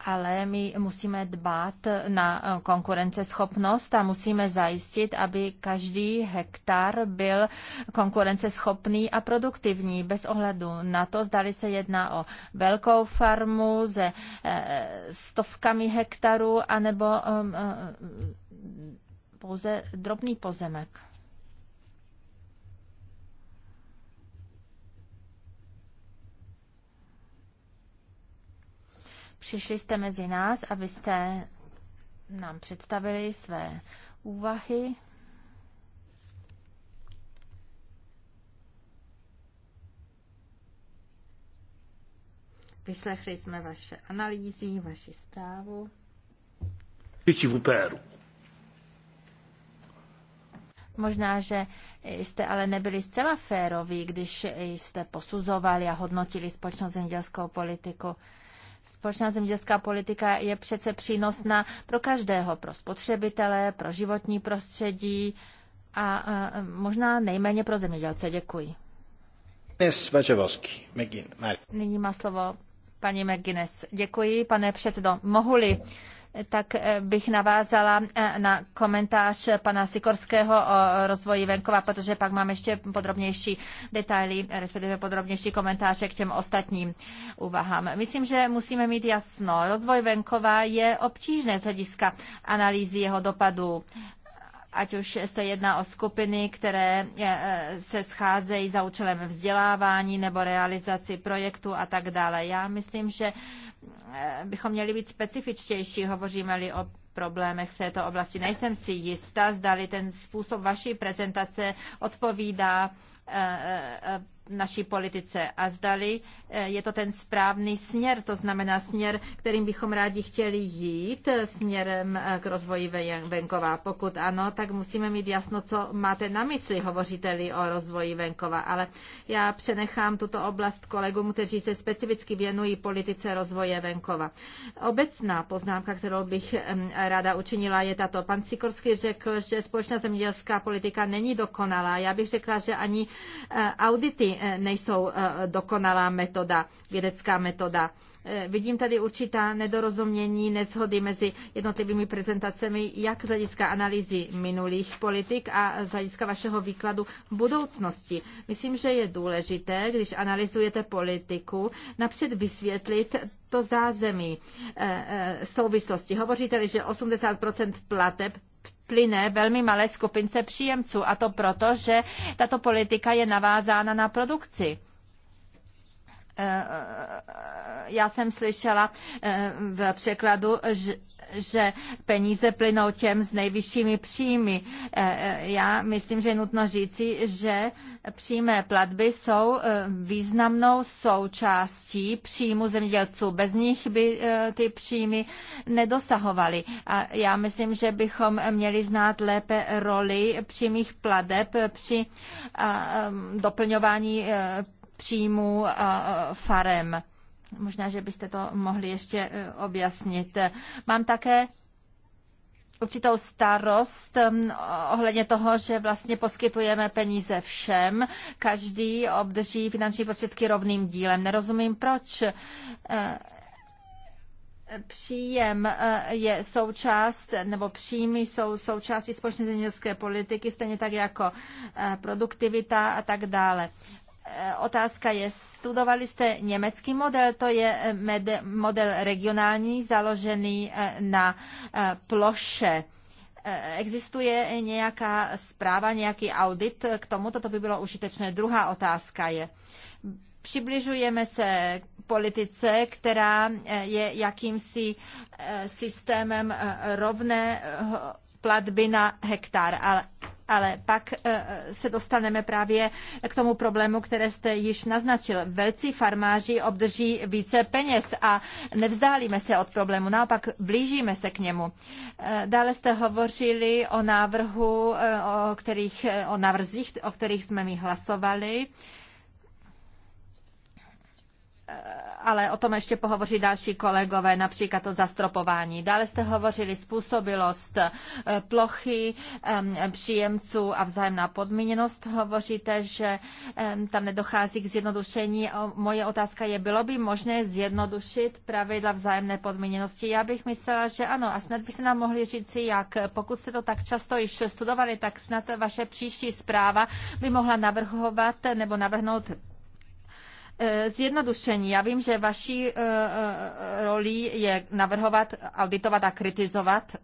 ale my musíme dbát na e, konkurenceschopnost a musíme zajistit, aby každý hektar byl konkurenceschopný a produktivní bez ohledu na to, zdali se jedná o velkou farmu se e, stovkami hektarů anebo um, pouze drobný pozemek. Přišli jste mezi nás, abyste nám představili své úvahy. Vyslechli jsme vaše analýzy, vaši zprávu. Děti v Péru. Možná, že jste ale nebyli zcela féroví, když jste posuzovali a hodnotili společnou zemědělskou politiku. Společná zemědělská politika je přece přínosná pro každého, pro spotřebitele, pro životní prostředí a možná nejméně pro zemědělce. Děkuji. Nyní má slovo paní McGuinness. Děkuji, pane předsedo. Mohu-li tak eh, bych navázala eh, na komentář pana Sikorského o rozvoji venkova, protože pak mám ještě podrobnější detaily, respektive podrobnější komentáře k těm ostatním úvahám. Myslím, že musíme mít jasno. Rozvoj venkova je obtížné z hlediska analýzy jeho dopadu ať už se jedná o skupiny, které eh, se scházejí za účelem vzdělávání nebo realizaci projektu a tak dále. Já myslím, že eh, bychom měli být specifičtější, hovoříme-li o problémech v této oblasti. Nejsem si jistá, zdali ten způsob vaší prezentace odpovídá eh, eh, naší politice a zdali eh, je to ten správný směr, to znamená směr, kterým bychom rádi chtěli jít, směrem k rozvoji venkova. Pokud ano, tak musíme mít jasno, co máte na mysli, hovořiteli o rozvoji venkova, ale já přenechám tuto oblast kolegům, kteří se specificky věnují politice rozvoje venkova. Obecná poznámka, kterou bych ráda učinila, je tato. Pan Sikorsky řekl, že společná zemědělská politika není dokonalá. Já bych řekla, že ani eh, audity eh, nejsou eh, dokonalá metoda, vědecká metoda. Eh, vidím tady určitá nedorozumění, neshody mezi jednotlivými prezentacemi, jak z hlediska analýzy minulých politik a z hlediska vašeho výkladu budoucnosti. Myslím, že je důležité, když analyzujete politiku, napřed vysvětlit to zázemí eh, eh, souvislosti. Hovoříte-li, že 80% plateb plyne velmi malé skupince příjemců a to proto, že tato politika je navázána na produkci. Eh, eh, já jsem slyšela eh, v překladu, že že peníze plynou těm s nejvyššími příjmy. Já myslím, že je nutno říci, že přímé platby jsou významnou součástí příjmu zemědělců. Bez nich by ty příjmy nedosahovaly. A já myslím, že bychom měli znát lépe roli přímých plateb při doplňování příjmů eh, farem. Možná, že byste to mohli ještě eh, objasnit. Mám také určitou starost mm, ohledně toho, že vlastně poskytujeme peníze všem. Každý obdrží finanční prostředky rovným dílem. Nerozumím, proč eh, příjem je součást, nebo příjmy jsou součástí společné zemědělské politiky, stejně tak jako produktivita a tak dále. Otázka je, studovali jste německý model, to je eh, model regionální založený eh, na eh, ploše. Existuje nějaká zpráva, nějaký audit k tomu? Toto by bylo užitečné. Druhá otázka je, přibližujeme se politice, která je jakýmsi systémem rovné platby na hektar, ale ale pak eh, se dostaneme právě k tomu problému, které jste již naznačil. Velcí farmáři obdrží více peněz a nevzdálíme se od problému, naopak blížíme se k němu. Eh, dále jste hovořili o návrhu, eh, o, kterých, o návrzích, o kterých jsme mi hlasovali ale o tom ještě pohovoří další kolegové, například to zastropování. Dále jste hovořili způsobilost eh, plochy eh, příjemců a vzájemná podmíněnost. Hovoříte, že eh, tam nedochází k zjednodušení. Moje otázka je, bylo by možné zjednodušit pravidla vzájemné podmíněnosti? Já bych myslela, že ano. A snad byste nám mohli říci, jak pokud jste to tak často již studovali, tak snad vaše příští zpráva by mohla navrhovat nebo navrhnout Eh, zjednodušení. Já vím, že vaší eh, eh, rolí je navrhovat, auditovat a kritizovat,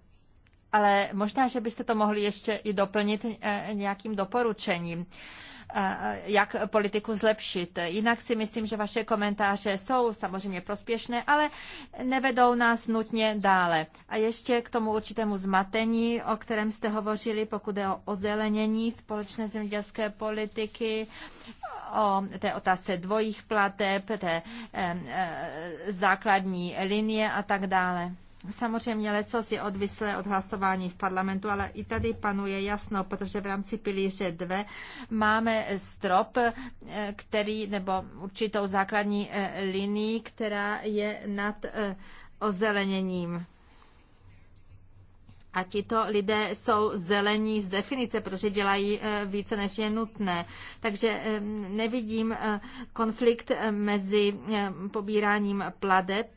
ale možná, že byste to mohli ještě i doplnit nějakým doporučením jak politiku zlepšit. Jinak si myslím, že vaše komentáře jsou samozřejmě prospěšné, ale nevedou nás nutně dále. A ještě k tomu určitému zmatení, o kterém jste hovořili, pokud je o ozelenění společné zemědělské politiky, o té otázce dvojích plateb, té eh, eh, základní linie a tak dále. Samozřejmě leco je odvislé od hlasování v parlamentu, ale i tady panuje jasno, protože v rámci pilíře 2 máme strop, eh, který, nebo určitou základní eh, linii, která je nad eh, ozeleněním. A tito lidé jsou zelení z definice, protože dělají eh, více, než je nutné. Takže eh, nevidím eh, konflikt mezi pobíráním pladeb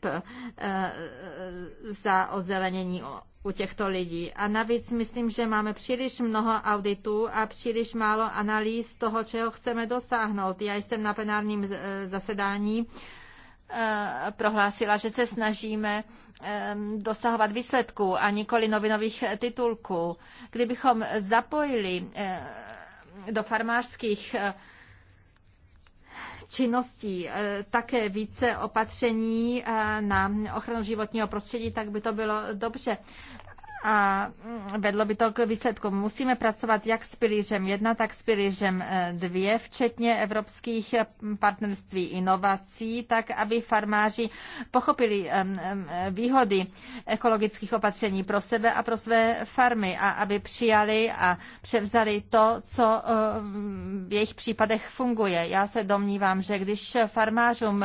za ozelenění u těchto lidí. A navíc myslím, že máme příliš mnoho auditů a příliš málo analýz toho, čeho chceme dosáhnout. Já jsem na plenárním zasedání Eh, prohlásila, že se snažíme eh, dosahovat výsledků a nikoli novinových titulků. Kdybychom zapojili eh, do farmářských činností také více opatření na ochranu životního prostředí, tak by to bylo dobře a mm, vedlo by to k výsledku. Musíme pracovat jak s pilířem 1, tak s pilířem 2, e, včetně evropských e, partnerství inovací, tak aby farmáři pochopili e, výhody ekologických opatření pro sebe a pro své farmy a aby přijali a převzali to, co v jejich případech funguje. Já se domnívám, že když farmářům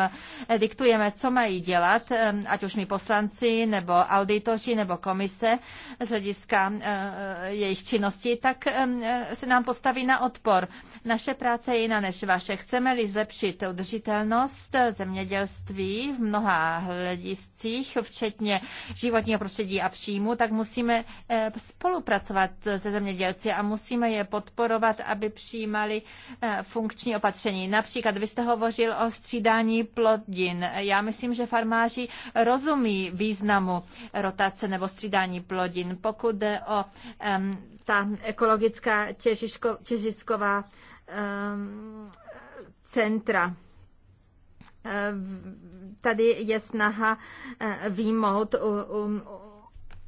diktujeme, co mají dělat, ať už my poslanci, nebo auditoři, nebo komise, z hlediska eh, jejich činnosti, tak eh, se nám postaví na odpor. Naše práce je jiná než vaše. Chceme-li zlepšit udržitelnost zemědělství v mnoha hlediscích, včetně životního prostředí a příjmu, tak musíme eh, spolupracovat se zemědělci a musíme je podporovat, aby přijímali funkční opatření. Například vy jste hovořil o střídání plodin. Já myslím, že farmáři rozumí významu rotace nebo střídání plodin hodin, Pokud jde o um, ta ekologická těžiško, těžisková um, centra, tady je snaha eh, výmout u, u,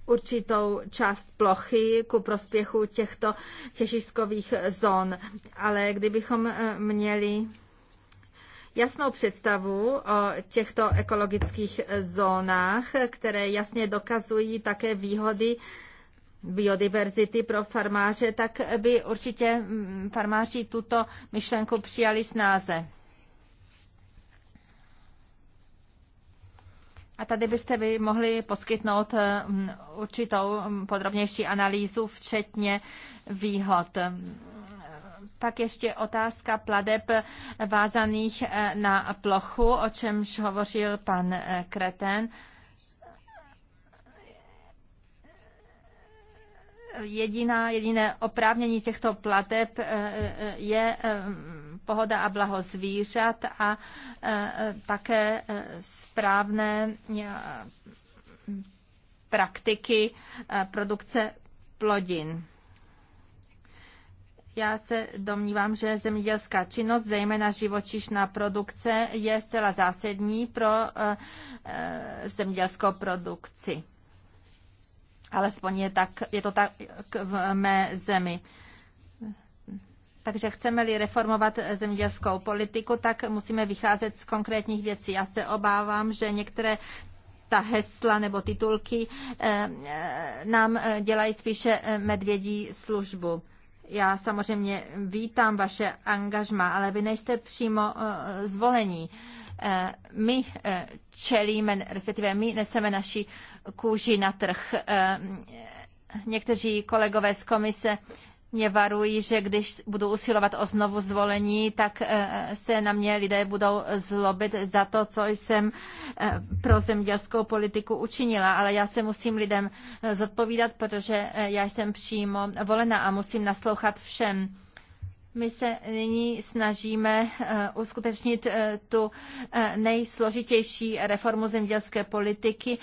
určitou část plochy ku prospěchu těchto těžiskových zón. Ale kdybychom eh, měli jasnou představu o těchto ekologických zónách, které jasně dokazují také výhody biodiverzity pro farmáře, tak by určitě mm, farmáři tuto myšlenku přijali snáze. A tady byste by mohli poskytnout mm, určitou mm, podrobnější analýzu, včetně výhod. Pak ještě otázka pladeb vázaných eh, na plochu, o čemž hovořil pan eh, Kreten. Jediná, jediné oprávnění těchto plateb eh, je pohoda a blaho zvířat a také správné praktiky produkce plodin. Já se domnívám, že zemědělská činnost, zejména živočišná produkce, je zcela zásadní pro eh, eh, zemědělskou produkci. Alespoň je, tak, je to tak v mé zemi. Takže chceme-li reformovat zemědělskou politiku, tak musíme vycházet z konkrétních věcí. Já se obávám, že některé ta hesla nebo titulky eh, nám dělají spíše medvědí službu. Já samozřejmě vítám vaše angažma, ale vy nejste přímo eh, zvolení. Eh, my eh, čelíme, respektive my neseme naši kůži na trh. Někteří kolegové z komise mě varují, že když budu usilovat o znovu zvolení, tak eh, se na mě lidé budou zlobit za to, co jsem eh, pro zemědělskou politiku učinila. Ale já se musím lidem eh, zodpovídat, protože já jsem přímo volena a musím naslouchat všem. My se nyní snažíme uskutečnit tu nejsložitější reformu zemědělské politiky,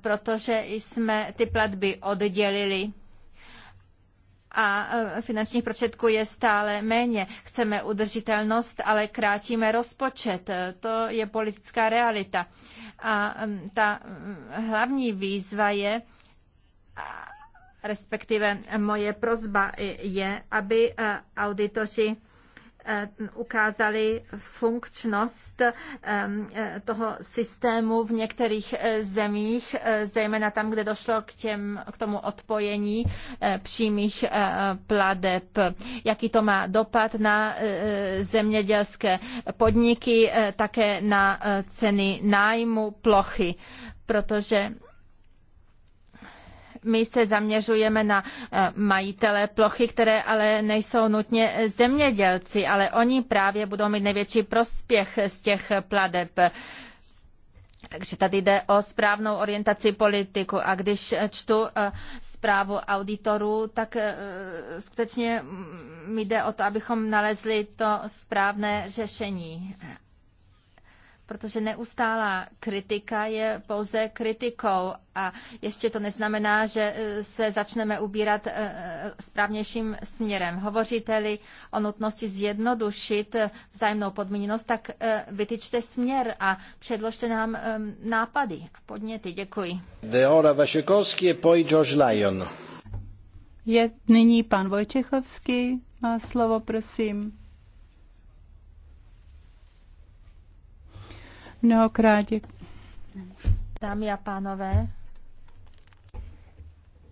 protože jsme ty platby oddělili a e, finančních prostředků je stále méně. Chceme udržitelnost, ale krátíme rozpočet. E, to je politická realita. A ta hlavní výzva je, respektive moje prozba je, aby e, auditoři Eh, ukázali funkčnost eh, eh, toho systému v některých zemích, zejména tam, kde došlo k, těm, k tomu odpojení přímých pladeb. Jaký to má dopad na zemědělské podniky, také na ceny nájmu plochy, protože my se zaměřujeme na eh, majitele plochy, které ale nejsou nutně zemědělci, ale oni právě budou mít největší prospěch z těch pladeb. Takže tady jde o správnou orientaci politiku. A když čtu eh, zprávu auditorů, tak eh, skutečně mm, mi jde o to, abychom nalezli to správné řešení protože neustálá kritika je pouze kritikou a ještě to neznamená, že e, se začneme ubírat e, e, správnějším směrem. Hovoříte-li o nutnosti zjednodušit vzájemnou podmíněnost, tak vytyčte směr a předložte nám nápady a podněty. Děkuji. Deora Vašekovský, poi George Lyon. Je nyní pan Vojčechovský, má slovo, prosím. Mnohokrát děkuji. Dámy a pánové,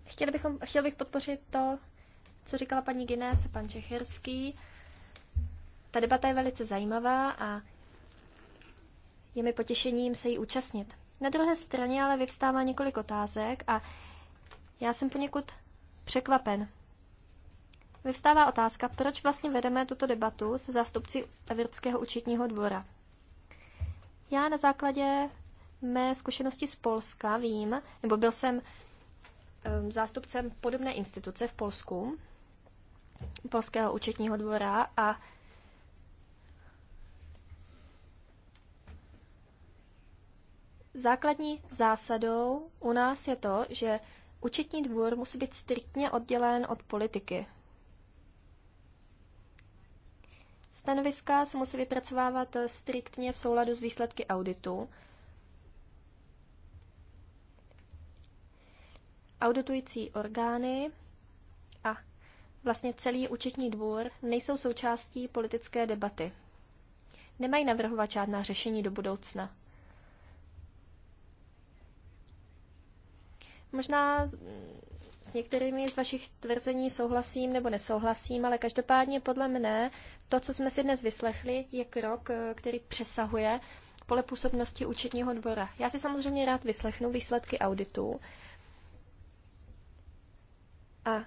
chtěl, bychom, chtěl bych podpořit to, co říkala paní Gines a pan Čechirský. Ta debata je velice zajímavá a je mi potěšením se jí účastnit. Na druhé straně ale vyvstává několik otázek a já jsem poněkud překvapen. Vyvstává otázka, proč vlastně vedeme tuto debatu se zástupci Evropského účetního dvora. Já na základě mé zkušenosti z Polska vím, nebo byl jsem zástupcem podobné instituce v Polsku, Polského účetního dvora a základní zásadou u nás je to, že účetní dvůr musí být striktně oddělen od politiky. Stanoviska se musí vypracovávat striktně v souladu s výsledky auditu. Auditující orgány a vlastně celý účetní dvůr nejsou součástí politické debaty. Nemají navrhovat žádná řešení do budoucna. Možná s některými z vašich tvrzení souhlasím nebo nesouhlasím, ale každopádně podle mne to, co jsme si dnes vyslechli, je krok, eh, který přesahuje pole působnosti účetního dvora. Já si samozřejmě rád vyslechnu výsledky auditu. A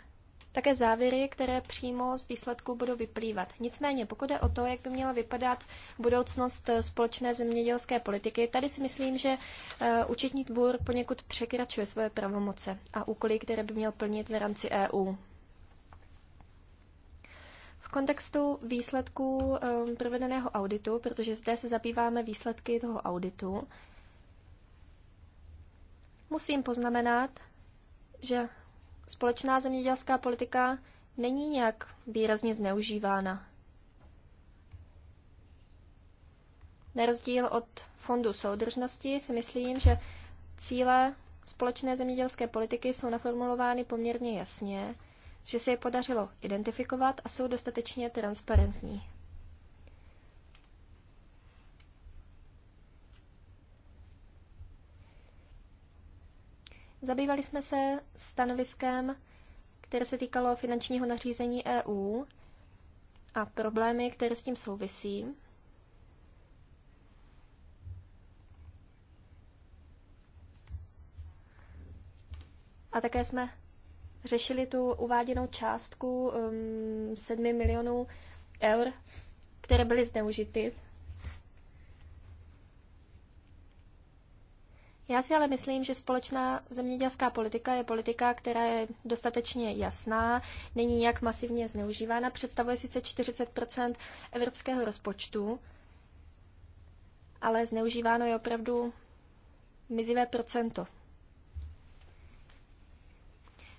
také závěry, které přímo z výsledků budou vyplývat. Nicméně, pokud je o to, jak by měla vypadat budoucnost eh, společné zemědělské politiky, tady si myslím, že eh, účetní dvůr poněkud překračuje svoje pravomoce a úkoly, které by měl plnit v rámci EU. V kontextu výsledků eh, provedeného auditu, protože zde se zabýváme výsledky toho auditu, musím poznamenat, že společná zemědělská politika není nějak výrazně zneužívána. Na rozdíl od fondu soudržnosti si myslím, že cíle společné zemědělské politiky jsou naformulovány poměrně jasně, že se je podařilo identifikovat a jsou dostatečně transparentní. Zabývali jsme se stanoviskem, které se týkalo finančního nařízení EU a problémy, které s tím souvisí. A také jsme řešili tu uváděnou částku um, 7 milionů eur, které byly zneužity Já si ale myslím, že společná zemědělská politika je politika, která je dostatečně jasná, není nějak masivně zneužívána, představuje sice 40 evropského rozpočtu, ale zneužíváno je opravdu mizivé procento.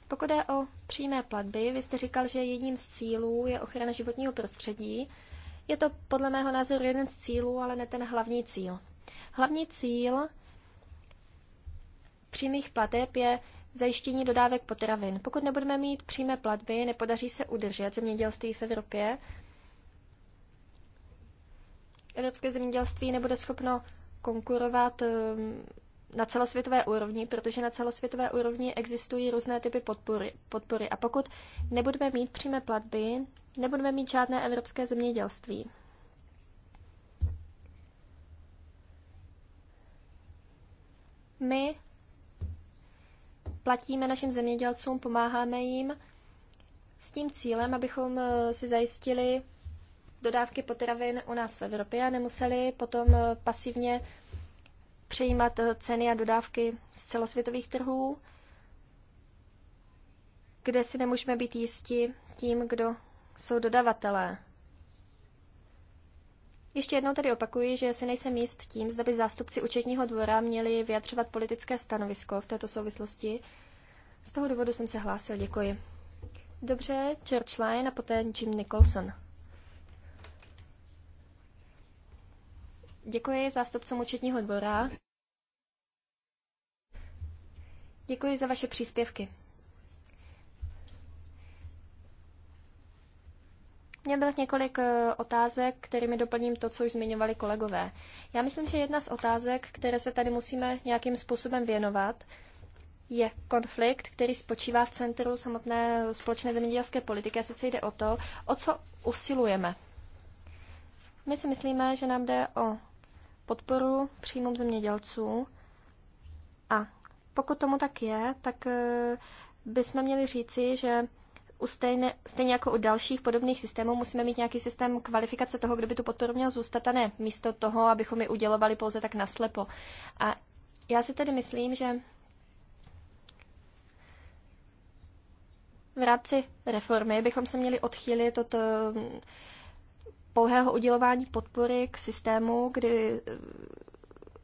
Pokud je o přímé platby, vy jste říkal, že jedním z cílů je ochrana životního prostředí. Je to podle mého názoru jeden z cílů, ale ne ten hlavní cíl. Hlavní cíl přímých plateb je zajištění dodávek potravin. Pokud nebudeme mít přímé platby, nepodaří se udržet zemědělství v Evropě. Evropské zemědělství nebude schopno konkurovat ehm, na celosvětové úrovni, protože na celosvětové úrovni existují různé typy podpory. podpory. A pokud nebudeme mít přímé platby, nebudeme mít žádné evropské zemědělství. My platíme našim zemědělcům, pomáháme jim s tím cílem, abychom eh, si zajistili dodávky potravin u nás v Evropě a nemuseli potom eh, pasivně přejímat eh, ceny a dodávky z celosvětových trhů, kde si nemůžeme být jisti tím, kdo jsou dodavatelé. Ještě jednou tedy opakuji, že si nejsem jist tím, zda by zástupci účetního dvora měli vyjadřovat politické stanovisko v této souvislosti. Z toho důvodu jsem se hlásil, děkuji. Dobře, George Line a poté Jim Nicholson. Děkuji zástupcům účetního dvora. Děkuji za vaše příspěvky. Mě bylo několik eh, otázek, kterými doplním to, co už zmiňovali kolegové. Já myslím, že jedna z otázek, které se tady musíme nějakým způsobem věnovat, je konflikt, který spočívá v centru samotné společné zemědělské politiky. A sice jde o to, o co usilujeme. My si myslíme, že nám jde o podporu příjmům zemědělců a pokud tomu tak je, tak eh, bychom měli říci, že u stejne, stejně jako u dalších podobných systémů musíme mít nějaký systém kvalifikace toho, kdo by tu podporu měl zůstat a ne místo toho, abychom ji udělovali pouze tak naslepo. A já si tedy myslím, že v rámci reformy bychom se měli odchýlit od eh, pouhého udělování podpory k systému, kdy eh,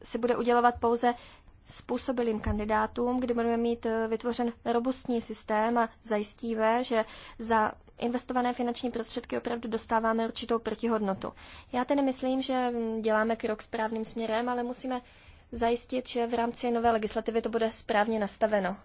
se bude udělovat pouze způsobilým kandidátům, kdy budeme mít eh, vytvořen robustní systém a zajistíme, že za investované finanční prostředky opravdu dostáváme určitou protihodnotu. Já tedy myslím, že mm, děláme krok správným směrem, ale musíme zajistit, že v rámci nové legislativy to bude správně nastaveno.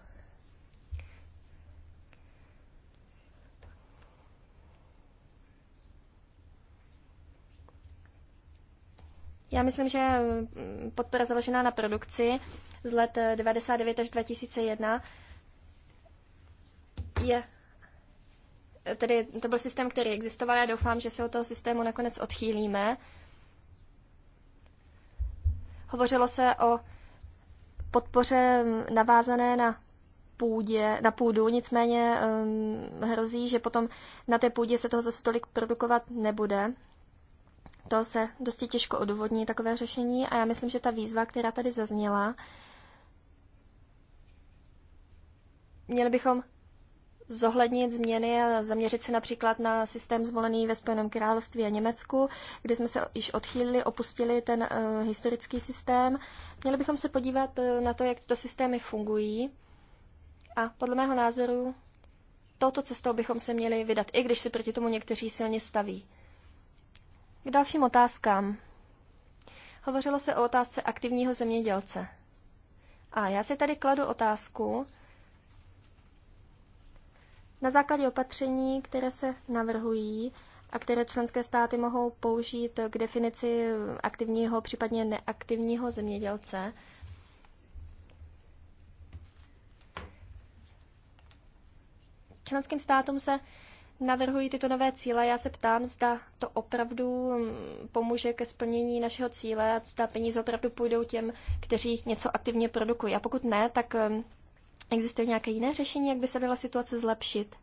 Já myslím, že mm, podpora založená na produkci z let 99 eh, až 2001 je eh, tedy to byl systém, který existoval. Já doufám, že se od toho systému nakonec odchýlíme. Hovořilo se o podpoře mm, navázané na půdě, na půdu, nicméně um, hrozí, že potom na té půdě se toho zase tolik produkovat nebude to se dosti těžko odůvodní takové řešení a já myslím, že ta výzva, která tady zazněla, měli bychom zohlednit změny a zaměřit se například na systém zvolený ve Spojeném království a Německu, kde jsme se již odchýlili, opustili ten uh, historický systém. Měli bychom se podívat uh, na to, jak tyto systémy fungují a podle mého názoru touto cestou bychom se měli vydat, i když se proti tomu někteří silně staví. K dalším otázkám. Hovořilo se o otázce aktivního zemědělce. A já si tady kladu otázku, na základě opatření, které se navrhují a které členské státy mohou použít k definici aktivního, případně neaktivního zemědělce, členským státům se navrhují tyto nové cíle, já se ptám, zda to opravdu mm, pomůže ke splnění našeho cíle a zda peníze opravdu půjdou těm, kteří něco aktivně produkují. A pokud ne, tak mm, existuje nějaké jiné řešení, jak by se dala situace zlepšit?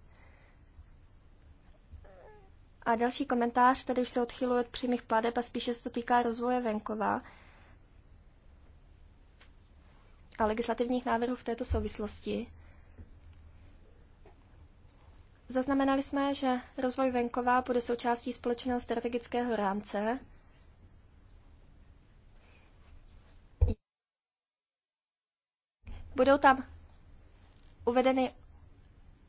A další komentář, tady už se odchyluje od přímých pladeb a spíše se to týká rozvoje venkova a legislativních návrhů v této souvislosti. Zaznamenali jsme, že rozvoj venkova bude součástí společného strategického rámce. Budou tam uvedeny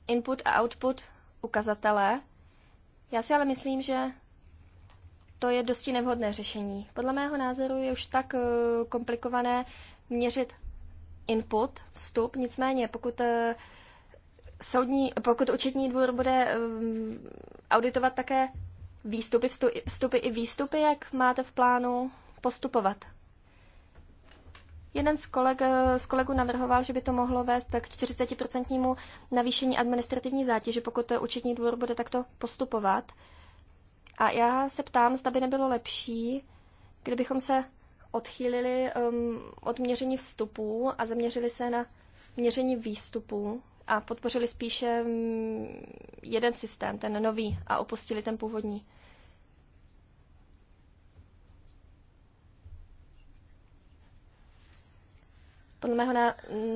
input a output ukazatele. Já si ale myslím, že to je dosti nevhodné řešení. Podle mého názoru je už tak eh, komplikované měřit input, vstup, nicméně pokud eh, soudní, pokud účetní dvůr bude um, auditovat také výstupy, vstupy i výstupy, jak máte v plánu postupovat? Jeden z, koleg, z kolegů navrhoval, že by to mohlo vést k 40% navýšení administrativní zátěže, pokud účetní dvůr bude takto postupovat. A já se ptám, zda by nebylo lepší, kdybychom se odchýlili um, od měření vstupů a zaměřili se na měření výstupů, a podpořili spíše mm, jeden systém, ten nový, a opustili ten původní. Podle mého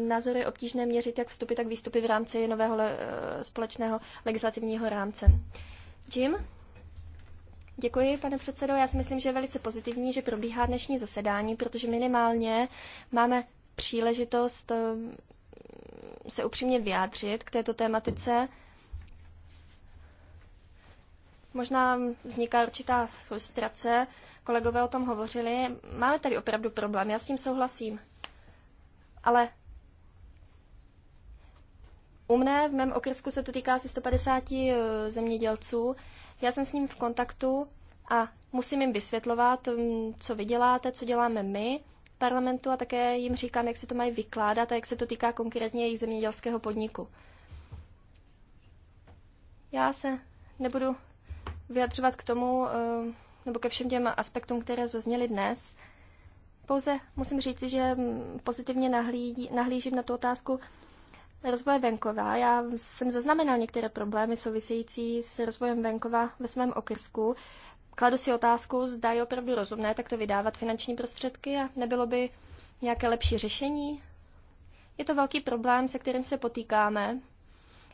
názoru je obtížné měřit jak vstupy, tak výstupy v rámci nového le- eh, společného legislativního rámce. Jim? Děkuji, pane předsedo. Já si myslím, že je velice pozitivní, že probíhá dnešní zasedání, protože minimálně máme příležitost eh, se upřímně vyjádřit k této tématice. Možná vzniká určitá frustrace, kolegové o tom hovořili. Máme tady opravdu problém, já s tím souhlasím. Ale u mne v mém okresku se to týká asi 150 eh, zemědělců. Já jsem s ním v kontaktu a musím jim vysvětlovat, mm, co vy děláte, co děláme my parlamentu a také jim říkám, jak se to mají vykládat a jak se to týká konkrétně jejich zemědělského podniku. Já se nebudu vyjadřovat k tomu, eh, nebo ke všem těm aspektům, které zazněly dnes. Pouze musím říci, že pozitivně nahlídí, nahlížím na tu otázku rozvoje venkova. Já jsem zaznamenal některé problémy související s rozvojem venkova ve svém okrsku kladu si otázku, zda je opravdu rozumné takto vydávat finanční prostředky a nebylo by nějaké lepší řešení. Je to velký problém, se kterým se potýkáme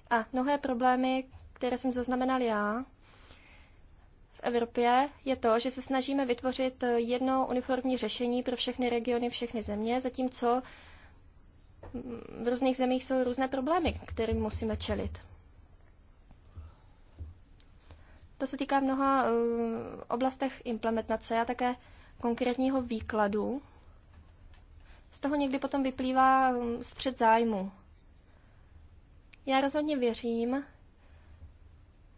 a mnohé problémy, které jsem zaznamenal já v Evropě, je to, že se snažíme vytvořit jedno uniformní řešení pro všechny regiony, všechny země, zatímco v různých zemích jsou různé problémy, kterým musíme čelit. To se týká mnoha eh, oblastech implementace a také konkrétního výkladu. Z toho někdy potom vyplývá mm, střed zájmu. Já rozhodně věřím,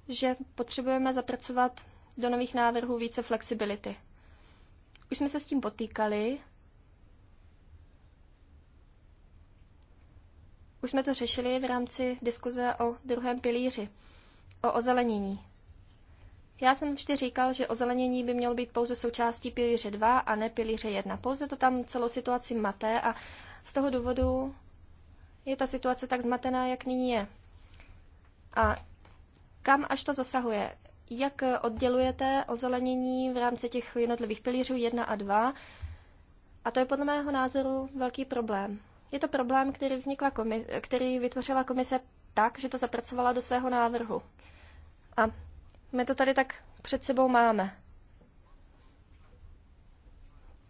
že potřebujeme zapracovat do nových návrhů více flexibility. Už jsme se s tím potýkali. Už jsme to řešili v rámci diskuze o druhém pilíři, o ozelenění. Já jsem vždy říkal, že ozelenění by mělo být pouze součástí pilíře 2 a ne pilíře 1. Pouze to tam celou situaci maté a z toho důvodu je ta situace tak zmatená, jak nyní je. A kam až to zasahuje? Jak oddělujete ozelenění v rámci těch jednotlivých pilířů 1 a 2? A to je podle mého názoru velký problém. Je to problém, který, vznikla komise, který vytvořila komise tak, že to zapracovala do svého návrhu. A my to tady tak před sebou máme.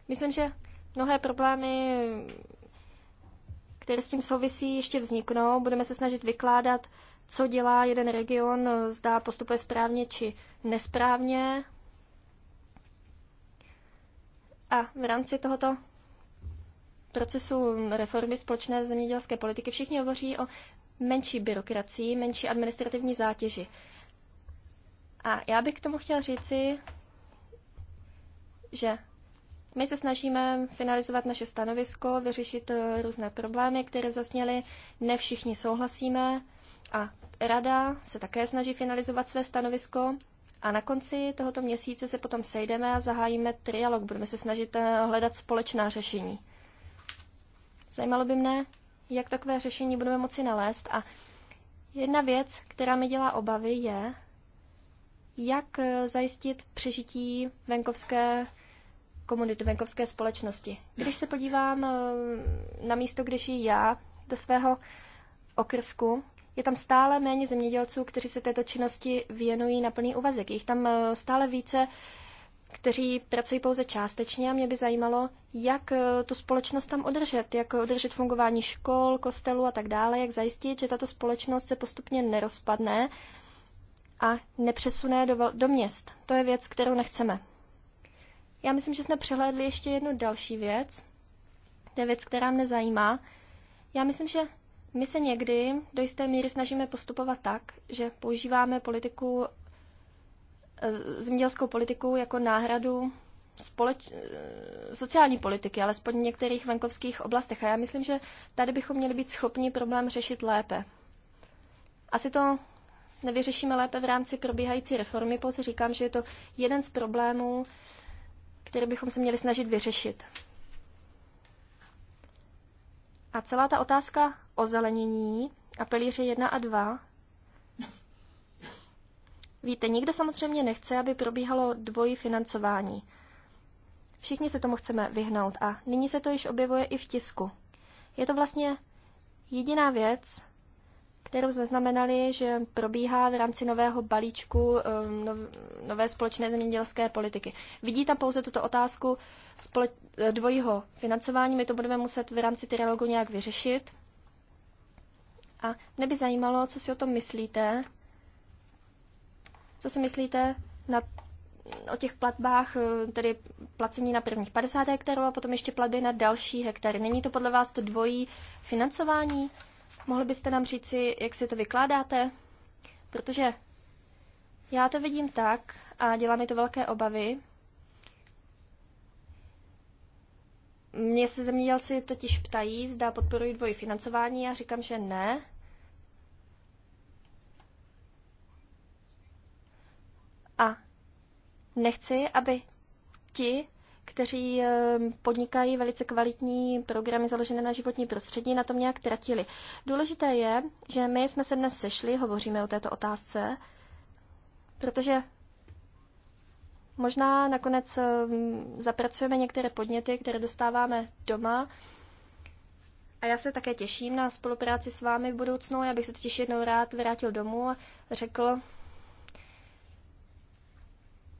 Myslím, že mnohé problémy, které s tím souvisí, ještě vzniknou. Budeme se snažit vykládat, co dělá jeden region, zdá postupuje správně či nesprávně. A v rámci tohoto procesu reformy společné zemědělské politiky všichni hovoří o menší byrokracii, menší administrativní zátěži. A já bych k tomu chtěla říci, že my se snažíme finalizovat naše stanovisko, vyřešit eh, různé problémy, které zasněly. Ne všichni souhlasíme a rada se také snaží finalizovat své stanovisko. A na konci tohoto měsíce se potom sejdeme a zahájíme trialog. Budeme se snažit eh, hledat společná řešení. Zajímalo by mne, jak takové řešení budeme moci nalézt. A jedna věc, která mi dělá obavy, je, jak eh, zajistit přežití venkovské komunity, venkovské společnosti. Když se podívám eh, na místo, kde žiji já, do svého okrsku, je tam stále méně zemědělců, kteří se této činnosti věnují na plný úvazek. Je tam eh, stále více, kteří pracují pouze částečně a mě by zajímalo, jak tu společnost tam udržet, jak udržet fungování škol, kostelů a tak dále, jak zajistit, že tato společnost se postupně nerozpadne a nepřesuné do, do měst. To je věc, kterou nechceme. Já myslím, že jsme přehlédli ještě jednu další věc. To je věc, která mne zajímá. Já myslím, že my se někdy do jisté míry snažíme postupovat tak, že používáme politiku, e, zemědělskou politiku jako náhradu společ, e, sociální politiky, alespoň v některých venkovských oblastech. A já myslím, že tady bychom měli být schopni problém řešit lépe. Asi to nevyřešíme lépe v rámci probíhající reformy. Pouze říkám, že je to jeden z problémů, který bychom se měli snažit vyřešit. A celá ta otázka o zelenění a pilíře 1 a 2. Víte, nikdo samozřejmě nechce, aby probíhalo dvojí financování. Všichni se tomu chceme vyhnout a nyní se to již objevuje i v tisku. Je to vlastně jediná věc, kterou zaznamenali, že probíhá v rámci nového balíčku um, nové společné zemědělské politiky. Vidí tam pouze tuto otázku eh, dvojího financování, my to budeme muset v rámci trialogu nějak vyřešit. A mě by zajímalo, co si o tom myslíte. Co si myslíte na, o těch platbách, eh, tedy placení na prvních 50 hektarů a potom ještě platby na další hektary. Není to podle vás to dvojí financování? Mohli byste nám říci, jak si to vykládáte? Protože já to vidím tak a dělá mi to velké obavy. Mě se zemědělci totiž ptají, zda podporují dvojí financování. Já říkám, že ne. A nechci, aby ti, kteří eh, podnikají velice kvalitní programy založené na životní prostředí, na tom nějak tratili. Důležité je, že my jsme se dnes sešli, hovoříme o této otázce, protože možná nakonec eh, zapracujeme některé podněty, které dostáváme doma. A já se také těším na spolupráci s vámi v budoucnu. Já bych se totiž jednou rád vrátil domů a řekl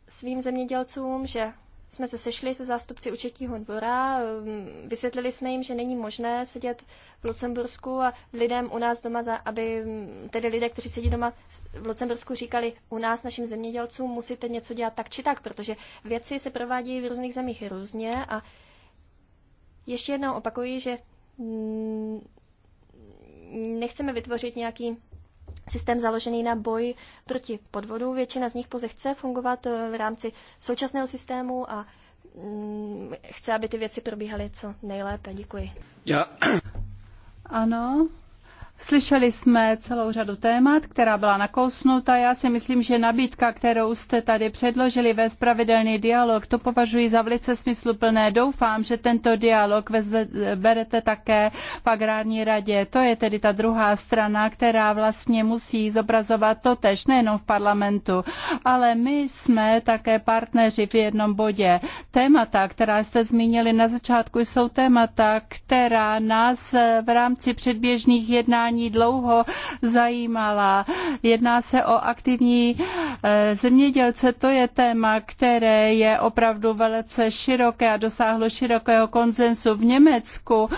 svým zemědělcům, že jsme se sešli se zástupci účetního dvora, um, vysvětlili jsme jim, že není možné sedět v Lucembursku a lidem u nás doma, aby um, tedy lidé, kteří sedí doma v Lucembursku, říkali u nás našim zemědělcům, musíte něco dělat tak či tak, protože věci se provádějí v různých zemích různě a ještě jednou opakuji, že nechceme vytvořit nějaký systém založený na boji proti podvodům. Většina z nich pouze chce fungovat eh, v rámci současného systému a mm, chce, aby ty věci probíhaly co nejlépe. Děkuji. Já. Ano, Slyšeli jsme celou řadu témat, která byla nakousnuta. Já si myslím, že nabídka, kterou jste tady předložili ve spravedlný dialog, to považuji za velice smysluplné. Doufám, že tento dialog berete také v agrární radě. To je tedy ta druhá strana, která vlastně musí zobrazovat to tež nejenom v parlamentu, ale my jsme také partneři v jednom bodě. Témata, která jste zmínili na začátku, jsou témata, která nás v rámci předběžných jednání jednání dlouho zajímala. Jedná se o aktivní eh, zemědělce. To je téma, které je opravdu velice široké a dosáhlo širokého konsenzu v Německu.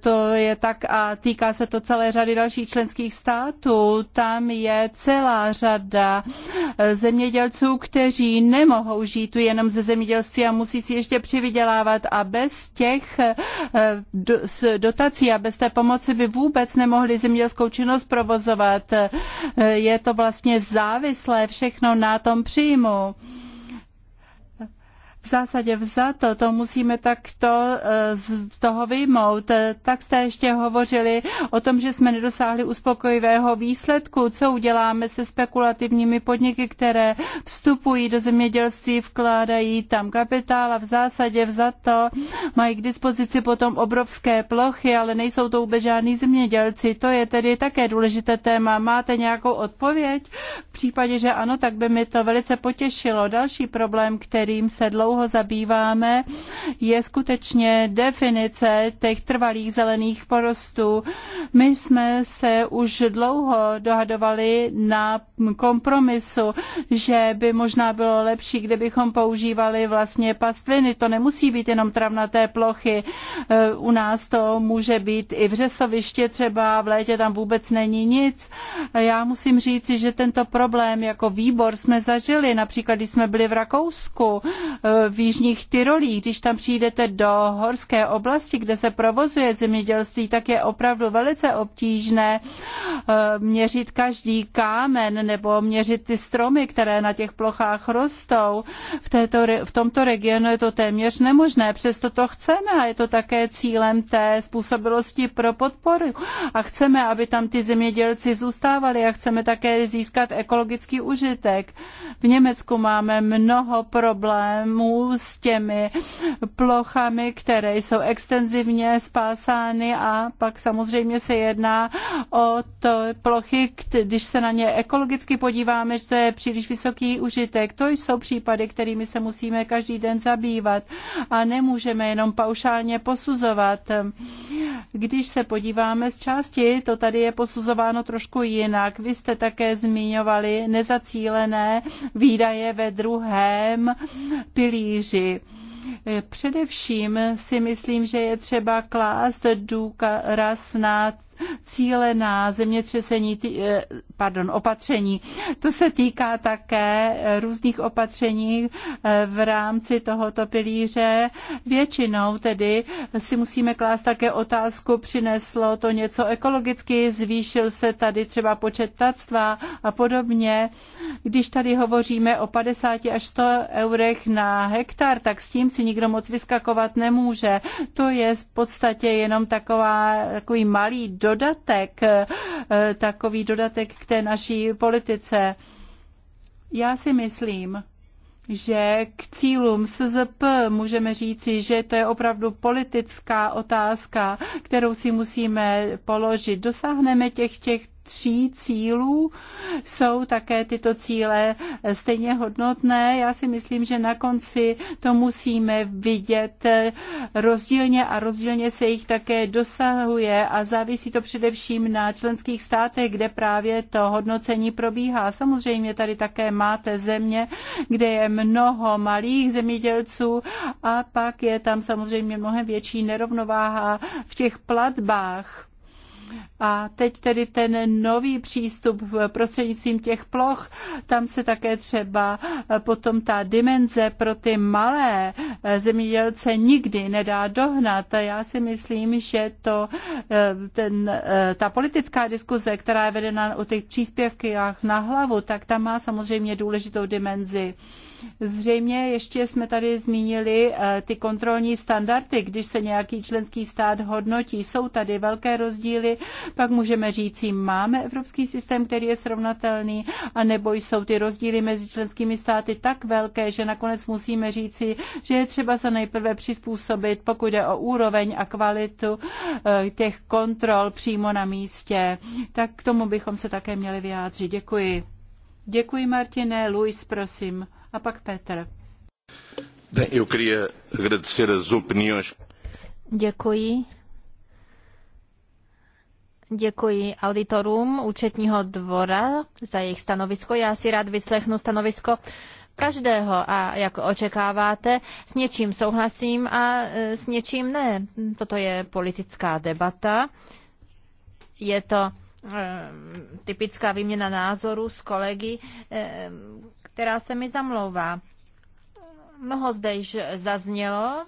To je tak a týká se to celé řady dalších členských států. Tam je celá řada eh, zemědělců, kteří nemohou žít tu jenom ze zemědělství a musí si ještě přivydělávat a bez těch eh, dotací a bez té pomoci by vůbec nemohli zemědělskou činnost provozovat. Je to vlastně závislé všechno na tom příjmu v zásadě vzato, to musíme takto eh, z toho vyjmout. Tak jste ještě hovořili o tom, že jsme nedosáhli uspokojivého výsledku. Co uděláme se spekulativními podniky, které vstupují do zemědělství, vkládají tam kapitál a v zásadě vzato mají k dispozici potom obrovské plochy, ale nejsou to vůbec žádní zemědělci. To je tedy také důležité téma. Máte nějakou odpověď? V případě, že ano, tak by mi to velice potěšilo. Další problém, kterým se dlouho dlouho zabýváme, je skutečně definice těch trvalých zelených porostů. My jsme se už dlouho dohadovali na kompromisu, že by možná bylo lepší, kdybychom používali vlastně pastviny. To nemusí být jenom travnaté plochy. U nás to může být i vřesoviště třeba, v létě tam vůbec není nic. Já musím říci, že tento problém jako výbor jsme zažili, například když jsme byli v Rakousku, v Jižních Tyrolích, když tam přijdete do horské oblasti, kde se provozuje zemědělství, tak je opravdu velice obtížné eh, měřit každý kámen nebo měřit ty stromy, které na těch plochách rostou. V, této, v tomto regionu je to téměř nemožné, přesto to chceme a je to také cílem té způsobilosti pro podporu. A chceme, aby tam ty zemědělci zůstávali a chceme také získat ekologický užitek. V Německu máme mnoho problémů s těmi plochami, které jsou extenzivně spásány a pak samozřejmě se jedná o to plochy, když se na ně ekologicky podíváme, že to je příliš vysoký užitek. To jsou případy, kterými se musíme každý den zabývat a nemůžeme jenom paušálně posuzovat. Když se podíváme z části, to tady je posuzováno trošku jinak. Vy jste také zmiňovali nezacílené výdaje ve druhém pilíři pilíři. Především si myslím, že je třeba klást důraz na cílená zemětřesení eh, pardon, opatření. To se týká také různých opatření eh, v rámci tohoto pilíře. Většinou tedy si musíme klást také otázku, přineslo to něco ekologicky, zvýšil se tady třeba počet tactva a podobně. Když tady hovoříme o 50 až 100 eurech na hektar, tak s tím si nikdo moc vyskakovat nemůže. To je v podstatě jenom taková, takový malý dodatek, eh, takový dodatek, té naší politice. Já si myslím, že k cílům SZP můžeme říci, že to je opravdu politická otázka, kterou si musíme položit. Dosáhneme těch, těch tří cílů jsou také tyto cíle stejně hodnotné. Já si myslím, že na konci to musíme vidět rozdílně a rozdílně se jich také dosahuje a závisí to především na členských státech, kde právě to hodnocení probíhá. Samozřejmě tady také máte země, kde je mnoho malých zemědělců a pak je tam samozřejmě mnohem větší nerovnováha v těch platbách a teď tedy ten nový přístup prostřednictvím těch ploch, tam se také třeba potom ta dimenze pro ty malé zemědělce nikdy nedá dohnat. A já si myslím, že to, eh, ten, eh, ta politická diskuze, která je vedena o těch příspěvkách na hlavu, tak tam má samozřejmě důležitou dimenzi. Zřejmě ještě jsme tady zmínili eh, ty kontrolní standardy, když se nějaký členský stát hodnotí. Jsou tady velké rozdíly, pak můžeme říci, máme evropský systém, který je srovnatelný, anebo jsou ty rozdíly mezi členskými státy tak velké, že nakonec musíme říci, že je třeba se nejprve přizpůsobit, pokud jde o úroveň a kvalitu eh, těch kontrol přímo na místě. Tak k tomu bychom se také měli vyjádřit. Děkuji. Děkuji, Martine. Luis, prosím a pak Petr. Děkuji. Děkuji auditorům účetního dvora za jejich stanovisko. Já si rád vyslechnu stanovisko každého a jak očekáváte, s něčím souhlasím a e, s něčím ne. Toto je politická debata. Je to e, typická výměna názorů s kolegy, e, která se mi zamlouvá. Mnoho zde již zaznělo,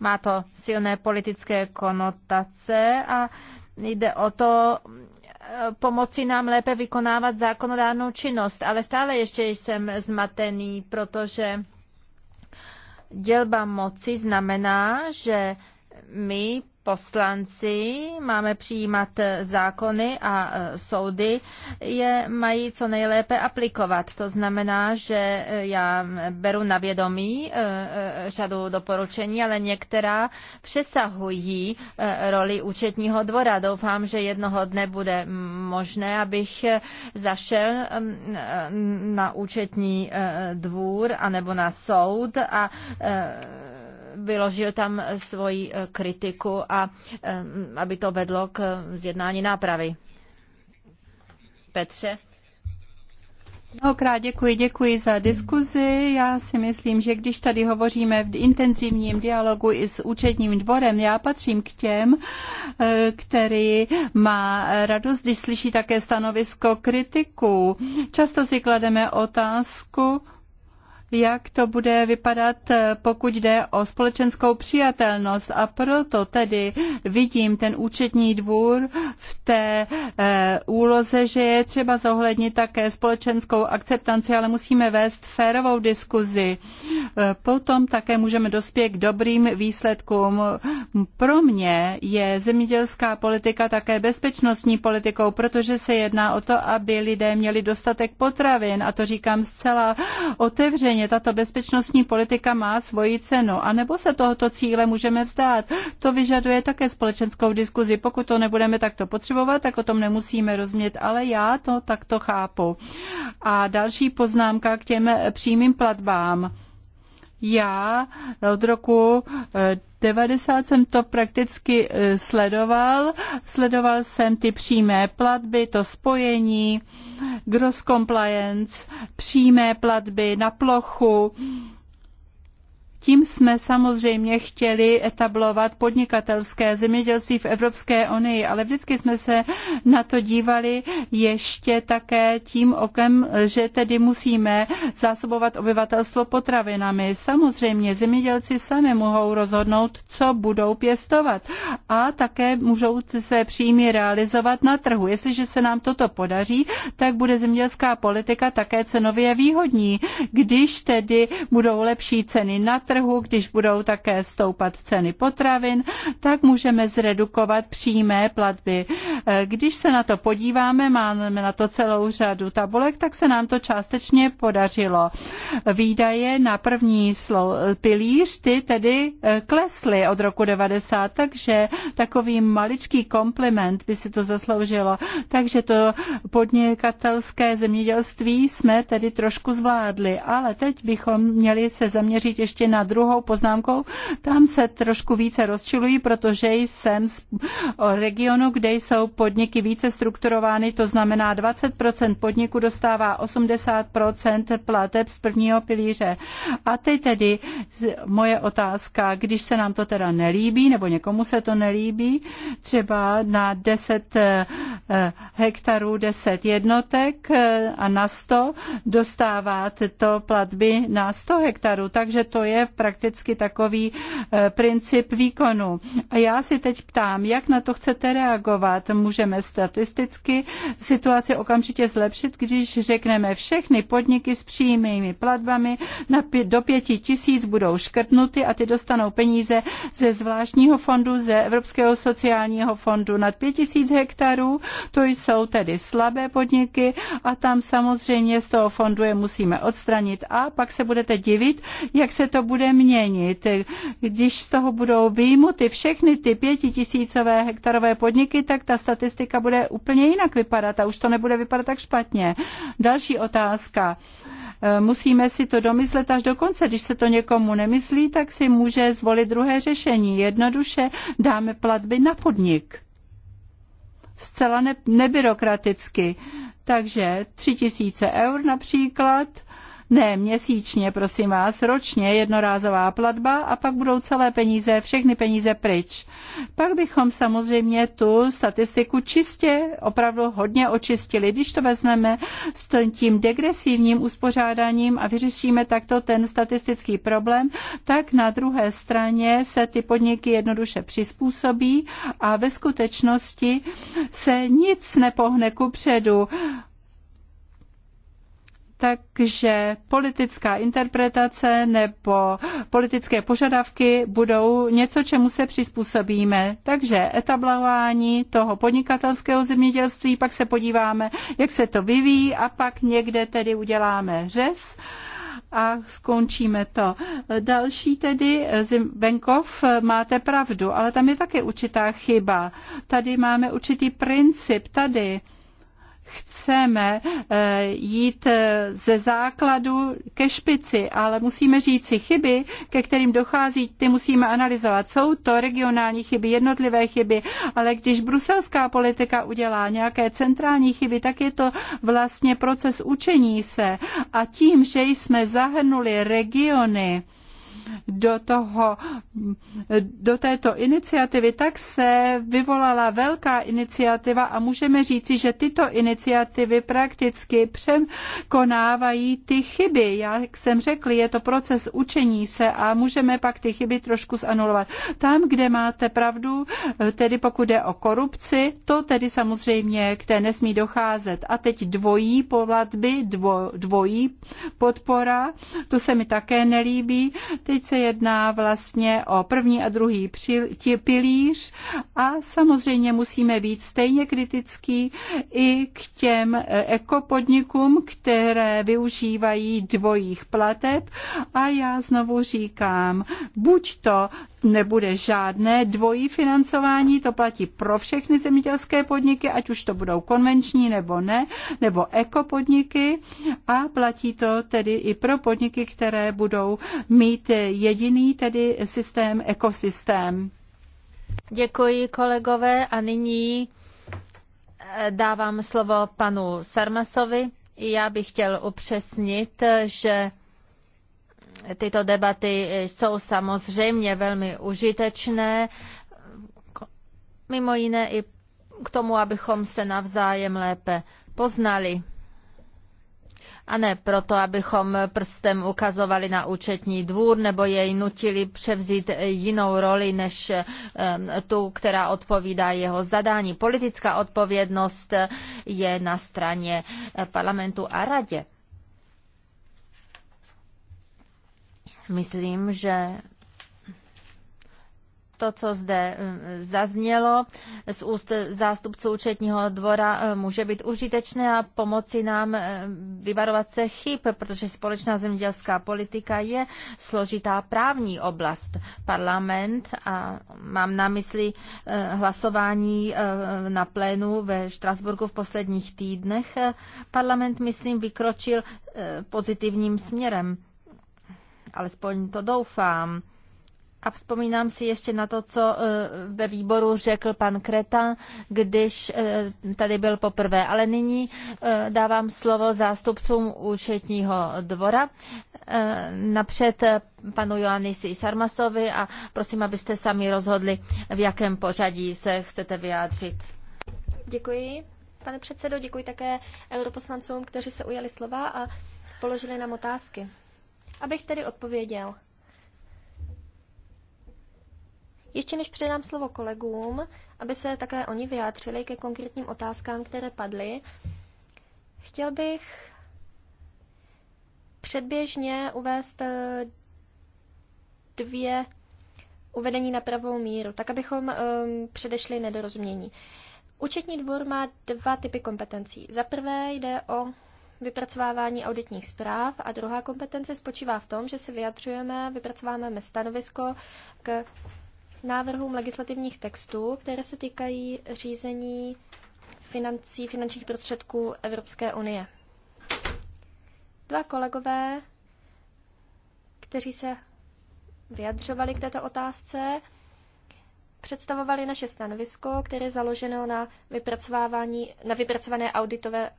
má to silné politické konotace a jde o to eh, pomoci nám lépe vykonávat zákonodárnou činnost, ale stále ještě jsem zmatený, protože dělba moci znamená, že my poslanci, máme přijímat eh, zákony a eh, soudy, je mají co nejlépe aplikovat. To znamená, že eh, já beru na vědomí řadu doporučení, ale některá přesahují roli účetního dvora. Doufám, že jednoho dne bude možné, abych zašel na účetní dvůr anebo na soud a vyložil tam svoji eh, kritiku a eh, aby to vedlo k eh, zjednání nápravy. Petře? Mnohokrát děkuji, děkuji za diskuzi. Já si myslím, že když tady hovoříme v intenzivním dialogu i s účetním dvorem, já patřím k těm, který má radost, když slyší také stanovisko kritiků. Často si klademe otázku, jak to bude vypadat, eh, pokud jde o společenskou přijatelnost. A proto tedy vidím ten účetní dvůr v té eh, úloze, že je třeba zohlednit také společenskou akceptanci, ale musíme vést férovou diskuzi. Eh, potom také můžeme dospět k dobrým výsledkům. Pro mě je zemědělská politika také bezpečnostní politikou, protože se jedná o to, aby lidé měli dostatek potravin. A to říkám zcela otevřeně Samozřejmě tato bezpečnostní politika má svoji cenu, nebo se tohoto cíle můžeme vzdát. To vyžaduje také společenskou diskuzi. Pokud to nebudeme takto potřebovat, tak o tom nemusíme rozumět, ale já to takto chápu. A další poznámka k těm přímým platbám. Já od roku 90 eh, jsem to prakticky eh, sledoval. Sledoval jsem ty přímé platby, to spojení, gross compliance, přímé platby na plochu tím jsme samozřejmě chtěli etablovat podnikatelské zemědělství v Evropské unii, ale vždycky jsme se na to dívali ještě také tím okem, že tedy musíme zásobovat obyvatelstvo potravinami. Samozřejmě zemědělci sami mohou rozhodnout, co budou pěstovat a také můžou své příjmy realizovat na trhu. Jestliže se nám toto podaří, tak bude zemědělská politika také cenově výhodní, když tedy budou lepší ceny na trhu trhu, když budou také stoupat ceny potravin, tak můžeme zredukovat přímé platby. Eh, když se na to podíváme, máme na to celou řadu tabulek, tak se nám to částečně podařilo. Výdaje na první pilíř, ty tedy eh, klesly od roku 90, takže takový maličký kompliment by si to zasloužilo. Takže to podnikatelské zemědělství jsme tedy trošku zvládli, ale teď bychom měli se zaměřit ještě na druhou poznámkou, tam se trošku více rozčilují, protože jsem z regionu, kde jsou podniky více strukturovány, to znamená 20% podniku dostává 80% plateb z prvního pilíře. A teď tedy moje otázka, když se nám to teda nelíbí, nebo někomu se to nelíbí, třeba na 10 eh, eh, hektarů 10 jednotek eh, a na 100 dostáváte to platby na 100 hektarů, takže to je prakticky takový eh, princip výkonu. A já si teď ptám, jak na to chcete reagovat? Můžeme statisticky situaci okamžitě zlepšit, když řekneme všechny podniky s přímými platbami na pě- do pěti tisíc budou škrtnuty a ty dostanou peníze ze zvláštního fondu, ze Evropského sociálního fondu nad pět tisíc hektarů. To jsou tedy slabé podniky a tam samozřejmě z toho fondu je musíme odstranit a pak se budete divit, jak se to bude bude měnit. Když z toho budou výjimuty všechny ty pětitisícové hektarové podniky, tak ta statistika bude úplně jinak vypadat a už to nebude vypadat tak špatně. Další otázka e, musíme si to domyslet až do konce. Když se to někomu nemyslí, tak si může zvolit druhé řešení. Jednoduše dáme platby na podnik. Zcela ne- nebyrokraticky. Takže 3000 eur například ne, měsíčně, prosím vás, ročně jednorázová platba a pak budou celé peníze, všechny peníze pryč. Pak bychom samozřejmě tu statistiku čistě, opravdu hodně očistili. Když to vezmeme s tím degresivním uspořádáním a vyřešíme takto ten statistický problém, tak na druhé straně se ty podniky jednoduše přizpůsobí a ve skutečnosti se nic nepohne ku předu takže politická interpretace nebo politické požadavky budou něco, čemu se přizpůsobíme. Takže etablování toho podnikatelského zemědělství, pak se podíváme, jak se to vyvíjí a pak někde tedy uděláme řez a skončíme to. Další tedy, venkov, máte pravdu, ale tam je také určitá chyba. Tady máme určitý princip, tady chceme eh, jít eh, ze základu ke špici, ale musíme říct si chyby, ke kterým dochází, ty musíme analyzovat. Jsou to regionální chyby, jednotlivé chyby, ale když bruselská politika udělá nějaké centrální chyby, tak je to vlastně proces učení se. A tím, že jsme zahrnuli regiony, do, toho, do této iniciativy, tak se vyvolala velká iniciativa a můžeme říci, že tyto iniciativy prakticky překonávají ty chyby. Jak jsem řekl, je to proces učení se a můžeme pak ty chyby trošku zanulovat. Tam, kde máte pravdu, tedy pokud jde o korupci, to tedy samozřejmě k té nesmí docházet. A teď dvojí platby, dvo, dvojí podpora, to se mi také nelíbí. Teď Teď se jedná vlastně o první a druhý pilíř a samozřejmě musíme být stejně kritický i k těm eh, ekopodnikům, které využívají dvojích plateb. A já znovu říkám, buď to nebude žádné dvojí financování, to platí pro všechny zemědělské podniky, ať už to budou konvenční nebo ne, nebo ekopodniky a platí to tedy i pro podniky, které budou mít jediný tedy systém, ekosystém. Děkuji kolegové a nyní eh, dávám slovo panu Sarmasovi. Já bych chtěl upřesnit, eh, že Tyto debaty jsou samozřejmě velmi užitečné, mimo jiné i k tomu, abychom se navzájem lépe poznali. A ne proto, abychom prstem ukazovali na účetní dvůr nebo jej nutili převzít jinou roli než tu, která odpovídá jeho zadání. Politická odpovědnost je na straně parlamentu a radě. Myslím, že to, co zde mm, zaznělo z úst zástupců účetního dvora, eh, může být užitečné a pomoci nám eh, vyvarovat se chyb, protože společná zemědělská politika je složitá právní oblast. Parlament a mám na mysli eh, hlasování na plénu ve Štrasburgu v posledních týdnech. Parlament, myslím, vykročil pozitivním směrem alespoň to doufám. A vzpomínám si ještě na to, co eh, ve výboru řekl pan Kreta, když eh, tady byl poprvé. Ale nyní eh, dávám slovo zástupcům účetního dvora. Napřed panu Joannisi Sarmasovi a prosím, abyste sami rozhodli, v jakém pořadí se chcete vyjádřit. Děkuji, pane předsedo, děkuji také europoslancům, kteří se ujali slova a položili nám otázky. Abych tedy odpověděl. Ještě než předám slovo kolegům, aby se také oni vyjádřili ke konkrétním otázkám, které padly, chtěl bych předběžně uvést eh, dvě uvedení na pravou míru, tak abychom um, předešli nedorozumění. Účetní dvůr má dva typy kompetencí. Za prvé jde o vypracovávání auditních zpráv a druhá kompetence spočívá v tom, že se vyjadřujeme, vypracováváme stanovisko k návrhům legislativních textů, které se týkají řízení financí, finančních prostředků Evropské unie. Dva kolegové, kteří se vyjadřovali k této otázce, představovali naše stanovisko, které je založeno na, vypracovávání, na vypracované auditové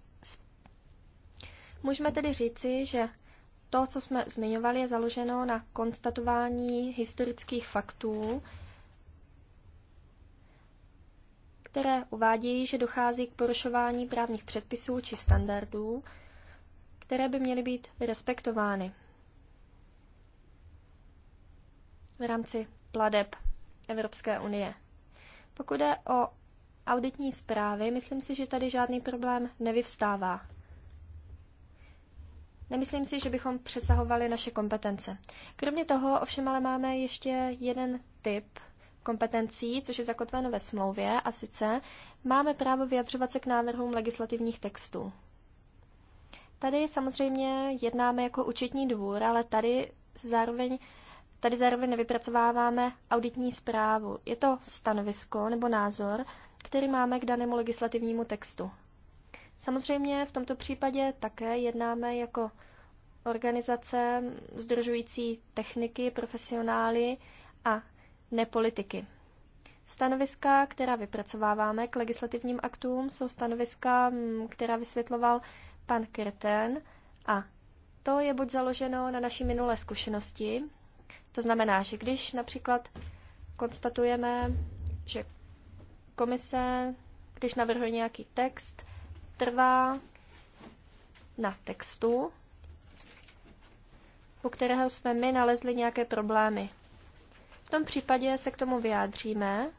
Můžeme tedy říci, že to, co jsme zmiňovali, je založeno na konstatování historických faktů, které uvádějí, že dochází k porušování právních předpisů či standardů, které by měly být respektovány v rámci pladeb Evropské unie. Pokud je o auditní zprávy, myslím si, že tady žádný problém nevyvstává. Nemyslím si, že bychom přesahovali naše kompetence. Kromě toho ovšem ale máme ještě jeden typ kompetencí, což je zakotveno ve smlouvě, a sice máme právo vyjadřovat se k návrhům legislativních textů. Tady samozřejmě jednáme jako účetní dvůr, ale tady zároveň, tady zároveň nevypracováváme auditní zprávu. Je to stanovisko nebo názor, který máme k danému legislativnímu textu. Samozřejmě v tomto případě také jednáme jako organizace združující techniky, profesionály a nepolitiky. Stanoviska, která vypracováváme k legislativním aktům, jsou stanoviska, mm, která vysvětloval pan Kirten a to je buď založeno na naší minulé zkušenosti, to znamená, že když například konstatujeme, že komise, když navrhuje nějaký text, trvá na textu, u kterého jsme my nalezli nějaké problémy. V tom případě se k tomu vyjádříme,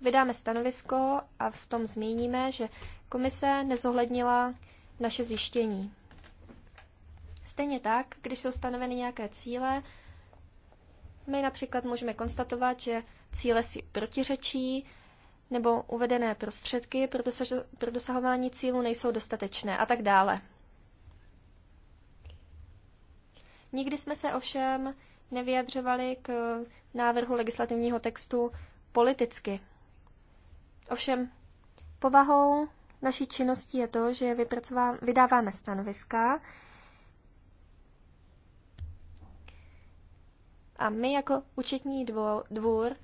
vydáme stanovisko a v tom zmíníme, že komise nezohlednila naše zjištění. Stejně tak, když jsou stanoveny nějaké cíle, my například můžeme konstatovat, že cíle si protiřečí, nebo uvedené prostředky pro, dosaž- pro dosahování cílu nejsou dostatečné a tak dále. Nikdy jsme se ovšem nevyjadřovali k návrhu legislativního textu politicky. Ovšem, povahou naší činnosti je to, že vydáváme stanoviska a my jako účetní dvůr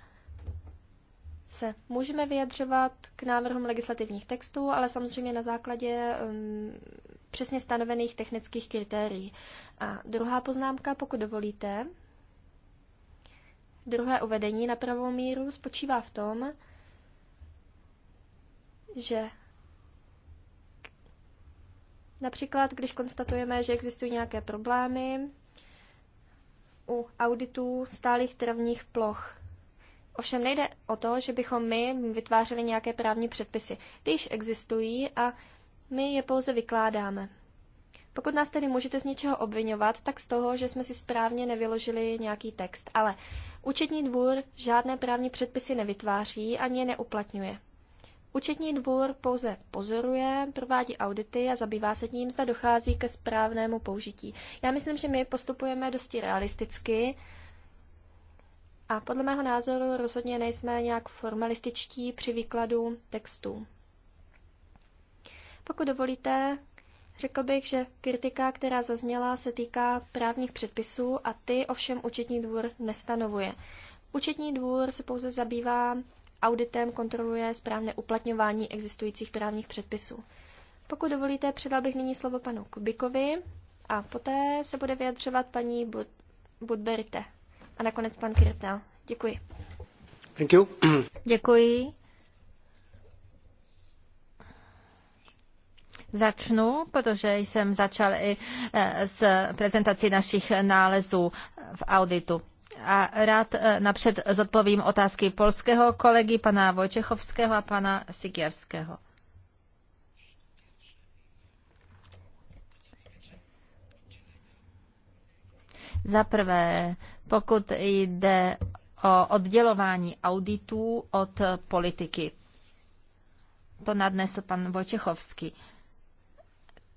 se můžeme vyjadřovat k návrhům legislativních textů, ale samozřejmě na základě um, přesně stanovených technických kritérií. A druhá poznámka, pokud dovolíte, druhé uvedení na pravou míru spočívá v tom, že například, když konstatujeme, že existují nějaké problémy u auditů stálých travních ploch, Ovšem nejde o to, že bychom my vytvářeli nějaké právní předpisy. Ty již existují a my je pouze vykládáme. Pokud nás tedy můžete z něčeho obvinovat, tak z toho, že jsme si správně nevyložili nějaký text. Ale účetní dvůr žádné právní předpisy nevytváří ani je neuplatňuje. Účetní dvůr pouze pozoruje, provádí audity a zabývá se tím, zda dochází ke správnému použití. Já myslím, že my postupujeme dosti realisticky a podle mého názoru rozhodně nejsme nějak formalističtí při výkladu textů. Pokud dovolíte, řekl bych, že kritika, která zazněla, se týká právních předpisů a ty ovšem účetní dvůr nestanovuje. Účetní dvůr se pouze zabývá auditem, kontroluje správné uplatňování existujících právních předpisů. Pokud dovolíte, předal bych nyní slovo panu Kubikovi a poté se bude vyjadřovat paní Bud- Budberite a nakonec pan Kirta. Děkuji. Thank you. Děkuji. Začnu, protože jsem začal i eh, s prezentací našich nálezů v auditu. A rád eh, napřed zodpovím otázky polského kolegy, pana Vojčechovského a pana Sigierského. Za prvé, pokud jde o oddělování auditů od politiky. To nadnesl pan Vojčechovský.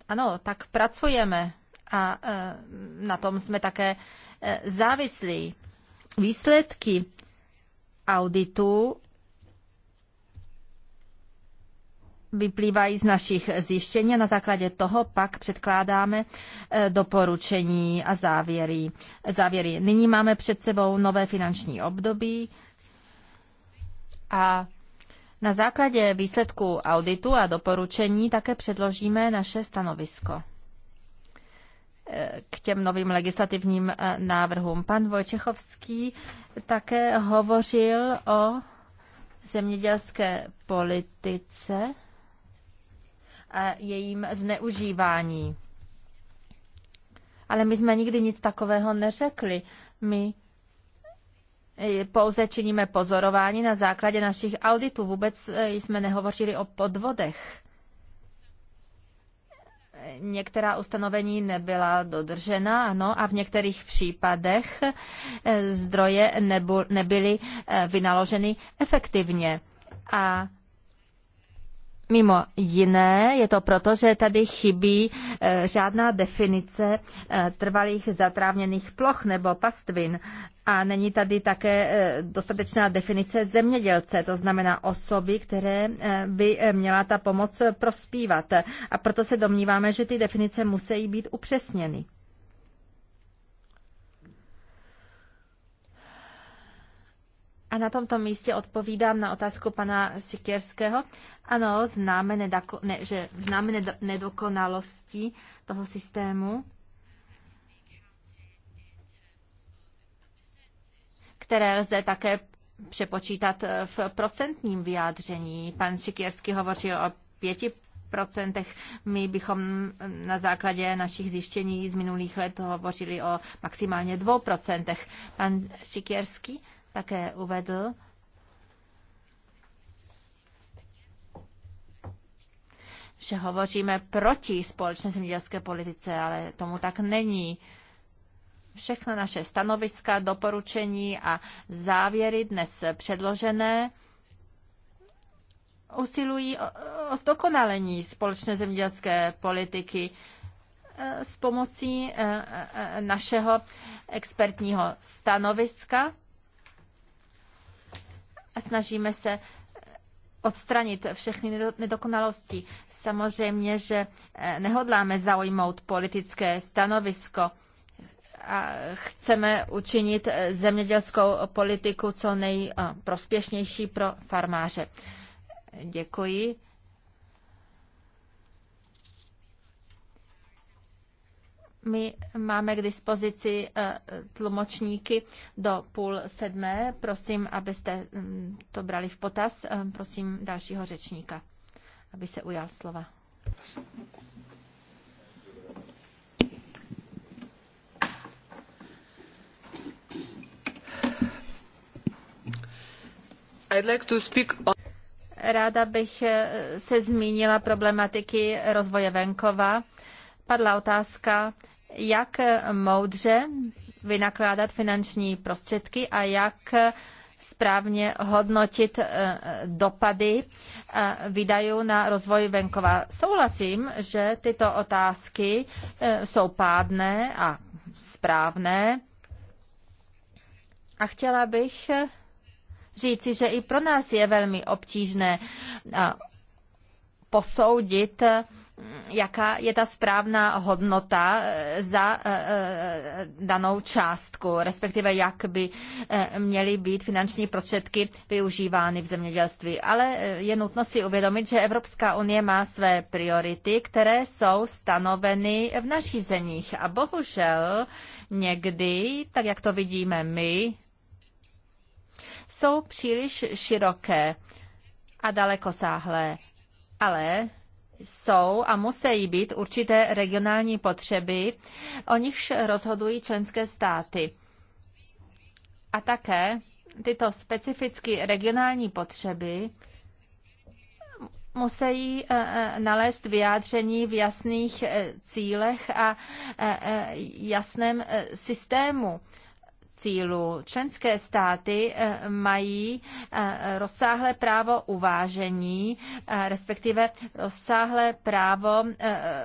Ano, tak pracujeme a e, na tom jsme také e, závislí. Výsledky auditu vyplývají z našich zjištění a na základě toho pak předkládáme eh, doporučení a závěry. závěry. Nyní máme před sebou nové finanční období a na základě výsledku auditu a doporučení také předložíme naše stanovisko eh, k těm novým legislativním eh, návrhům. Pan Vojčechovský také hovořil o zemědělské politice a jejím zneužívání. Ale my jsme nikdy nic takového neřekli. My eh, pouze činíme pozorování na základě našich auditů. Vůbec eh, jsme nehovořili o podvodech. Některá ustanovení nebyla dodržena, ano, a v některých případech eh, zdroje nebyly vynaloženy efektivně. A Mimo jiné je to proto, že tady chybí žádná eh, definice eh, trvalých zatrávněných ploch nebo pastvin a není tady také eh, dostatečná definice zemědělce, to znamená osoby, které by měla ta pomoc prospívat. A proto se domníváme, že ty definice musí být upřesněny. A na tomto místě odpovídám na otázku pana Sikierského. Ano, známe, nedako, ne, že známe nedokonalosti toho systému, které lze také přepočítat eh, v procentním vyjádření. Pan Sikierský hovořil o pěti procentech. My bychom na základě našich zjištění z minulých let hovořili o maximálně dvou procentech. Pan Sikierský? také uvedl, že hovoříme proti společné zemědělské politice, ale tomu tak není. Všechna naše stanoviska, doporučení a závěry dnes předložené usilují o zdokonalení společné zemědělské politiky e, s pomocí e, e, našeho expertního stanoviska a snažíme se odstranit všechny nedokonalosti. Samozřejmě, že eh, nehodláme zaujmout politické stanovisko a chceme učinit eh, zemědělskou politiku co nejprospěšnější pro farmáře. Děkuji. My máme k dispozici eh, tlumočníky do půl sedmé. Prosím, abyste mm, to brali v potaz. Eh, prosím dalšího řečníka, aby se ujal slova. I'd like to speak on... Ráda bych eh, se zmínila problematiky rozvoje venkova. Padla otázka, jak moudře vynakládat finanční prostředky a jak správně hodnotit eh, dopady eh, výdajů na rozvoj venkova. Souhlasím, že tyto otázky eh, jsou pádné a správné. A chtěla bych říci, že i pro nás je velmi obtížné posoudit jaká je ta správná hodnota eh, za eh, eh, danou částku, respektive jak by měly být finanční prostředky využívány v zemědělství. Ale je nutno si uvědomit, že Evropská unie má své priority, které jsou stanoveny v nařízeních. A bohužel někdy, tak jak to vidíme my, jsou příliš široké a dalekosáhlé. Ale jsou a musí být určité regionální potřeby, o nichž rozhodují členské státy. A také tyto specificky regionální potřeby musí e, e, nalézt vyjádření v jasných e, cílech a jasném systému cílů. Členské státy eh, mají eh, rozsáhlé právo uvážení, eh, respektive rozsáhlé právo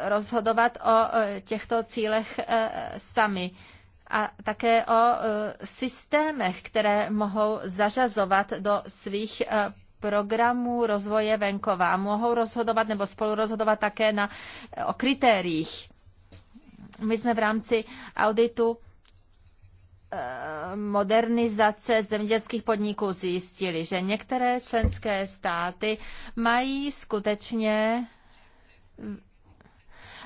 rozhodovat o těchto cílech sami a také o systémech, které mohou zařazovat do svých programů rozvoje venkova. Mohou rozhodovat nebo spolu rozhodovat také na, o kritériích. My jsme v rámci auditu Eh, modernizace zemědělských podniků zjistili, že některé členské státy mají skutečně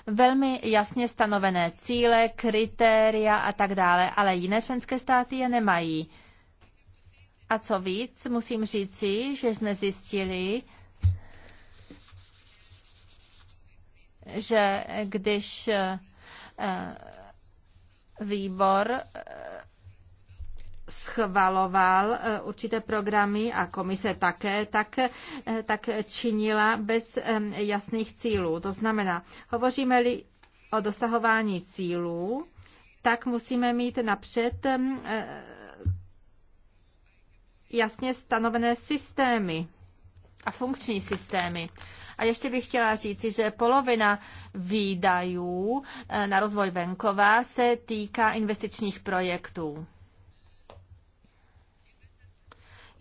velmi jasně stanovené cíle, kritéria a tak dále, ale jiné členské státy je nemají. A co víc, musím říci, že jsme zjistili, že když eh, výbor schvaloval eh, určité programy a komise také, tak, eh, tak činila bez eh, jasných cílů. To znamená, hovoříme-li o dosahování cílů, tak musíme mít napřed jasně stanovené systémy a funkční systémy. A ještě bych chtěla říci, že polovina výdajů na rozvoj venkova se týká investičních projektů.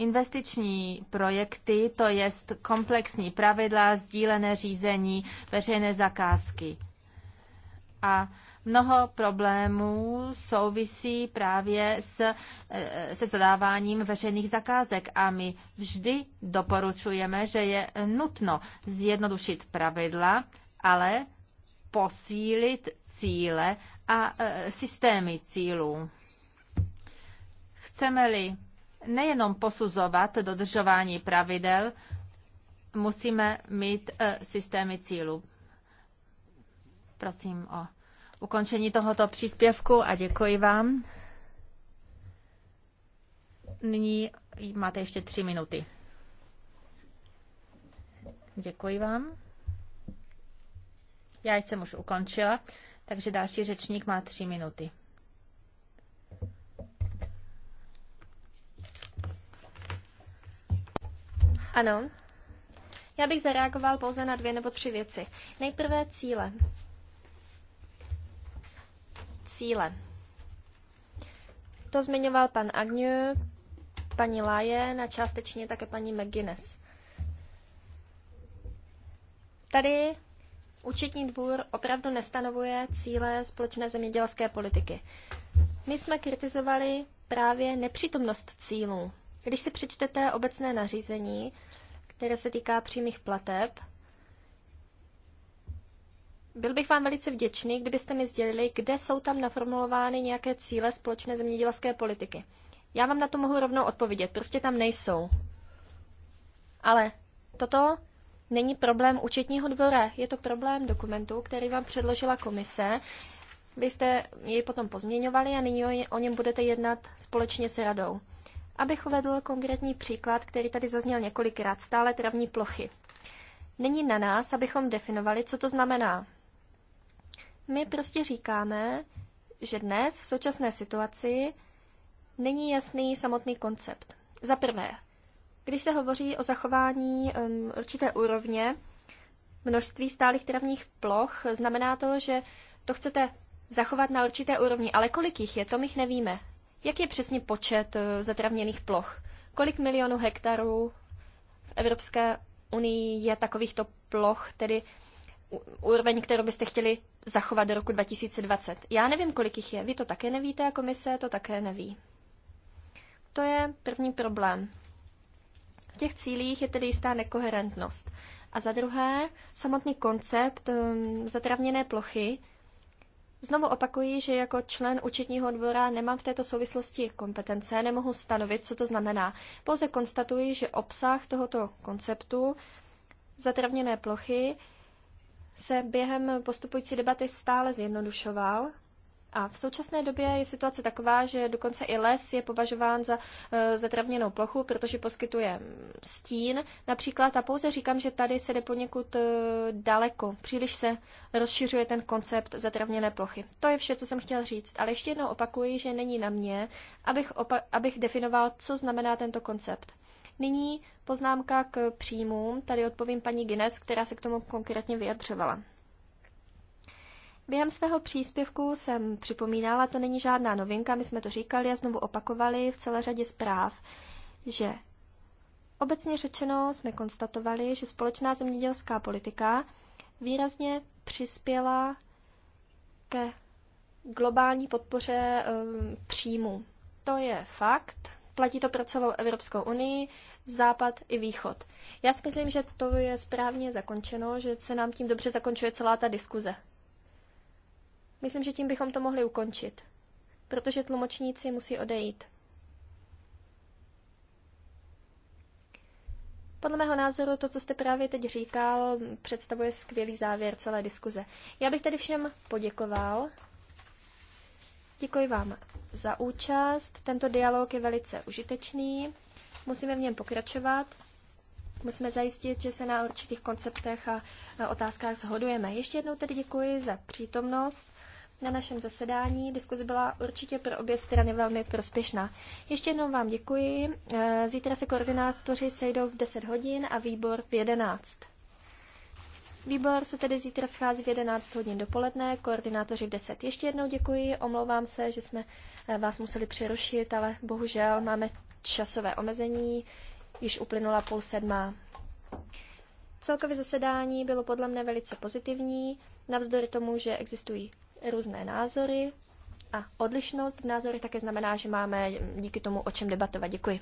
Investiční projekty, to je komplexní pravidla, sdílené řízení, veřejné zakázky. A mnoho problémů souvisí právě s, eh, se zadáváním veřejných zakázek a my vždy doporučujeme, že je nutno zjednodušit pravidla, ale posílit cíle a eh, systémy cílů. Chceme-li nejenom posuzovat dodržování pravidel, musíme mít e, systémy cílů. Prosím o ukončení tohoto příspěvku a děkuji vám. Nyní máte ještě tři minuty. Děkuji vám. Já jsem už ukončila, takže další řečník má tři minuty. Ano. Já bych zareagoval pouze na dvě nebo tři věci. Nejprve cíle. Cíle. To zmiňoval pan Agnew, paní Laje a částečně také paní McGuinness. Tady účetní dvůr opravdu nestanovuje cíle společné zemědělské politiky. My jsme kritizovali právě nepřítomnost cílů když si přečtete obecné nařízení, které se týká přímých plateb, byl bych vám velice vděčný, kdybyste mi sdělili, kde jsou tam naformulovány nějaké cíle společné zemědělské politiky. Já vám na to mohu rovnou odpovědět, prostě tam nejsou. Ale toto není problém účetního dvora, je to problém dokumentu, který vám předložila komise. Vy jste jej potom pozměňovali a nyní o něm budete jednat společně s radou. Abych uvedl konkrétní příklad, který tady zazněl několikrát, stále travní plochy. Není na nás, abychom definovali, co to znamená. My prostě říkáme, že dnes v současné situaci není jasný samotný koncept. Za prvé, když se hovoří o zachování um, určité úrovně množství stálých travních ploch, znamená to, že to chcete zachovat na určité úrovni, ale kolik jich je, to my nevíme. Jak je přesně počet eh, zatravněných ploch? Kolik milionů hektarů v Evropské unii je takovýchto ploch, tedy úroveň, kterou byste chtěli zachovat do roku 2020? Já nevím, kolik jich je. Vy to také nevíte a komise to také neví. To je první problém. V těch cílích je tedy jistá nekoherentnost. A za druhé, samotný koncept ehm, zatravněné plochy Znovu opakuji, že jako člen účetního dvora nemám v této souvislosti kompetence, nemohu stanovit, co to znamená. Pouze konstatuji, že obsah tohoto konceptu zatravněné plochy se během postupující debaty stále zjednodušoval a v současné době je situace taková, že dokonce i les je považován za eh, zatravněnou plochu, protože poskytuje mm, stín například. A pouze říkám, že tady se jde poněkud eh, daleko. Příliš se rozšiřuje ten koncept zatravněné plochy. To je vše, co jsem chtěl říct. Ale ještě jednou opakuji, že není na mě, abych, abych definoval, co znamená tento koncept. Nyní poznámka k příjmům. Tady odpovím paní Gines, která se k tomu konkrétně vyjadřovala. Během svého příspěvku jsem připomínala, to není žádná novinka, my jsme to říkali a znovu opakovali v celé řadě zpráv, že obecně řečeno jsme konstatovali, že společná zemědělská politika výrazně přispěla ke globální podpoře um, příjmu. To je fakt, platí to pro celou Evropskou unii, západ i východ. Já si myslím, že to je správně zakončeno, že se nám tím dobře zakončuje celá ta diskuze. Myslím, že tím bychom to mohli ukončit, protože tlumočníci musí odejít. Podle mého názoru to, co jste právě teď říkal, představuje skvělý závěr celé diskuze. Já bych tedy všem poděkoval. Děkuji vám za účast. Tento dialog je velice užitečný. Musíme v něm pokračovat. Musíme zajistit, že se na určitých konceptech a otázkách shodujeme. Ještě jednou tedy děkuji za přítomnost na našem zasedání. Diskuze byla určitě pro obě strany velmi prospěšná. Ještě jednou vám děkuji. Eh, zítra se koordinátoři sejdou v 10 hodin a výbor v 11. Výbor se tedy zítra schází v 11 hodin dopoledne, koordinátoři v 10. Ještě jednou děkuji, omlouvám se, že jsme eh, vás museli přerušit, ale bohužel máme časové omezení, již uplynula půl sedmá. Celkově zasedání bylo podle mne velice pozitivní, navzdory tomu, že existují různé názory a odlišnost v názorech také znamená, že máme díky tomu o čem debatovat. Děkuji.